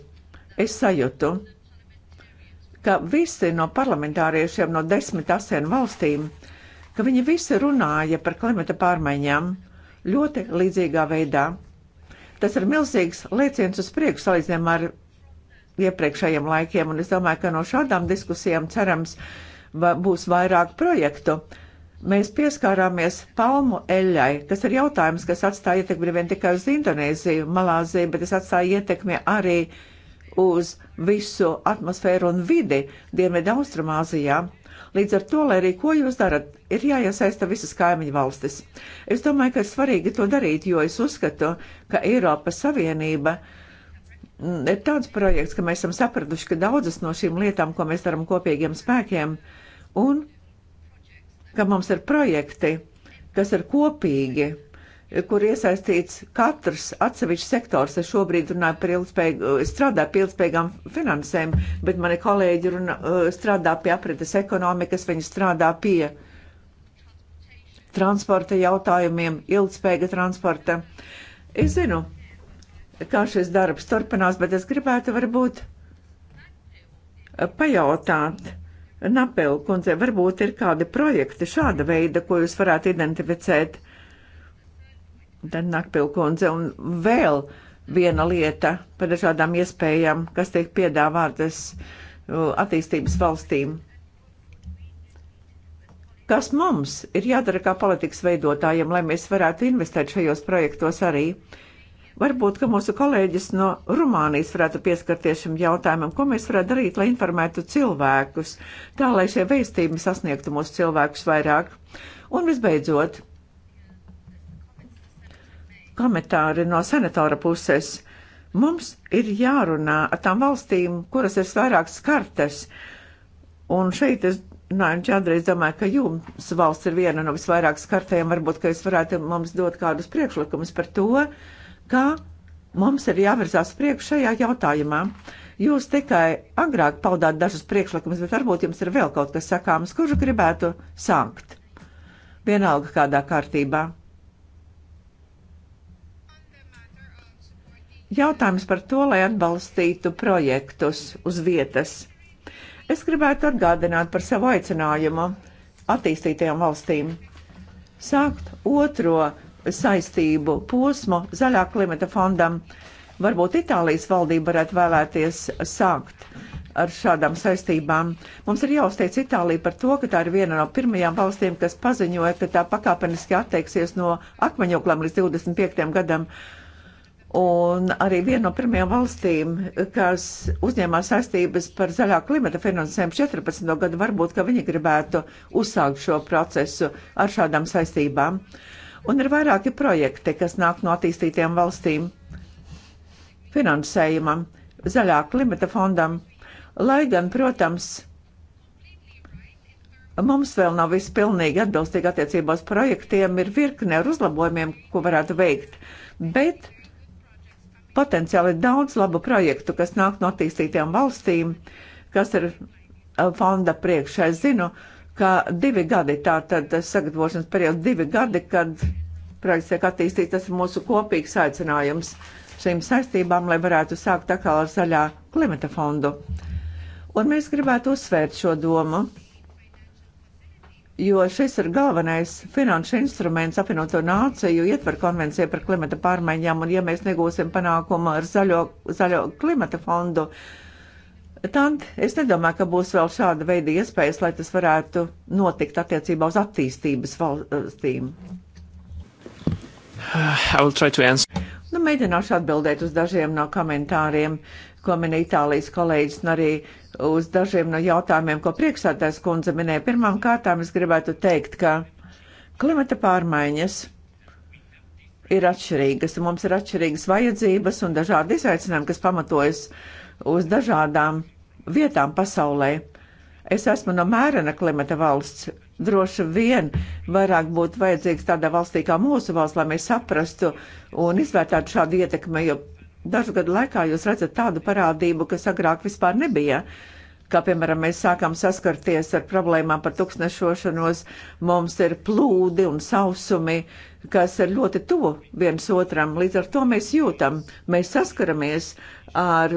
es sajūtu, ka visi no parlamentāriešiem no desmit ASEAN valstīm, ka viņi visi runāja par klimata pārmaiņām ļoti līdzīgā veidā. Tas ir milzīgs lēciens uz priekšu salīdzinājumā ar iepriekšējiem laikiem, un es domāju, ka no šādām diskusijām cerams būs vairāk projektu. Mēs pieskārāmies palmu eļai, kas ir jautājums, kas atstāja ietekmi vien tikai uz Indonēziju, Malāziju, bet tas atstāja ietekmi arī uz visu atmosfēru un vidi Dienvidu Austrumāzijā. Līdz ar to, lai arī ko jūs darat, ir jāiesaista visas kaimiņu valstis. Es domāju, ka ir svarīgi to darīt, jo es uzskatu, ka Eiropas Savienība uh, ir tāds projekts, ka mēs esam sapratuši, ka daudzas no šīm lietām, ko mēs darām kopīgiem spēkiem, un ka mums ir projekti, kas ir kopīgi, kur iesaistīts katrs atsevišķs sektors. Es šobrīd runāju par ilgspējīgu, strādāju pie ilgspējīgām finansēm, bet mani kolēģi runa, strādā pie aprites ekonomikas, viņi strādā pie transporta jautājumiem, ilgspējīga transporta. Es zinu, kā šis darbs turpinās, bet es gribētu varbūt pajautāt Napelu kundzei, varbūt ir kādi projekti šāda veida, ko jūs varētu identificēt. Tad Napelu kundze un vēl viena lieta par dažādām iespējām, kas tiek piedāvātas attīstības valstīm. Kas mums ir jādara kā politikas veidotājiem, lai mēs varētu investēt šajos projektos arī? Uh, Varbūt, ka mūsu kolēģis no Rumānijas varētu pieskarties šim jautājumam, ko mēs varētu darīt, lai informētu cilvēkus, tā lai šie veistījumi sasniegtu mūsu cilvēkus vairāk. Un visbeidzot, komentāri no senatora puses. Mums ir jārunā ar tām valstīm, kuras ir vairāk skartas. Un šeit es runājam, nu, Čandra, es domāju, ka jums valsts ir viena no visvairāk skartajām. Varbūt, ka jūs varētu mums dot kādus priekšlikumus par to, uh, ka mums ir jāvirzās priekš šajā jautājumā. Jūs tikai agrāk paudāt dažus priekšlikumus, bet varbūt jums ir vēl kaut kas sakāms, kurš gribētu sākt. Vienalga kādā kārtībā. Jautājums par to, lai atbalstītu projektus uz vietas. Es gribētu atgādināt par savu aicinājumu attīstītajām valstīm sākt otro saistību posmu zaļā klimata fondam. Varbūt Itālijas valdība varētu vēlēties sākt ar šādām saistībām. Mums ir jāuzteic Itālija par to, ka tā ir viena no pirmajām valstīm, kas paziņoja, ka tā pakāpeniski atteiksies no akmeņoklām līdz 25. gadam. Un arī viena no pirmajām valstīm, kas uzņēmās saistības par zaļā klimata finansējumu 14. gadu, varbūt, ka viņi gribētu uzsākt šo procesu ar šādām saistībām. Uh, un ir vairāki projekti, kas nāk no attīstītiem valstīm finansējumam, zaļā klimata fondam, lai gan, protams, mums vēl nav viss pilnīgi atbilstīgi attiecībās projektiem, ir virkne ar uzlabojumiem, ko varētu veikt, bet potenciāli daudz labu projektu, kas nāk no attīstītām valstīm, kas ir eh, fonda priekšā. Es zinu, uh, ka divi gadi, tā tad sagatavošanas periods divi gadi, kad projekts tiek attīstīts, tas ir mūsu kopīgs aicinājums šīm saistībām, lai varētu sākt atkal ar zaļā klimata fondu. Un mēs gribētu uzsvērt šo domu, jo šis ir galvenais finanšu instruments apvienoto nāciju ietver konvenciju par klimata pārmaiņām, un ja mēs negūsim panākumu ar zaļo, zaļo klimata fondu, uh, Tant, es nedomāju, ka būs vēl šāda veida iespējas, lai tas varētu notikt attiecībā uz attīstības valstīm. Nu, mēģināšu atbildēt uz dažiem no komentāriem, ko min Itālijas kolēģis, un arī uz dažiem no jautājumiem, ko priekšsādājs kundze minēja. Pirmām kārtām es gribētu teikt, ka klimata pārmaiņas ir atšķirīgas, un mums ir atšķirīgas vajadzības un dažādi izaicinājumi, kas pamatojas uz dažādām vietām pasaulē. Es esmu no mērena klimata valsts. Droši vien vairāk būtu vajadzīgs tādā valstī kā mūsu valsts, lai mēs saprastu un izvērtētu šādu ietekmi, jo dažu gadu laikā jūs redzat tādu parādību, kas agrāk vispār nebija. Kā piemēram, mēs sākām saskarties ar problēmām par tuksnešošanos, mums ir plūdi un sausumi, uh, kas ir ļoti tuvu viens otram. Līdz ar to mēs jūtam, mēs saskaramies ar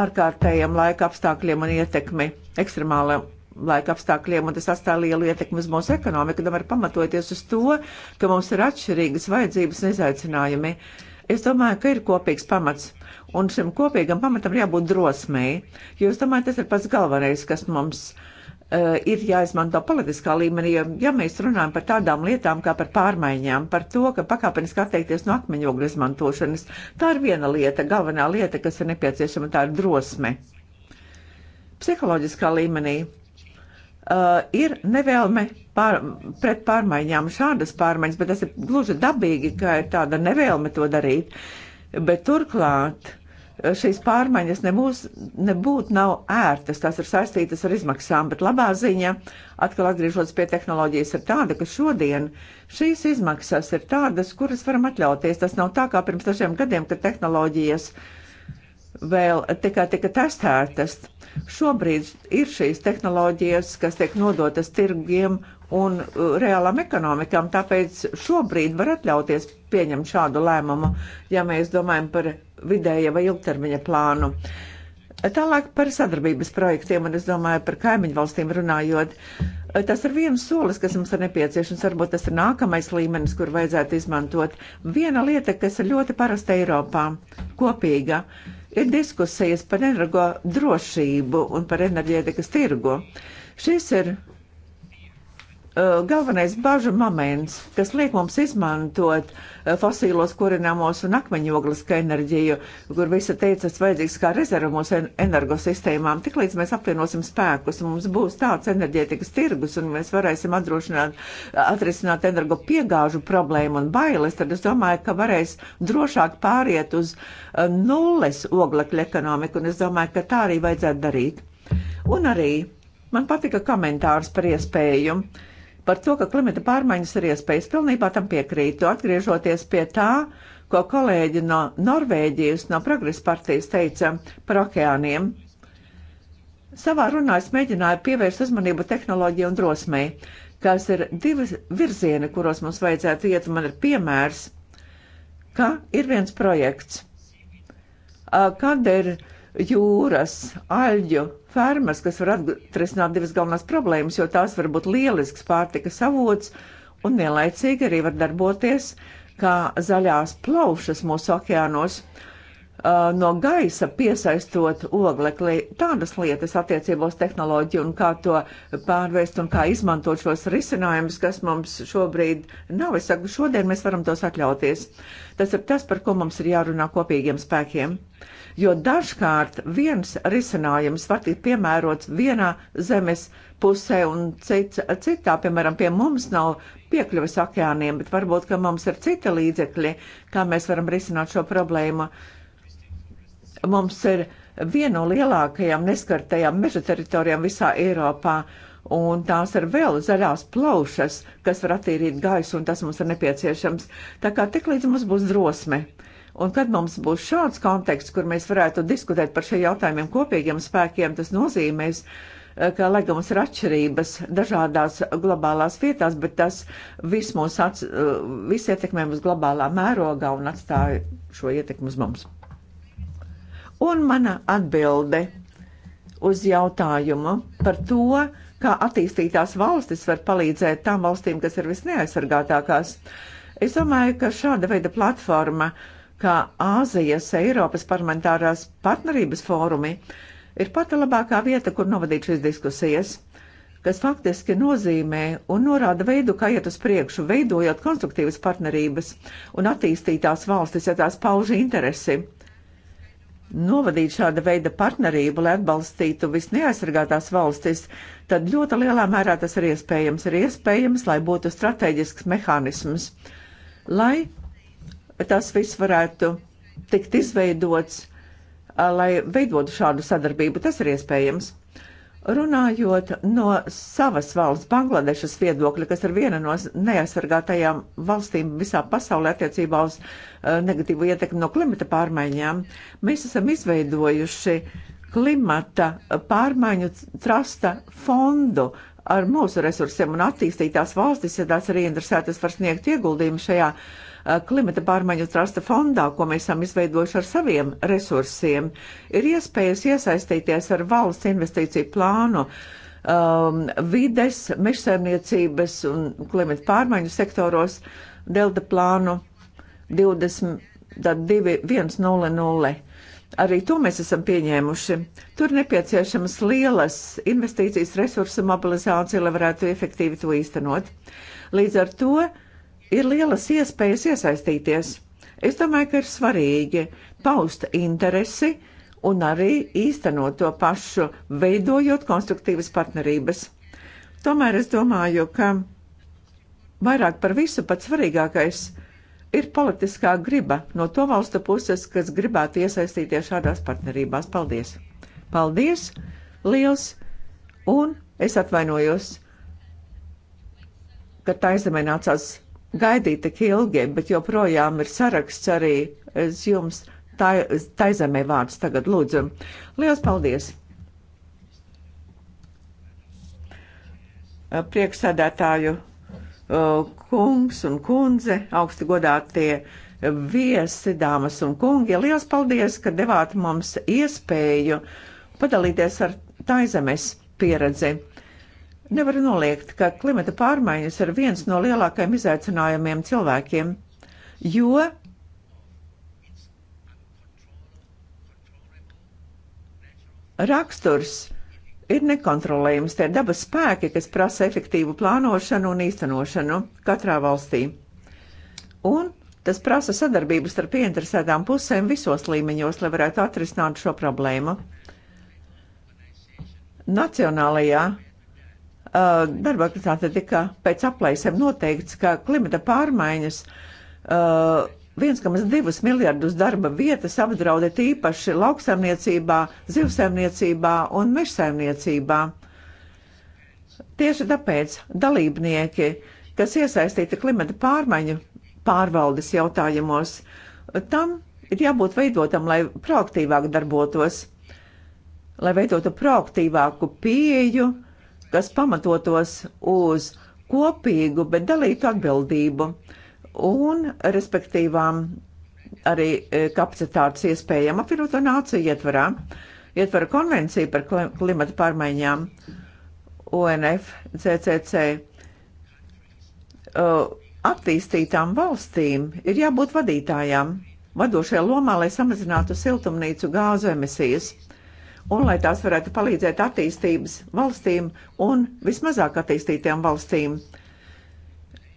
ārkārtējiem laika apstākļiem un ietekmi ekstremāliem laika apstākļiem, un tas atstāja lielu ietekmi uz mūsu ekonomiku, tam var pamatoties uz to, ka mums ir atšķirīgas vajadzības un izaicinājumi. Es domāju, ka ir kopīgs pamats, un šim kopīgam pamatam ir jābūt drosmei, jo es domāju, tas ir pats galvenais, kas mums ir Eh, ir jāizmanto politiskā līmenī, jo, ja mēs runājam par tādām lietām kā par pārmaiņām, par to, ka pakāpeniski atteikties no akmeņogļu izmantošanas, tā ir viena lieta, galvenā lieta, kas ir nepieciešama, tā ir drosme. Psiholoģiskā līmenī uh, ir nevēlme pār, pret pārmaiņām, šādas pārmaiņas, bet tas ir gluži dabīgi, ka ir tāda nevēlme to darīt. Bet turklāt šīs pārmaiņas nemūs, nebūt nav ērtas, tās ir saistītas ar izmaksām, bet labā ziņa, atkal atgriežoties pie tehnoloģijas, ir tāda, ka šodien šīs izmaksas ir tādas, kuras varam atļauties. Tas nav tā kā pirms dažiem gadiem, kad tehnoloģijas vēl tikai tika testētas. Šobrīd ir šīs tehnoloģijas, kas tiek nodotas tirgiem un uh, reālām ekonomikām, tāpēc šobrīd var atļauties pieņemt šādu lēmumu, ja mēs domājam par vidēja vai ilgtermiņa plānu. Tālāk par sadarbības projektiem, un es domāju par kaimiņu valstīm runājot, tas ir viens solis, kas mums ir nepieciešams, varbūt tas ir nākamais līmenis, kur vajadzētu izmantot. Viena lieta, kas ir ļoti parasta Eiropā, kopīga, ir diskusijas par energo drošību un par enerģētikas tirgu. Šis ir Eh, galvenais bažu moments, kas liek mums izmantot eh, fosīlos kurināmos un akmeņogles kā enerģiju, kur visa teicas vajadzīgs kā rezerva mūsu energosistēmām. Tiklīdz mēs apvienosim spēkus, mums būs tāds enerģētikas tirgus un mēs varēsim atdrošināt, atrisināt energo piegāžu problēmu un bailes, tad es domāju, ka varēs drošāk pāriet uz eh, nulles oglekļa ekonomiku un es domāju, ka tā arī vajadzētu darīt. Un arī man patika komentārs par iespēju par to, ka klimata pārmaiņas ir iespējas. Pilnībā tam piekrītu. Atgriežoties pie tā, ko kolēģi no Norvēģijas, no Progresa partijas teica par okeāniem. Savā runā es mēģināju pievērst uzmanību tehnoloģiju un drosmei, kas ir divi virzieni, kuros mums vajadzētu iet. Man ir piemērs, ka ir viens projekts, kad ir jūras, aļģu fermas, kas var atrisināt divas galvenās problēmas, jo tās var būt lielisks pārtikas avots un vienlaicīgi arī var darboties kā zaļās plaušas mūsu okeānos. Uh, Uh, no gaisa piesaistot oglekli. Tādas lietas attiecībos tehnoloģiju un kā to pārvest un kā izmantot šos risinājumus, kas mums šobrīd nav. Es saku, šodien mēs varam tos atļauties. Tas ir tas, par ko mums ir jārunā kopīgiem spēkiem. Jo dažkārt viens risinājums var tikt piemērots vienā zemes pusē un cits, citā, piemēram, pie mums nav piekļuvis okeāniem, bet varbūt, ka mums ir citi līdzekļi, kā mēs varam risināt šo problēmu. Uh, Mums ir viena no lielākajām neskartajām meža teritorijām visā Eiropā, un tās ir vēl zaļās plaušas, kas var attīrīt gaisu, un tas mums ir nepieciešams. Tā kā tik līdz mums būs drosme. Un kad mums būs šāds konteksts, kur mēs varētu diskutēt par šiem jautājumiem kopīgiem spēkiem, tas nozīmēs, eh, ka, lai gan mums ir atšķirības dažādās globālās vietās, bet tas viss mūs ats, eh, viss ietekmē mums globālā mērogā un atstāja šo ietekmi uz mums. Un mana atbilde uz jautājumu par to, kā attīstītās valstis var palīdzēt tām valstīm, kas ir visneaizsargātākās. Es domāju, ka šāda veida platforma, kā Āzijas Eiropas parlamentārās partnerības fórumi, ir pati labākā vieta, kur novadīt šīs diskusijas, kas faktiski nozīmē un norāda veidu, kā iet uz priekšu, veidojot konstruktīvas partnerības un attīstītās valstis, ja tās pauž interesi novadīt šāda veida partnerību, lai atbalstītu visneaizsargātās valstis, tad ļoti lielā mērā tas ir iespējams. Ir iespējams, lai būtu strateģisks mehānisms, lai tas viss varētu tikt izveidots, lai veidotu šādu sadarbību. Tas ir iespējams. Runājot no savas valsts, Bangladešas viedokļa, kas ir viena no neaizsargātajām valstīm visā pasaulē attiecībā uz eh, negatīvu ietekmi no klimata pārmaiņām, mēs esam izveidojuši klimata pārmaiņu trasta fondu ar mūsu resursiem un attīstītās valstis, ja tās ir ieinteresētas, var sniegt ieguldījumu šajā uh, Eh, klimata pārmaiņu trasta fondā, ko mēs esam izveidojuši ar saviem resursiem, ir iespējas iesaistīties ar valsts investīciju plānu um, vides, mežsēmniecības un klimata pārmaiņu sektoros Delta plānu 22100. Arī to mēs esam pieņēmuši. Tur nepieciešamas lielas investīcijas resursu mobilizācija, lai varētu efektīvi to īstenot. Līdz ar to uh, ir lielas iespējas iesaistīties. Es domāju, ka ir svarīgi paust interesi un arī īstenot to pašu, veidojot konstruktīvas partnerības. Tomēr es domāju, ka vairāk par visu pats svarīgākais ir politiskā griba no to valstu puses, kas gribētu iesaistīties šādās partnerībās. Paldies! Paldies! Liels! Un es atvainojos, ka tā izdevē nācās gaidīt tik ilgi, bet joprojām ir saraksts arī es jums taizemē tā, vārds tagad lūdzu. Lielas paldies! Prieksēdētāju kungs un kundze, augsti godātie viesi, dāmas un kungi, liels paldies, ka devāt mums iespēju padalīties ar taizemes pieredzi. Nevar noliegt, ka klimata pārmaiņas ir viens no lielākajiem izaicinājumiem cilvēkiem, jo raksturs ir nekontrolējams. Tie ir dabas spēki, kas prasa efektīvu plānošanu un īstenošanu katrā valstī. Un tas prasa sadarbību starp ieinteresētām pusēm visos līmeņos, lai varētu atrisināt šo problēmu. Nacionālajā Eh, darbā kristāte tika pēc aplaisēm noteikts, ka klimata pārmaiņas 1,2 eh, miljardus darba vietas apdrauda tīpaši lauksaimniecībā, zivsaimniecībā un mežsaimniecībā. Tieši tāpēc dalībnieki, kas iesaistīti klimata pārmaiņu pārvaldes jautājumos, tam ir jābūt veidotam, lai proaktīvāk darbotos, lai veidotu proaktīvāku pieju, uh, kas pamatotos uz kopīgu, bet dalītu atbildību un respektīvām arī e, kapacitātes iespējām apvienoto nāciju ietvarā, ietvara konvenciju par klimata pārmaiņām, UNFCCC. E, attīstītām valstīm ir jābūt vadītājām, vadošajā lomā, lai samazinātu siltumnīcu gāzu emisijas un lai tās varētu palīdzēt attīstības valstīm un vismazāk attīstītām valstīm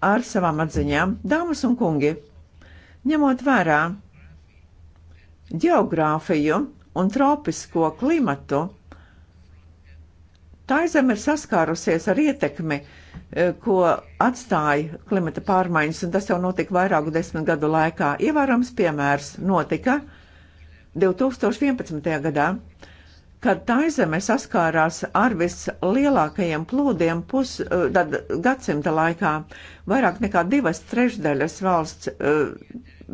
ar savām atziņām. Dāmas un kungi, ņemot vērā geogrāfiju un tropisko klimatu, tā zeme ir saskārusies ar ietekmi, eh, ko atstāja klimata pārmaiņas, un tas jau notika vairāku desmit gadu laikā. Ievērams piemērs notika 2011. gadā kad tā zeme saskārās ar vislielākajiem plūdiem pus eh, tad, gadsimta laikā. Vairāk nekā divas trešdaļas valsts eh,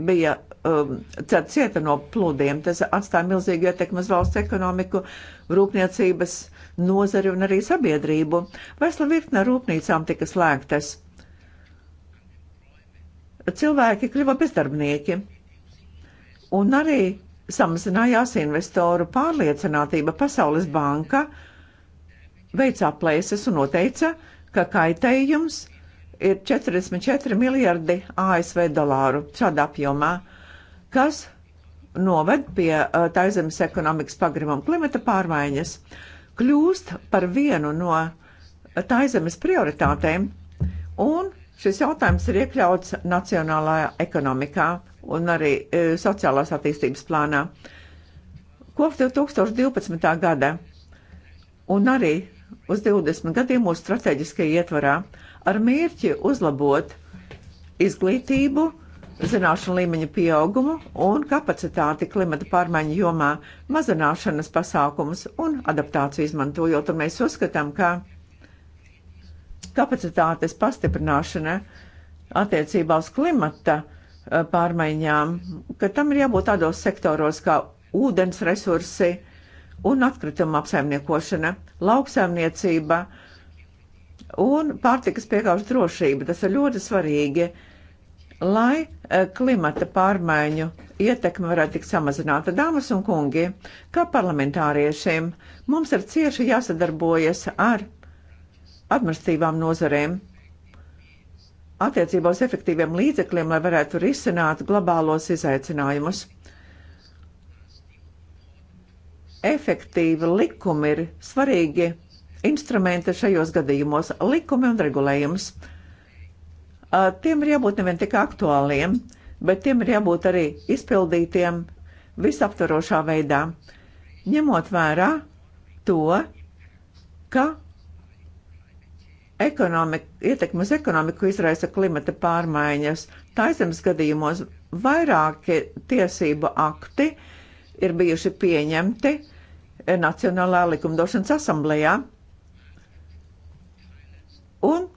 bija eh, cieta no plūdiem. Tas atstāja milzīgu ietekmi uz valsts ekonomiku, rūpniecības nozari un arī sabiedrību. Vesla virkne rūpnīcām tika slēgtas. Cilvēki kļuva bezdarbnieki. Un arī samazinājās investoru pārliecinātība. Pasaules banka veica aplēses un noteica, ka kaitējums ir 44 miljardi ASV dolāru šādā apjomā, kas noved pie taizemes ekonomikas pagrimuma klimata pārmaiņas, kļūst par vienu no taizemes prioritātēm un Šis jautājums ir iekļauts nacionālajā ekonomikā un arī e, sociālās attīstības plānā kopš 2012. gada un arī uz 20 gadiem mūsu strateģiskajā ietvarā ar mērķi uzlabot izglītību, zināšanu līmeņa pieaugumu un kapacitāti klimata pārmaiņu jomā, mazināšanas pasākumus un adaptāciju izmantojot. Un mēs uzskatām, ka kapacitātes pastiprināšana attiecībā uz klimata eh, pārmaiņām, ka tam ir jābūt tādos sektoros kā ūdens resursi un atkrituma apsaimniekošana, lauksaimniecība un pārtikas piekāpšanas drošība. Tas ir ļoti svarīgi, lai eh, klimata pārmaiņu ietekme varētu tikt samazināta. Dāmas un kungi, kā parlamentāriešiem, mums ir cieši jāsadarbojas ar administratīvām nozarēm attiecībā uz efektīviem līdzekļiem, lai varētu risināt globālos izaicinājumus. Efektīvi likumi ir svarīgi instrumenti šajos gadījumos - likumi un regulējums. Tiem ir jābūt nevien tik aktuāliem, bet tiem ir jābūt arī izpildītiem visaptvarošā veidā, ņemot vērā to, ka ekonomik, ietekmi uz ekonomiku izraisa klimata pārmaiņas. Taizemes gadījumos vairāki tiesību akti ir bijuši pieņemti Nacionālā likumdošanas asamblējā. Un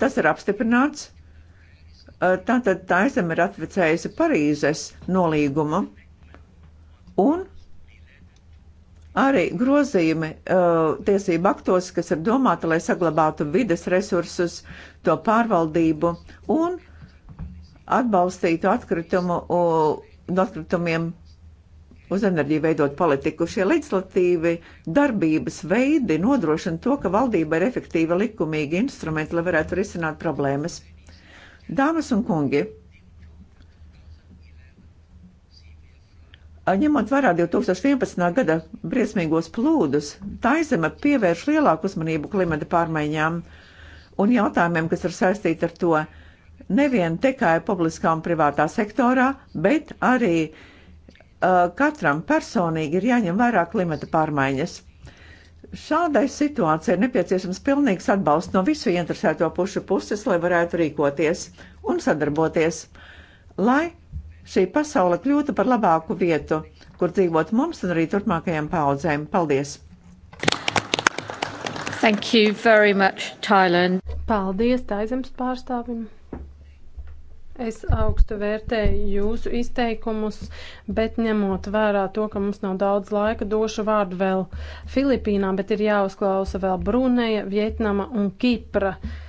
tas ir apstiprināts. Eh, tātad Taizem ir atveicējusi Parīzes nolīgumu un arī grozījumi uh, tiesību aktos, kas ir domāti, lai saglabātu vides resursus, to pārvaldību un atbalstītu atkritumu, uh, atkritumiem uz enerģiju veidot politiku. Šie legislatīvi darbības veidi nodrošina to, ka valdība ir efektīva likumīgi instrumenti, lai varētu risināt problēmas. Dāmas un kungi! Ņemot vērā 2011. gada briesmīgos plūdus, Taizeme pievērš lielāku uzmanību klimata pārmaiņām un jautājumiem, kas ir saistīti ar to nevien tikai publiskā un privātā sektorā, bet arī uh, katram personīgi ir jāņem vērā klimata pārmaiņas. Šādai situācijai ir nepieciešams pilnīgs atbalsts no visu interesēto pušu puses, lai varētu rīkoties un sadarboties, lai šī pasaule kļūtu par labāku vietu, kur dzīvot mums un arī turpmākajām paudzēm. Paldies! Thank you very much, Thailand. Paldies Taizemes pārstāvim. Es augstu vērtēju jūsu izteikumus, bet ņemot vērā to, ka mums nav daudz laika, došu vārdu vēl Filipīnām, bet ir jāuzklausa vēl Bruneja, Vietnama un Kipra. Uh,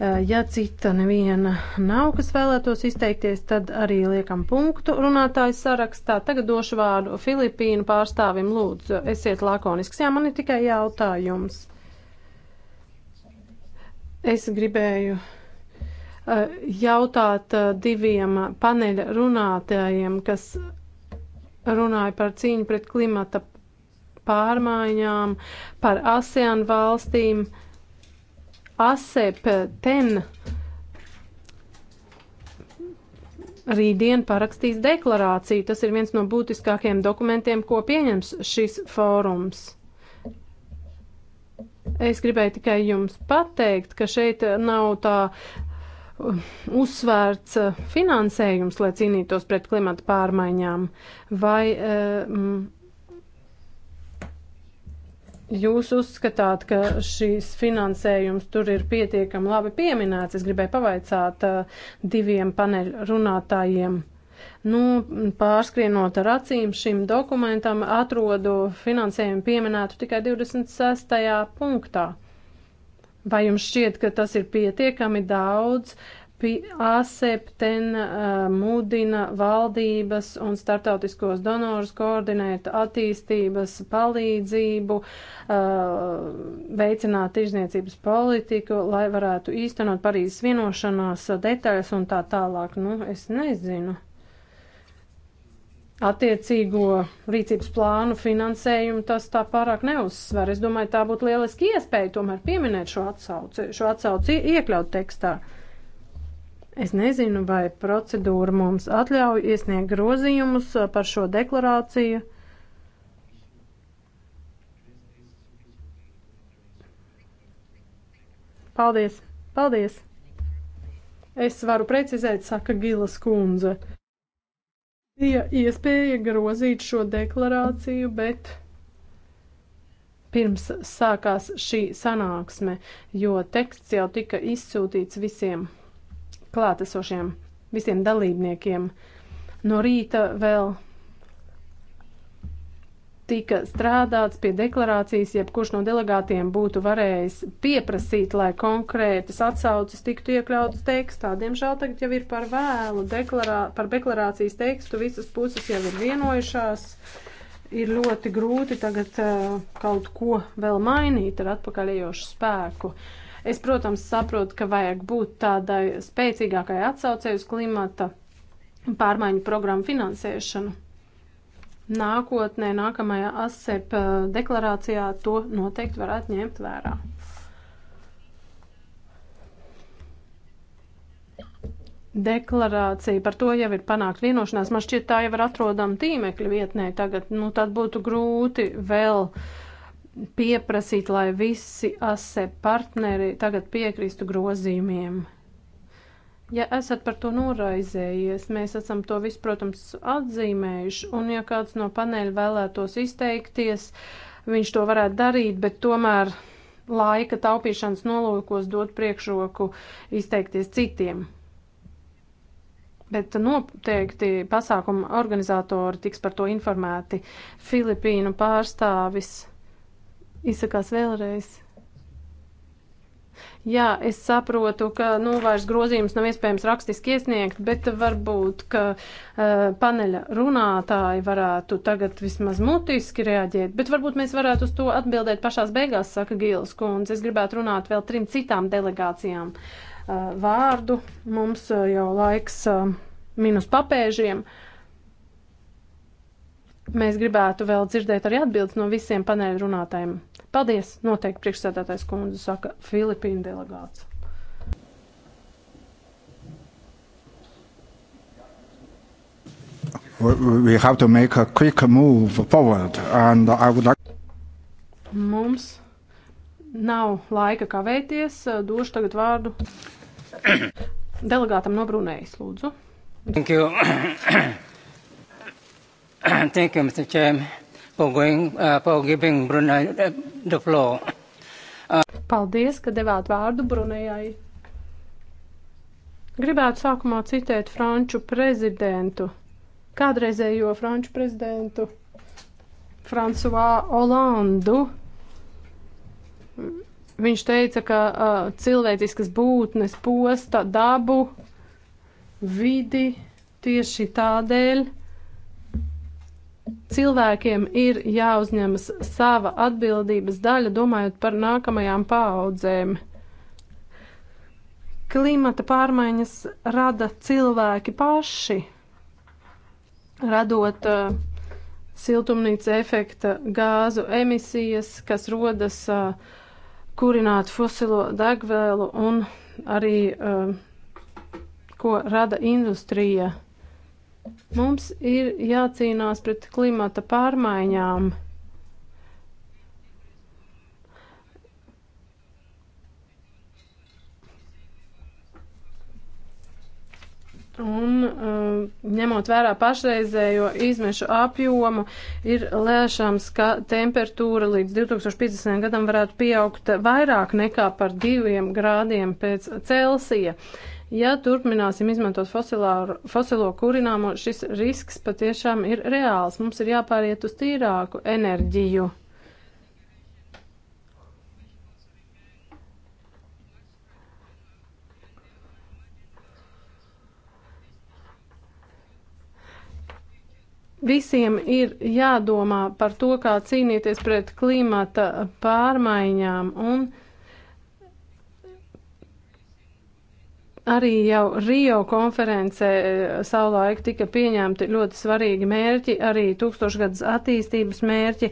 Eh, ja cita neviena nav, kas vēlētos izteikties, tad arī liekam punktu runātājs sarakstā. Tagad došu vārdu Filipīnu pārstāvim lūdzu. Esiet lakonisks. Jā, man ir tikai jautājums. Es gribēju eh, jautāt eh, diviem paneļa runātājiem, kas runāja par cīņu pret klimata pārmaiņām, par ASEAN valstīm. Uh, ASEP TEN rītdien parakstīs deklarāciju. Tas ir viens no būtiskākajiem dokumentiem, ko pieņems šis fórums. Es gribēju tikai jums pateikt, ka šeit nav tā uh, uzsvērts uh, finansējums, lai cīnītos pret klimata pārmaiņām. Vai, mm, Jūs uzskatāt, ka šīs finansējums tur ir pietiekami labi pieminēts. Es gribēju pavaicāt uh, diviem paneļrunātājiem. Nu, pārskrienot ar acīm šim dokumentam, atrodu finansējumu pieminētu tikai 26. punktā. Vai jums šķiet, ka tas ir pietiekami daudz? Uh, ASEPTEN mudina valdības un startautiskos donorus koordinēt attīstības palīdzību, veicināt tirzniecības politiku, lai varētu īstenot Parīzes vienošanās detaļas un tā tālāk. Nu, es nezinu. Attiecīgo rīcības plānu finansējumu tas tā pārāk neuzsver. Es domāju, tā būtu lieliski iespēja tomēr pieminēt šo atsauci, šo atsauci iekļaut tekstā. Uh, Es nezinu, vai procedūra mums atļauj iesniegt grozījumus uh, par šo deklarāciju. Paldies! Paldies! Es varu precizēt, saka Gilas kundze. Bija iespēja grozīt šo deklarāciju, bet pirms sākās šī sanāksme, jo teksts jau tika izsūtīts visiem klātesošiem, visiem dalībniekiem. No rīta vēl tika strādāts pie deklarācijas, jebkurš no delegātiem būtu varējis pieprasīt, lai konkrētas atsauces tiktu iekļautas tekstā. Diemžēl tagad jau ir par vēlu deklarā, par deklarācijas tekstu, visas puses jau ir vienojušās. Ir ļoti grūti tagad uh, kaut ko vēl mainīt ar atpakaļējošu spēku. Uh, Es, protams, saprotu, ka vajag būt tādai spēcīgākai atsaucēji uz klimata pārmaiņu programmu finansēšanu. Nākotnē, nākamajā ASEP eh, deklarācijā to noteikti varētu ņemt vērā. deklarācija, par to jau ir panākt vienošanās. Man šķiet, tā jau ir atrodama tīmekļa vietnē tagad. Nu, tad būtu grūti vēl uh, pieprasīt, lai visi ASE partneri tagad piekristu grozījumiem. Ja esat par to noraizējies, mēs esam to visu, protams, atzīmējuši, un ja kāds no paneļa vēlētos izteikties, viņš to varētu darīt, bet tomēr laika taupīšanas nolūkos dot priekšroku izteikties citiem. Bet noteikti pasākuma organizatori tiks par to informēti. Filipīnu pārstāvis izsakās vēlreiz. Jā, es saprotu, ka nu, vairs grozījums nav iespējams rakstiski iesniegt, bet varbūt, ka uh, paneļa runātāji varētu tagad vismaz mutiski reaģēt, bet varbūt mēs varētu uz to atbildēt pašās beigās, saka Gīles kundze. Es gribētu runāt vēl trim citām delegācijām uh, vārdu. Mums uh, jau laiks uh, minus papēžiem. Mēs gribētu vēl dzirdēt arī atbildes no visiem paneļa runātājiem. Paldies, noteikti priekšsēdētājs kundze saka Filipīna delegāts. We have to make a quick move forward and I would like. Mums nav laika kavēties. Došu tagad vārdu delegātam no Brunējas, lūdzu. Thank you. Thank you, Mr. Chairman for, going, uh, for giving Brunei the floor. Uh. Paldies, ka devāt vārdu Brunejai. Gribētu sākumā citēt franču prezidentu, kādreizējo franču prezidentu François Hollandu. Viņš teica, ka uh, cilvēciskas būtnes posta dabu, vidi tieši tādēļ, Cilvēkiem ir jāuzņemas sava atbildības daļa, domājot par nākamajām paaudzēm. Klimata pārmaiņas rada cilvēki paši, radot uh, siltumnīca efekta gāzu emisijas, kas rodas uh, kurināt fosilo degvēlu un arī uh, ko rada industrija. Mums ir jācīnās pret klimata pārmaiņām. Un, uh, ņemot vērā pašreizējo izmešu apjomu, ir lēšams, ka temperatūra līdz 2050. gadam varētu pieaugt vairāk nekā par diviem grādiem pēc Celsija. Uh, Ja turpināsim izmantot fosilā, fosilo kurināmo, šis risks patiešām ir reāls. Mums ir jāpāriet uz tīrāku enerģiju. Visiem ir jādomā par to, kā cīnīties pret klimata pārmaiņām un Arī jau Rio konferencē eh, savulaik tika pieņemti ļoti svarīgi mērķi, arī tūkstošgadus attīstības mērķi,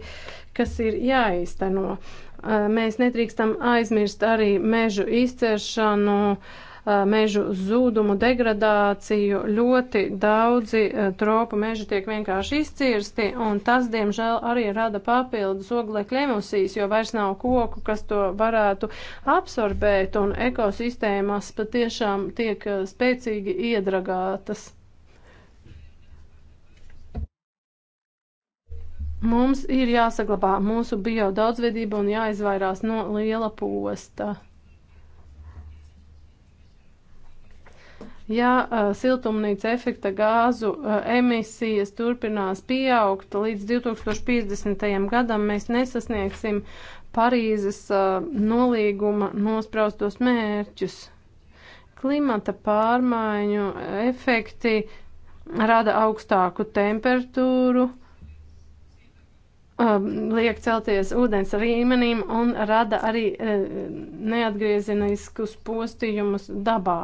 kas ir jāīsteno. Eh, mēs nedrīkstam aizmirst arī mežu izcēršanu. Uh, mežu zudumu, degradāciju. Ļoti daudzi tropu meži tiek vienkārši izcirsti, un tas, diemžēl, arī rada papildus oglekļa emisijas, jo vairs nav koku, kas to varētu absorbēt, un ekosistēmas patiešām tiek spēcīgi iedragātas. Mums ir jāsaglabā mūsu biodaudzvedība un jāizvairās no liela posta. Ja siltumnīca efekta gāzu emisijas turpinās pieaugt līdz 2050. gadam, mēs nesasniegsim Parīzes nolīguma nospraustos mērķus. Klimata pārmaiņu efekti rada augstāku temperatūru, liek celties ūdens līmenim un rada arī neatgriezeniskus postījumus dabā.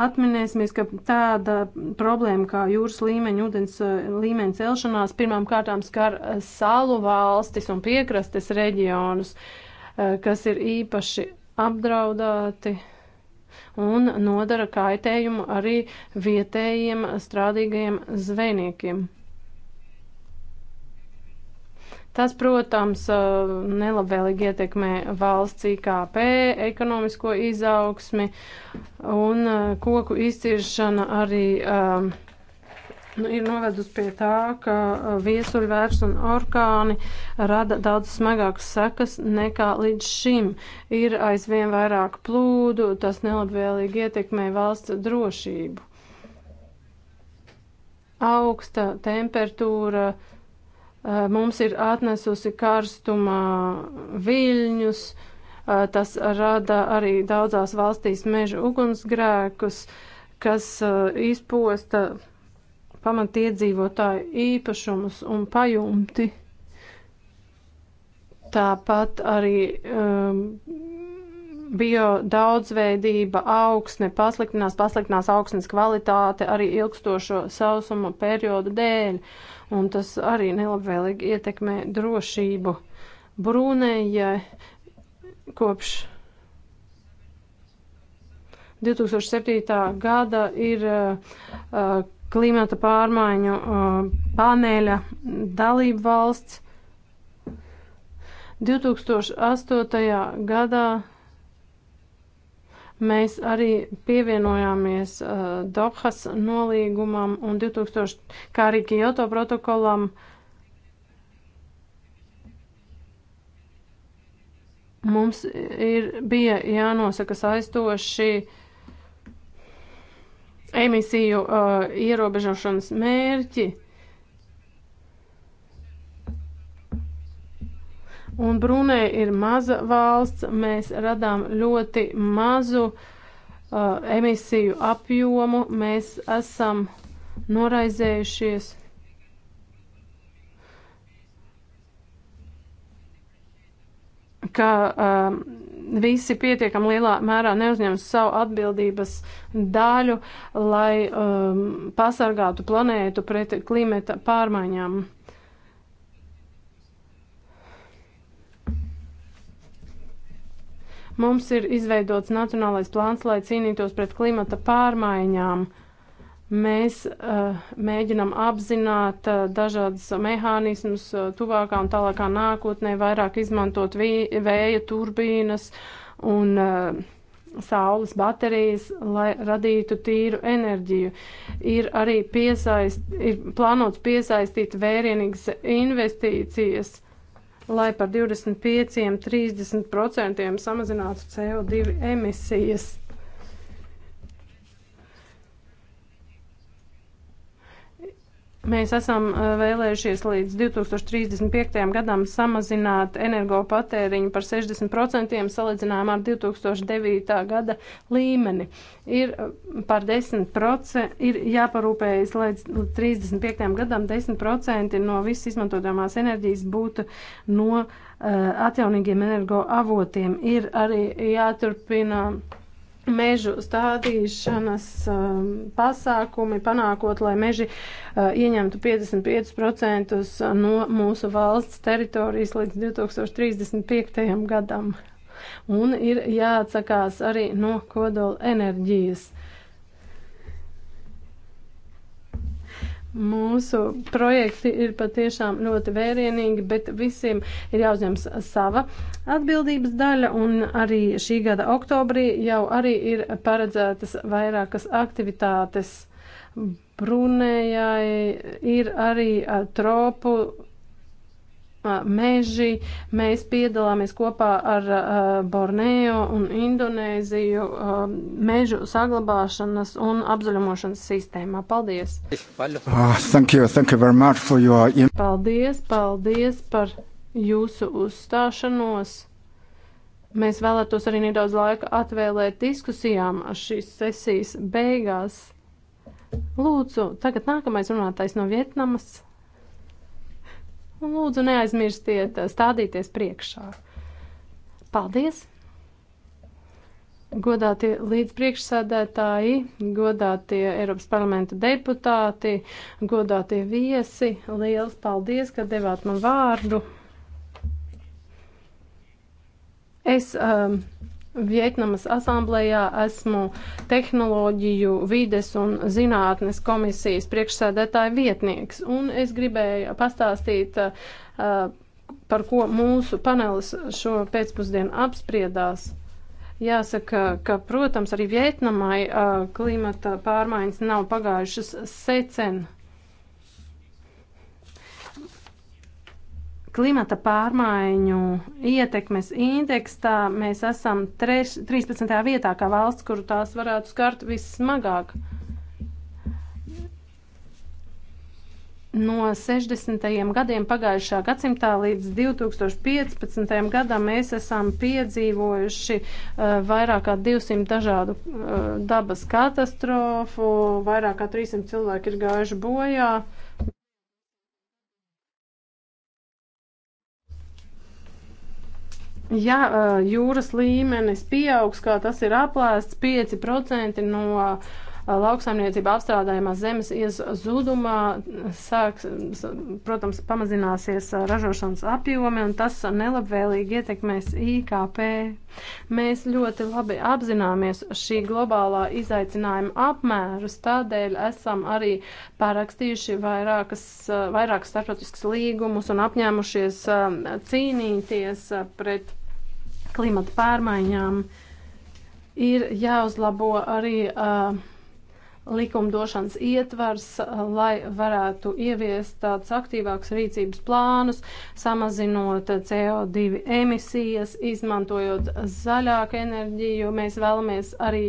Atminēsimies, ka tāda problēma kā jūras līmeņa, ūdens eh, līmeņa celšanās pirmām kārtām skar eh, salu valstis un piekrastes reģionus, eh, kas ir īpaši apdraudēti un nodara kaitējumu arī vietējiem strādīgajiem zvejniekiem. Tas, protams, eh, nelabvēlīgi ietekmē valsts IKP, ekonomisko izaugsmi un eh, koku izciršana arī eh, nu, ir novedusi pie tā, ka viesuļvērs un orkāni rada daudz smagākas sekas nekā līdz šim. Ir aizvien vairāk plūdu, tas nelabvēlīgi ietekmē valsts drošību. Augsta temperatūra mums ir atnesusi karstumā viļņus, tas rada arī daudzās valstīs meža ugunsgrēkus, kas izposta pamatiedzīvotāju īpašumus un pajumti. Tāpat arī um, bio daudzveidība, augsne pasliktinās, pasliktinās augsnes kvalitāte arī ilgstošo sausuma periodu dēļ. Uh, un tas arī nelabvēlīgi ietekmē drošību. Brūnējai kopš 2007. gada ir uh, klimata pārmaiņu uh, paneļa dalība valsts. 2008. gadā Mēs arī pievienojāmies uh, Dohas nolīgumam un 2000, kā arī Kyoto protokolam. Mums ir, bija jānosaka saistoši emisiju uh, ierobežošanas mērķi. Uh, Un Brunei ir maza valsts, mēs radām ļoti mazu uh, emisiju apjomu, mēs esam noraizējušies. ka uh, visi pietiekam lielā mērā neuzņems savu atbildības daļu, lai um, pasargātu planētu pret klimata pārmaiņām. Mums ir izveidots nacionālais plāns, lai cīnītos pret klimata pārmaiņām. Mēs uh, mēģinam apzināt uh, dažādas mehānismus uh, tuvākā un tālākā nākotnē, vairāk izmantot vēja turbīnas un uh, saules baterijas, lai radītu tīru enerģiju. Ir arī piesaist, ir plānots piesaistīt vērienīgas investīcijas. Uh, lai par 25-30% samazinātu CO2 emisijas. Mēs esam eh, vēlējušies līdz 2035. gadam samazināt energopatēriņu par 60% salīdzinājumā ar 2009. gada līmeni. Ir eh, par 10%, ir jāparūpējas līdz 35. gadam 10% no visas izmantotamās enerģijas būtu no uh, atjaunīgiem energoavotiem. Ir arī jāturpina. Uh, mežu stādīšanas um, pasākumi, panākot, lai meži uh, ieņemtu 55% uh, no mūsu valsts teritorijas līdz 2035. gadam. Un ir jāatsakās arī no kodola enerģijas. Mūsu projekti ir patiešām ļoti vērienīgi, bet visiem ir jāuzņems sava atbildības daļa, un arī šī gada oktobrī jau arī ir paredzētas vairākas aktivitātes. Brunējai ir arī tropu meži. Mēs piedalāmies kopā ar Borneo un Indonēziju mežu saglabāšanas un apzaļumošanas sistēmā. Paldies! Oh, thank you, thank you very much for your... Paldies, paldies par jūsu uzstāšanos. Mēs vēlētos arī nedaudz laika atvēlēt diskusijām šīs sesijas beigās. Lūdzu, tagad nākamais runātais no Vietnamas. Un nu, lūdzu, neaizmirstiet eh, stādīties priekšā. Paldies! Godātie līdzpriekšsēdētāji, godātie Eiropas parlamenta deputāti, godātie viesi, liels paldies, ka devāt man vārdu. Es um, Vietnamas asamblējā esmu tehnoloģiju, vides un zinātnes komisijas priekšsēdētāja vietnieks, un es gribēju pastāstīt, eh, par ko mūsu panelis šo pēcpusdienu apspriedās. Jāsaka, ka, protams, arī Vietnamai eh, klimata pārmaiņas nav pagājušas secen. klimata pārmaiņu ietekmes indeksā mēs esam treš, 13. vietā kā valsts, kuru tās varētu skart vissmagāk. No 60. gadiem pagājušā gadsimtā līdz 2015. gadam mēs esam piedzīvojuši uh, vairāk kā 200 dažādu uh, dabas katastrofu, vairāk kā 300 cilvēki ir gājuši bojā. Uh, Ja uh, jūras līmenis pieaugs, kā tas ir aplēsts, 5% no uh, lauksaimniecība apstrādājumā zemes iezudumā, sāks, protams, pamazināsies eh, ražošanas apjomi un tas nelabvēlīgi ietekmēs IKP. Mēs ļoti labi apzināmies šī globālā izaicinājuma apmērus, tādēļ esam arī pārakstījuši vairākas, vairākas starptautiskas līgumus un apņēmušies cīnīties pret klimata pārmaiņām. Ir jāuzlabo arī uh, likumdošanas ietvars, eh, lai varētu ieviest tādus aktīvākus rīcības plānus, samazinot CO2 emisijas, izmantojot zaļāku enerģiju. Mēs vēlamies arī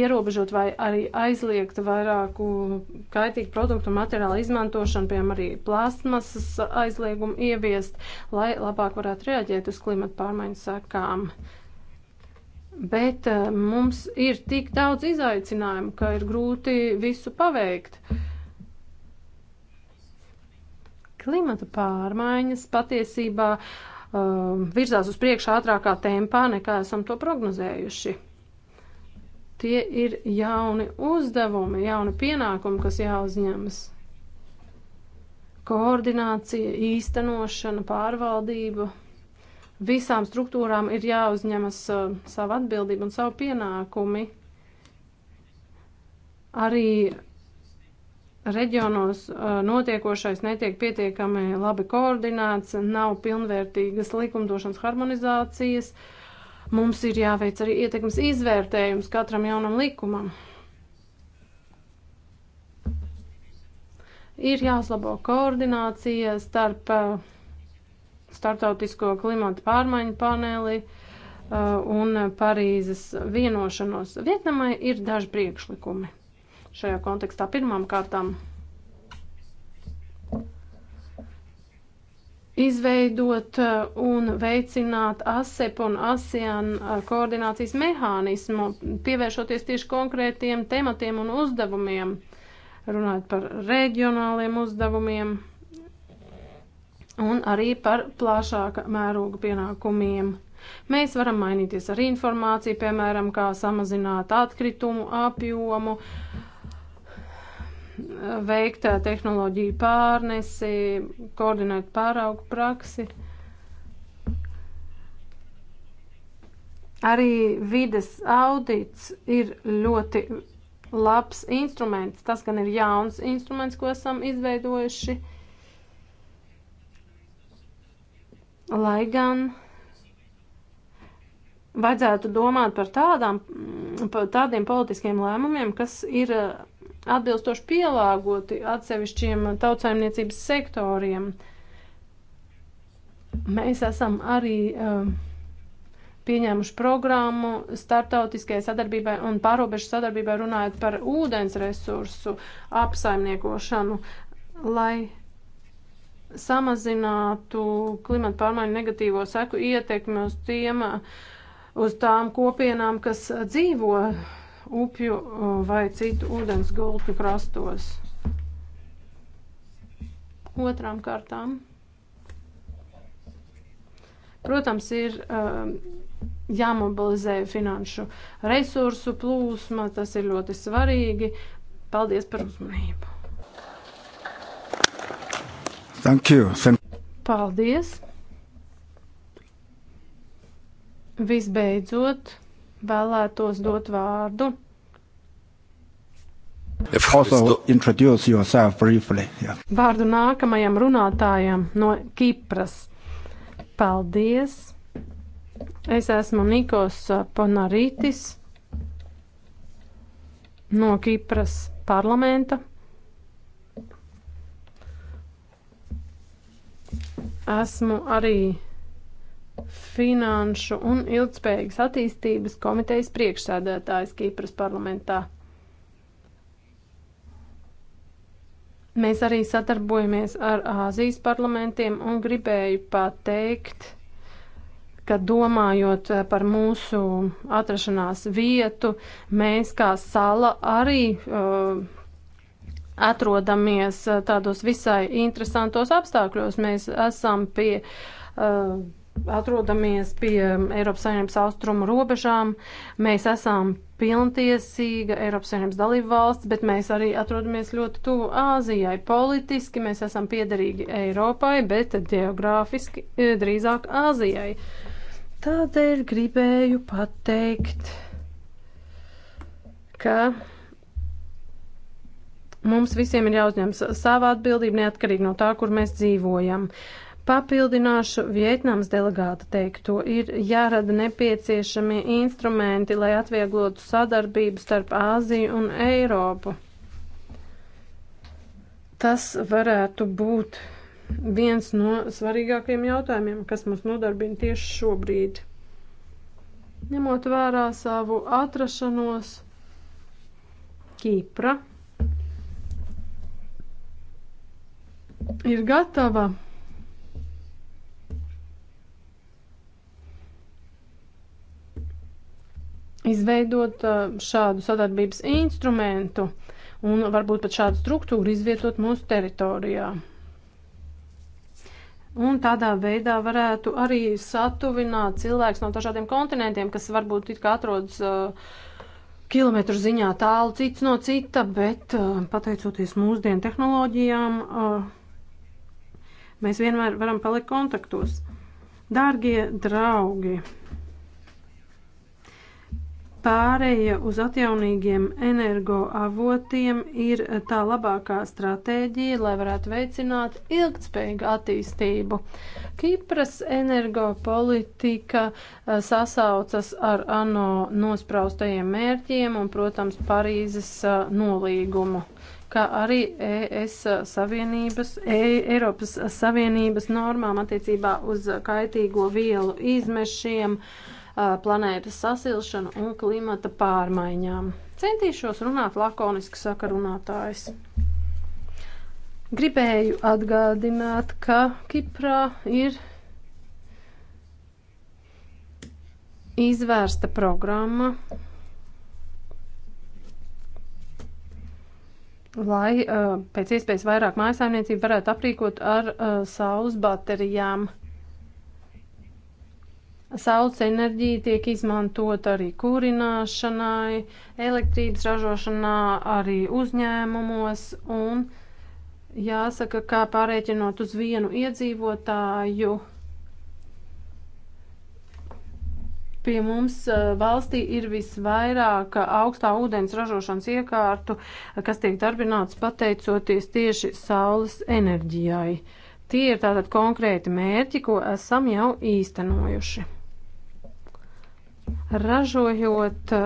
ierobežot vai arī aizliegt vairāku kaitīgu produktu un materiālu izmantošanu, piemēram, arī plastmasas aizliegumu ieviest, lai labāk varētu reaģēt uz klimatu pārmaiņu sekām. Bet eh, mums ir tik daudz izaicinājumu, ka ir grūti visu paveikt. Klimata pārmaiņas patiesībā uh, virzās uz priekšu ātrākā tempā, nekā esam to prognozējuši. Tie ir jauni uzdevumi, jauni pienākumi, kas jāuzņemas. Koordinācija, īstenošana, pārvaldība. Visām struktūrām ir jāuzņemas uh, sava atbildība un savu pienākumi. Arī reģionos uh, notiekošais netiek pietiekami labi koordinēts, nav pilnvērtīgas likumdošanas harmonizācijas. Mums ir jāveic arī ietekmes izvērtējums katram jaunam likumam. ir jāuzlabo koordinācija starp uh, startautisko klimata pārmaiņu paneli uh, un Parīzes vienošanos. Vietnamai ir daži priekšlikumi šajā kontekstā. Pirmām kārtām izveidot uh, un veicināt ASEP un ASEAN uh, koordinācijas mehānismu, pievēršoties tieši konkrētiem tematiem un uzdevumiem, runājot par reģionāliem uzdevumiem un arī par plašāka mēroga pienākumiem. Mēs varam mainīties ar informāciju, piemēram, kā samazināt atkritumu apjomu, veikt eh, tehnoloģiju pārnesi, koordinēt pāraugu praksi. Arī vides audits ir ļoti labs instruments. Tas gan ir jauns instruments, ko esam izveidojuši. Lai gan vajadzētu domāt par, tādām, par tādiem politiskiem lēmumiem, kas ir eh, atbilstoši pielāgoti atsevišķiem tautsājumniecības sektoriem. Mēs esam arī uh, pieņēmuši programmu starptautiskajai sadarbībai un pārobežu sadarbībai runājot par ūdens resursu apsaimniekošanu, lai samazinātu klimata pārmaiņu negatīvo seku ietekmi uz tiem, uz tām kopienām, kas dzīvo upju uh, vai citu ūdens gultņu krastos. Otrām kārtām. Protams, ir um, jāmobilizē finanšu resursu plūsma, tas ir ļoti svarīgi. Paldies par uzmanību! Thank you. Thank Paldies! Visbeidzot, vēlētos dot vārdu. Also introduce yourself briefly. Yeah. Vārdu nākamajam runātājam no Kipras. Paldies! Es esmu Nikos Ponaritis no Kipras parlamenta. Esmu arī Finanšu un ilgspējīgas attīstības komitejas priekšsēdētājs Kīpras parlamentā. Mēs arī sadarbojamies ar Āzijas parlamentiem un gribēju pateikt, ka domājot par mūsu atrašanās vietu, mēs kā sala arī. Uh, atrodamies eh, tādos visai interesantos apstākļos. Mēs esam pie. Uh, atrodamies pie Eiropas Savienības austrumu robežām. Mēs esam pilntiesīga Eiropas Savienības dalība valsts, bet mēs arī atrodamies ļoti tuvu Āzijai. Politiski mēs esam piederīgi Eiropai, bet geogrāfiski eh, drīzāk Āzijai. Tādēļ gribēju pateikt, ka Mums visiem ir jāuzņems sava atbildība neatkarīgi no tā, kur mēs dzīvojam. Papildināšu Vietnams delegāta teikto, ir jārada nepieciešamie instrumenti, lai atvieglotu sadarbību starp Āziju un Eiropu. Tas varētu būt viens no svarīgākajiem jautājumiem, kas mums nodarbina tieši šobrīd. Ņemot vērā savu atrašanos Kīpra ir gatava. Izveidot uh, šādu sadarbības instrumentu un varbūt pat šādu struktūru izvietot mūsu teritorijā. Un tādā veidā varētu arī satuvināt cilvēks no dažādiem kontinentiem, kas varbūt it kā atrodas uh, kilometru ziņā tālu cits no cita, bet uh, pateicoties mūsdienu tehnoloģijām, uh, Mēs vienmēr varam palikt kontaktos. Dārgie draugi, pārēja uz atjaunīgiem energoavotiem ir tā labākā stratēģija, lai varētu veicināt ilgtspējīgu attīstību. Kipras energopolitika eh, sasaucas ar ANO nospraustajiem mērķiem un, protams, Parīzes eh, nolīgumu kā arī ES Savienības, e, Eiropas Savienības normām attiecībā uz kaitīgo vielu izmešiem, planētas sasilšanu un klimata pārmaiņām. Centīšos runāt lakoniski sakarunātājs. Gribēju atgādināt, ka Kiprā ir izvērsta programma lai uh, pēc iespējas vairāk mājasaimniecību varētu aprīkot ar uh, saules baterijām. Saules enerģija tiek izmantota arī kūrināšanai, elektrības ražošanā, arī uzņēmumos un jāsaka, kā pārēķinot uz vienu iedzīvotāju Pie mums valstī ir visvairāk augstā ūdens ražošanas iekārtu, kas tiek darbināts pateicoties tieši saules enerģijai. Tie ir tātad konkrēti mērķi, ko esam jau īstenojuši. Ražojot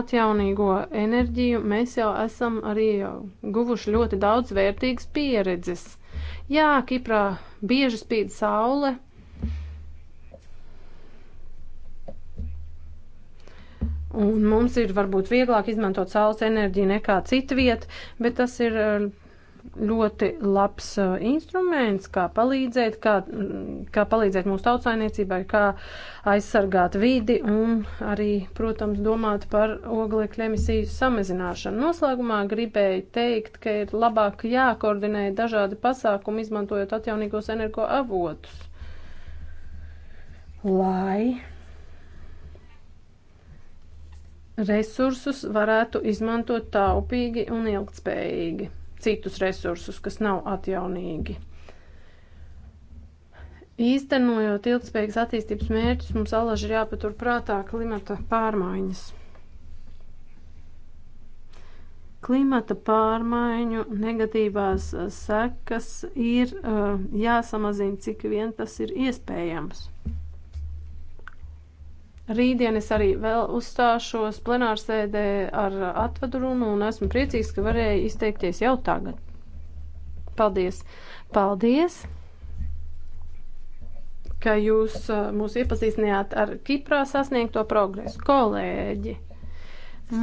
atjaunīgo enerģiju, mēs jau esam arī jau guvuši ļoti daudz vērtīgas pieredzes. Jā, Kiprā bieži spīd saule, Un mums ir varbūt vieglāk izmantot saules enerģiju nekā citviet, bet tas ir eh, ļoti labs eh, instruments, kā palīdzēt, kā, kā palīdzēt mūsu tautsainiecībai, kā aizsargāt vidi un arī, protams, domāt par oglekļa emisiju samazināšanu. Noslēgumā gribēju teikt, ka ir labāk jākoordinē dažādi pasākumi, izmantojot atjaunīgos energo avotus. Lai resursus varētu izmantot taupīgi un ilgtspējīgi, citus resursus, kas nav atjaunīgi. Īstenojot ilgspējīgas attīstības mērķus, mums alaži ir jāpatur prātā klimata pārmaiņas. Klimata pārmaiņu negatīvās uh, sekas ir uh, jāsamazina, cik vien tas ir iespējams. Rītdien es arī vēl uzstāšos plenārsēdē ar atvadu runu un esmu priecīgs, ka varēju izteikties jau tagad. Paldies! Paldies! ka jūs uh, mūs iepazīstinājāt ar Kiprā sasniegto progresu. Kolēģi,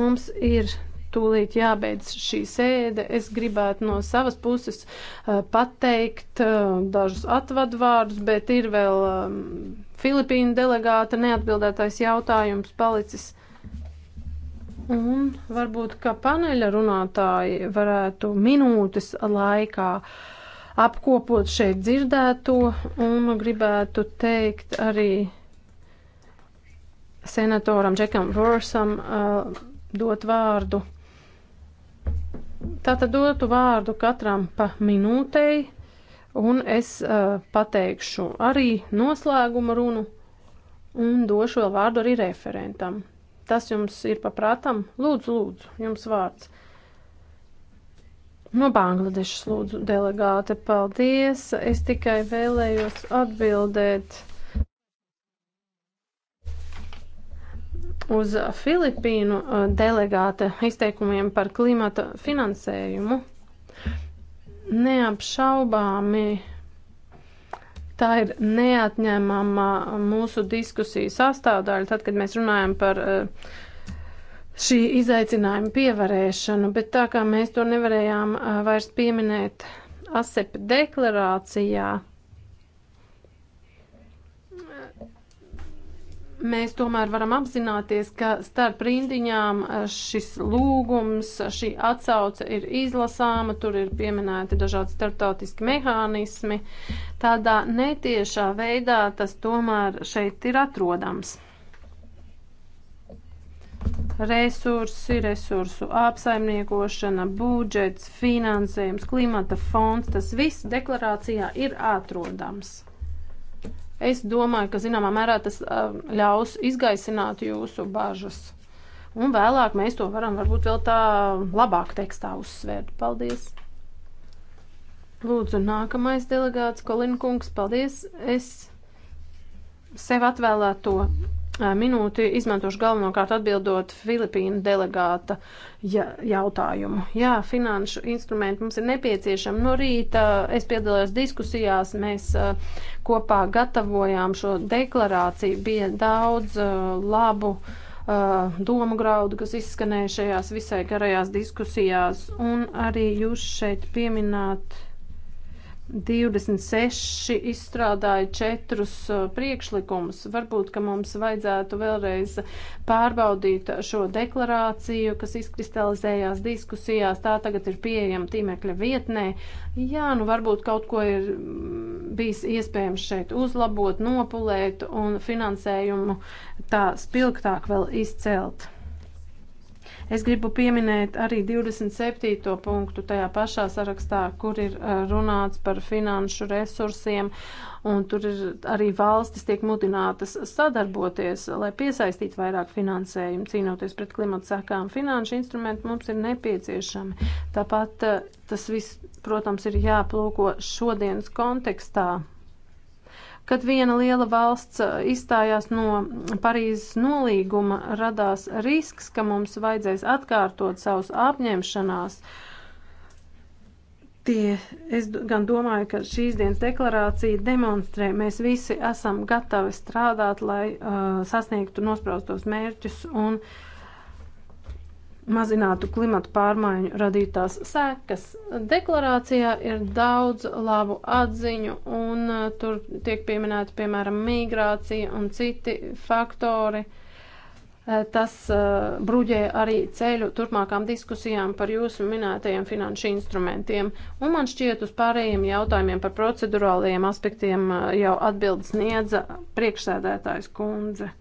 mums ir tūlīt jābeidz šī sēde. Es gribētu no savas puses uh, pateikt uh, dažus atvadvārdus, bet ir vēl um, Filipīna delegāta neatbildētais jautājums palicis. Un varbūt, ka paneļa runātāji varētu minūtes laikā apkopot šeit dzirdēto un gribētu teikt arī senatoram Džekam Vorsam uh, dot vārdu. Tātad dotu vārdu katram pa minūtei, un es uh, pateikšu arī noslēguma runu, un došu vēl vārdu arī referentam. Tas jums ir paprātam? Lūdzu, lūdzu, jums vārds. No Bangladešas lūdzu delegāte, paldies. Es tikai vēlējos atbildēt uz Filipīnu uh, delegāta izteikumiem par klimata finansējumu. Neapšaubāmi tā ir neatņemama mūsu diskusiju sastāvdaļa, tad, kad mēs runājam par uh, šī izaicinājuma pievarēšanu, bet tā kā mēs to nevarējām uh, vairs pieminēt ASEP deklarācijā, mēs tomēr varam apzināties, ka starp rindiņām eh, šis lūgums, šī atsauce ir izlasāma, tur ir pieminēti dažādi starptautiski mehānismi. Tādā netiešā veidā tas tomēr šeit ir atrodams. Resursi, resursu apsaimniekošana, budžets, finansējums, klimata fonds, tas viss deklarācijā ir atrodams. Es domāju, ka zināmā mērā tas ļaus izgaisināt jūsu bažas. Un vēlāk mēs to varam varbūt vēl tā labāk tekstā uzsvērt. Paldies! Lūdzu, nākamais delegāts Kolinkungs, paldies! Es sev atvēlēto minūti izmantošu galvenokārt atbildot Filipīnu delegāta ja, jautājumu. Jā, finanšu instrumenti mums ir nepieciešami. No rīta es piedalījos diskusijās, mēs kopā gatavojām šo deklarāciju, bija daudz labu domu graudu, kas izskanēja šajās visai garajās diskusijās, un arī jūs šeit piemināt 26 izstrādāja četrus uh, priekšlikumus. Varbūt, ka mums vajadzētu vēlreiz pārbaudīt šo deklarāciju, kas izkristalizējās diskusijās. Tā tagad ir pieejama tīmekļa vietnē. Jā, nu varbūt kaut ko ir mm, bijis iespējams šeit uzlabot, nopulēt un finansējumu tā spilgtāk vēl izcelt. Es gribu pieminēt arī 27. punktu tajā pašā sarakstā, kur ir eh, runāts par finanšu resursiem, un tur ir arī valstis tiek mudinātas sadarboties, lai piesaistītu vairāk finansējumu, cīnoties pret klimatu sekām. Finanšu instrumenti mums ir nepieciešami. Tāpat eh, tas viss, protams, ir jāplūko šodienas kontekstā. Kad viena liela valsts uh, izstājās no Parīzes nolīguma, radās risks, ka mums vajadzēs atkārtot savus apņemšanās. Tie, es gan domāju, ka šīs dienas deklarācija demonstrē, mēs visi esam gatavi strādāt, lai uh, sasniegtu nospraustos mērķus un uh, mazinātu klimatu pārmaiņu radītās sekas. Deklarācijā ir daudz labu atziņu, un uh, tur tiek pieminēta, piemēram, migrācija un citi faktori. Uh, tas uh, bruģē arī ceļu turpmākām diskusijām par jūsu minētajiem finanšu instrumentiem. Un man šķiet uz pārējiem jautājumiem par procedurālajiem aspektiem uh, jau atbildes niedza priekšsēdētājs kundze.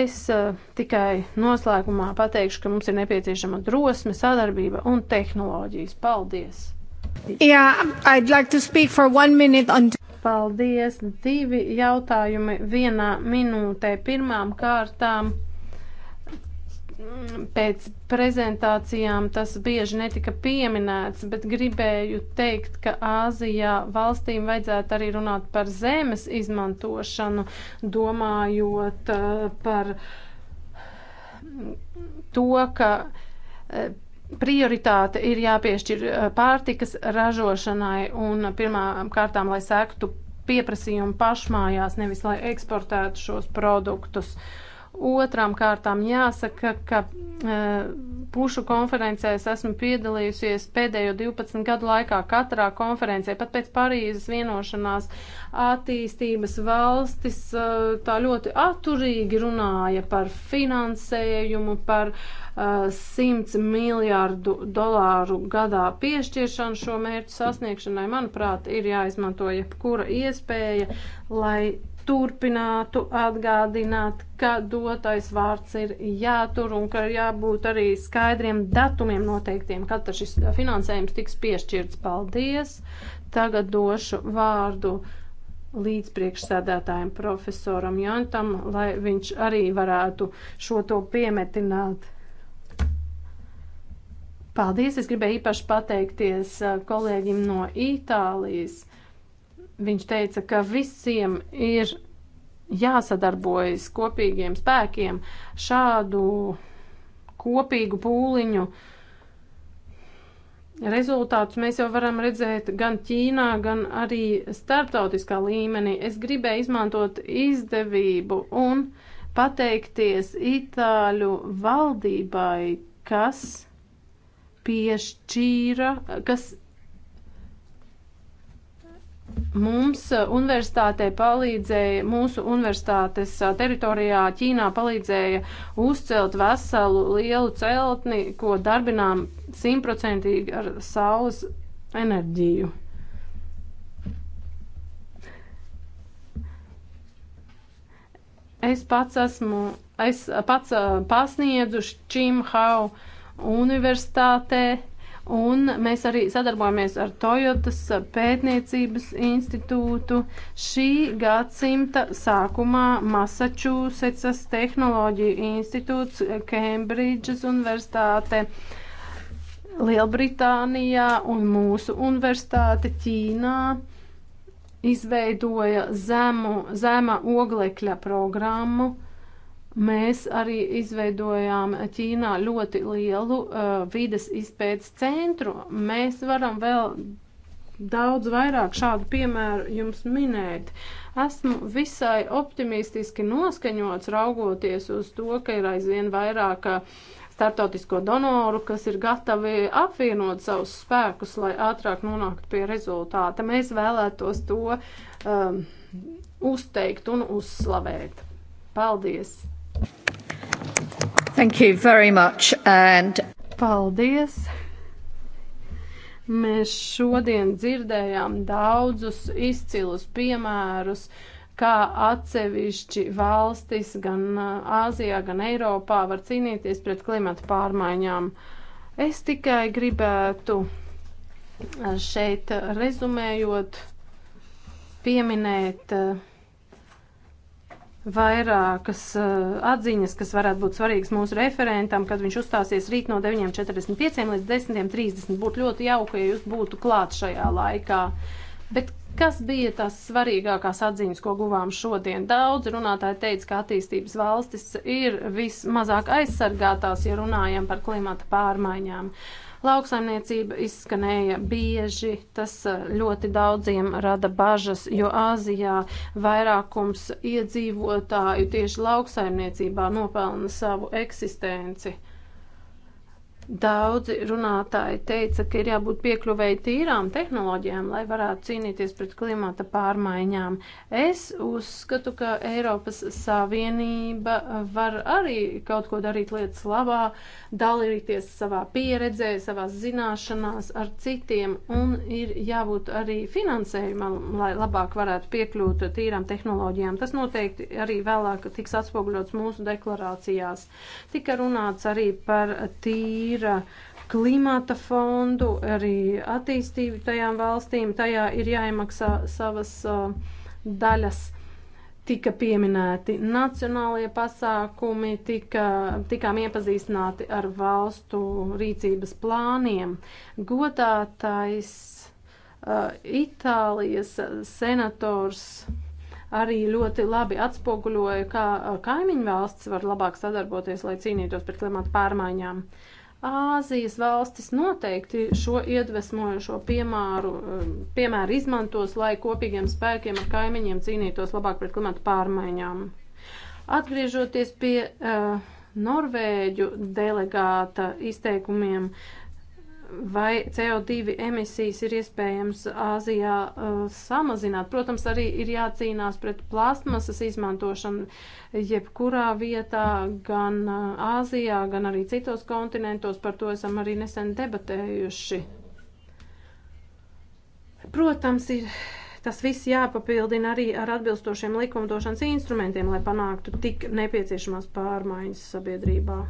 Es uh, tikai noslēgumā pateikšu, ka mums ir nepieciešama drosme, sadarbība un tehnoloģijas. Paldies! Yeah, I'd like to speak for one minute on... Paldies! Divi jautājumi vienā minūtē. Pirmām kārtām pēc prezentācijām tas bieži netika pieminēts, bet gribēju teikt, ka Āzijā valstīm vajadzētu arī runāt par zemes izmantošanu, domājot eh, par to, ka eh, prioritāte ir jāpiešķir eh, pārtikas ražošanai un pirmām kārtām, lai sektu pieprasījumu pašmājās, nevis lai eksportētu šos produktus. Uh, Otrām kārtām jāsaka, ka e, pušu konferencēs esmu piedalījusies pēdējo 12 gadu laikā katrā konferencē, pat pēc Parīzes vienošanās attīstības valstis e, tā ļoti atturīgi runāja par finansējumu, par e, 100 miljārdu dolāru gadā piešķiršanu šo mērķu sasniegšanai. Manuprāt, ir jāizmanto jebkura iespēja, lai turpinātu atgādināt, ka dotais vārds ir jātur un ka jābūt arī skaidriem datumiem noteiktiem, kad šis finansējums tiks piešķirts. Paldies! Tagad došu vārdu līdz priekšsēdētājiem profesoram Jantam, lai viņš arī varētu šo to piemetināt. Paldies! Es gribēju īpaši pateikties eh, kolēģim no Itālijas Viņš teica, ka visiem ir jāsadarbojas kopīgiem spēkiem šādu kopīgu pūliņu. Rezultātus mēs jau varam redzēt gan Ķīnā, gan arī starptautiskā līmenī. Es gribēju izmantot izdevību un pateikties Itāļu valdībai, kas piešķīra, kas Mums eh, universitātē palīdzēja, mūsu universitātes eh, teritorijā Ķīnā palīdzēja uzcelt veselu lielu celtni, ko darbinām simtprocentīgi ar saules enerģiju. Es pats esmu, es pats eh, pasniedzu Čimhau universitātē Un mēs arī sadarbojamies ar Toyotas pētniecības institūtu. Šī gadsimta sākumā Massachusettsas Tehnoloģiju institūts, Cambridge's universitāte, Lielbritānijā un mūsu universitāte Ķīnā izveidoja zemu, zema oglekļa programmu Mēs arī izveidojām Ķīnā ļoti lielu uh, vides izpētes centru. Mēs varam vēl daudz vairāk šādu piemēru jums minēt. Esmu visai optimistiski noskaņots raugoties uz to, ka ir aizvien vairāk uh, startautisko donoru, kas ir gatavi apvienot savus spēkus, lai ātrāk nonāktu pie rezultāta. Mēs vēlētos to um, uzteikt un uzslavēt. Paldies! Thank you very much and. Paldies! Mēs šodien dzirdējām daudzus izcilus piemērus, kā atsevišķi valstis gan uh, Āzijā, gan Eiropā var cīnīties pret klimata pārmaiņām. Es tikai gribētu uh, šeit rezumējot pieminēt uh, vairākas uh, atziņas, kas varētu būt svarīgas mūsu referentam, kad viņš uzstāsies rīt no 9.45 līdz 10.30. Būtu ļoti jauki, ja jūs būtu klāt šajā laikā. Bet kas bija tās svarīgākās atziņas, ko guvām šodien? Daudz runātāji teica, ka attīstības valstis ir vismazāk aizsargātās, ja runājam par klimata pārmaiņām. Uh, Lauksaimniecība izskanēja bieži, tas e, ļoti daudziem rada bažas, jo Āzijā vairākums iedzīvotāju tieši lauksaimniecībā nopelna savu eksistenci. Daudzi runātāji teica, ka ir jābūt piekļuvēji tīrām tehnoloģijām, lai varētu cīnīties pret klimata pārmaiņām. Es uzskatu, ka Eiropas Savienība var arī kaut ko darīt lietas labā, dalīties savā pieredzē, savās zināšanās ar citiem, un ir jābūt arī finansējumam, lai labāk varētu piekļūt tīrām tehnoloģijām. Tas noteikti arī vēlāk tiks atspoguļots mūsu deklarācijās. Tika runāts arī par tīru ir klimata fondu, arī attīstību tajām valstīm. Tajā ir jāiemaksā savas daļas. Tika pieminēti nacionālie pasākumi, tika, tikām iepazīstināti ar valstu rīcības plāniem. Godātais uh, Itālijas senators arī ļoti labi atspoguļoja, kā kaimiņu valsts var labāk sadarboties, lai cīnītos pret klimatu pārmaiņām. Uh, Āzijas valstis noteikti šo iedvesmojošo piemāru, um, piemēru izmantos, lai kopīgiem spēkiem ar kaimiņiem cīnītos labāk pret klimatu pārmaiņām. Atgriežoties pie uh, Norvēģu delegāta izteikumiem, uh, vai CO2 emisijas ir iespējams Āzijā uh, samazināt. Protams, arī ir jācīnās pret plastmasas izmantošanu jebkurā vietā, gan uh, Āzijā, gan arī citos kontinentos. Par to esam arī nesen debatējuši. Protams, ir. Tas viss jāpapildina arī ar atbilstošiem likumdošanas instrumentiem, lai panāktu tik nepieciešamās pārmaiņas sabiedrībā.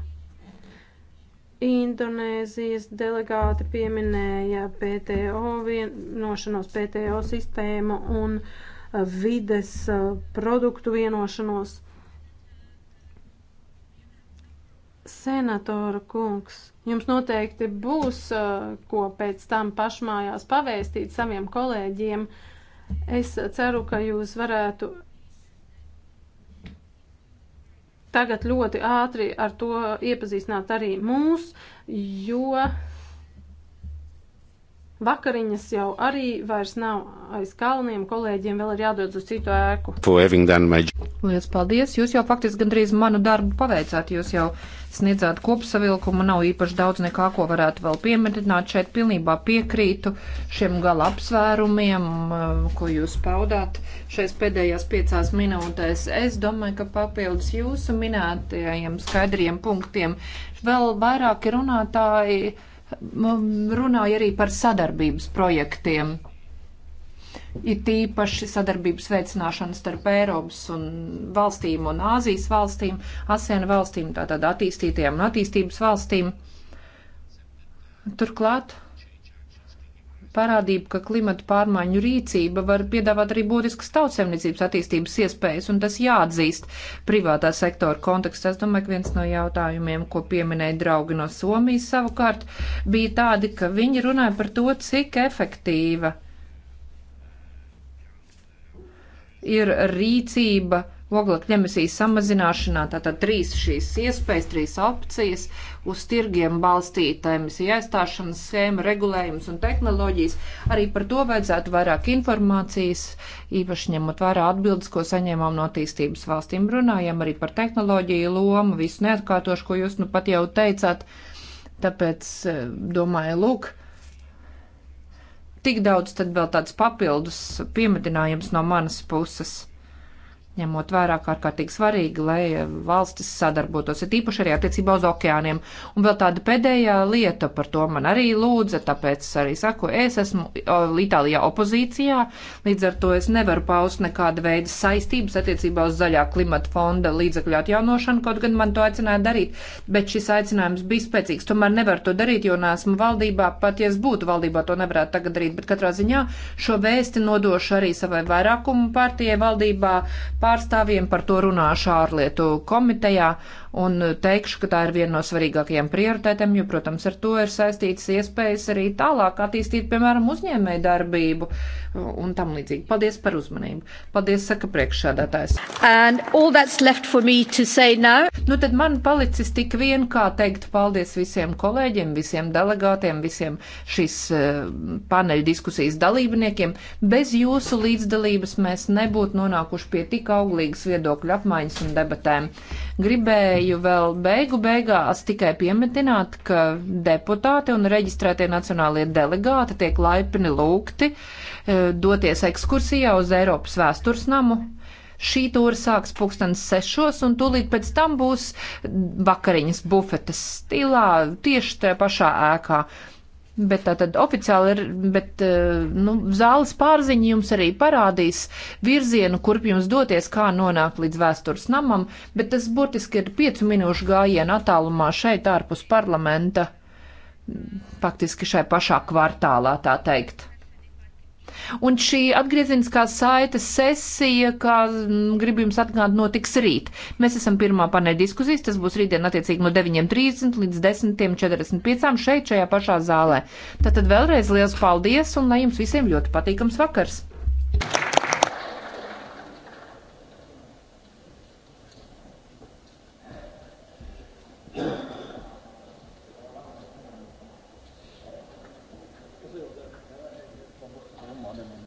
Indonēzijas delegāti pieminēja PTO vienošanos, PTO sistēmu un vides produktu vienošanos. Senatora kungs, jums noteikti būs, ko pēc tam pašmājās pavēstīt saviem kolēģiem. Es ceru, ka jūs varētu tagad ļoti ātri ar to iepazīstināt arī mūs, jo vakariņas jau arī vairs nav aiz kalniem, kolēģiem vēl ir jādodas uz citu ēku. Lielas paldies! Jūs jau faktiski gandrīz manu darbu paveicāt, jūs jau sniedzāt kopsavilkumu, nav īpaši daudz nekā, ko varētu vēl pieminēt. Šeit pilnībā piekrītu šiem gala apsvērumiem, eh, ko jūs paudāt šais pēdējās piecās minūtēs. Es domāju, ka papildus jūsu minētajiem skaidriem punktiem vēl vairāki runātāji mm, runāja arī par sadarbības projektiem ir tīpaši sadarbības veicināšana starp Eiropas un valstīm un Āzijas valstīm, ASEAN valstīm, tātad attīstītajām un attīstības valstīm. Turklāt parādība, ka klimata pārmaiņu rīcība var piedāvāt arī būtiskas tautsemniecības attīstības iespējas, un tas jāatzīst privātā sektora kontekstā. Es domāju, ka viens no jautājumiem, ko pieminēja draugi no Somijas savukārt, bija tādi, ka viņi runāja par to, cik efektīva ir rīcība oglekļa emisijas samazināšanā, tātad trīs šīs iespējas, trīs opcijas uz tirgiem balstīta emisija aizstāšanas schēma, regulējums un tehnoloģijas. Arī par to vajadzētu vairāk informācijas, īpaši ņemot vērā atbildes, ko saņēmām no attīstības valstīm. Runājam arī par tehnoloģiju lomu, visu neatkārtošu, ko jūs nu pat jau teicāt. Tāpēc eh, domāju, lūk, Tik daudz tad vēl tāds papildus piemetinājums no manas puses ņemot vērā ārkārtīgi svarīgi, lai valstis sadarbotos, ir īpaši arī attiecībā uz okeāniem. Un vēl tāda pēdējā lieta par to man arī lūdza, tāpēc arī saku, es esmu Itālijā opozīcijā, līdz ar to es nevaru paust nekāda veida saistības attiecībā uz zaļā klimata fonda līdzekļu atjaunošanu, kaut gan man to aicināja darīt, bet šis aicinājums bija spēcīgs. Tomēr nevar to darīt, jo nesmu valdībā, pat ja es būtu valdībā, to nevarētu tagad darīt, bet katrā ziņā šo vēsti nodošu arī savai vairākumu partijai valdībā pārstāvjiem, par to runāšu ārlietu komitejā un teikšu, ka tā ir viena no svarīgākajām prioritētēm, jo, protams, ar to ir saistītas iespējas arī tālāk attīstīt, piemēram, uzņēmēju darbību un tam līdzīgi. Paldies par uzmanību. Paldies, saka priekšsādātājs. Nu, tad man palicis tik vien, kā teikt paldies visiem kolēģiem, visiem delegātiem, visiem šīs eh, paneļa diskusijas dalībniekiem. Bez jūsu līdzdalības mēs nebūtu nonākuši pie tik auglīgas viedokļu apmaiņas un debatēm. Gribēju gribēju vēl beigu beigās tikai piemetināt, ka deputāti un reģistrētie nacionālie delegāti tiek laipni lūgti eh, doties ekskursijā uz Eiropas vēstures namu. Šī tūra sāks pulkstens sešos, un tūlīt pēc tam būs vakariņas bufetes stilā, tieši tajā pašā ēkā. Bet tā tad oficiāli ir, bet e, nu, zāles pārziņa jums arī parādīs virzienu, kurp jums doties, kā nonākt līdz vēstures namam, bet tas burtiski ir piecu minūšu gājienu attālumā šeit ārpus parlamenta, faktiski šai pašā kvartālā tā teikt. Un šī atgriezeniskā saites sesija, kā mm, gribu jums atgādināt, notiks rīt. Mēs esam pirmā paneļa diskusijas, tas būs rītdien attiecīgi no 9.30 līdz 10.45 šeit, šajā pašā zālē. Tātad vēlreiz liels paldies un lai jums visiem ļoti patīkams vakars!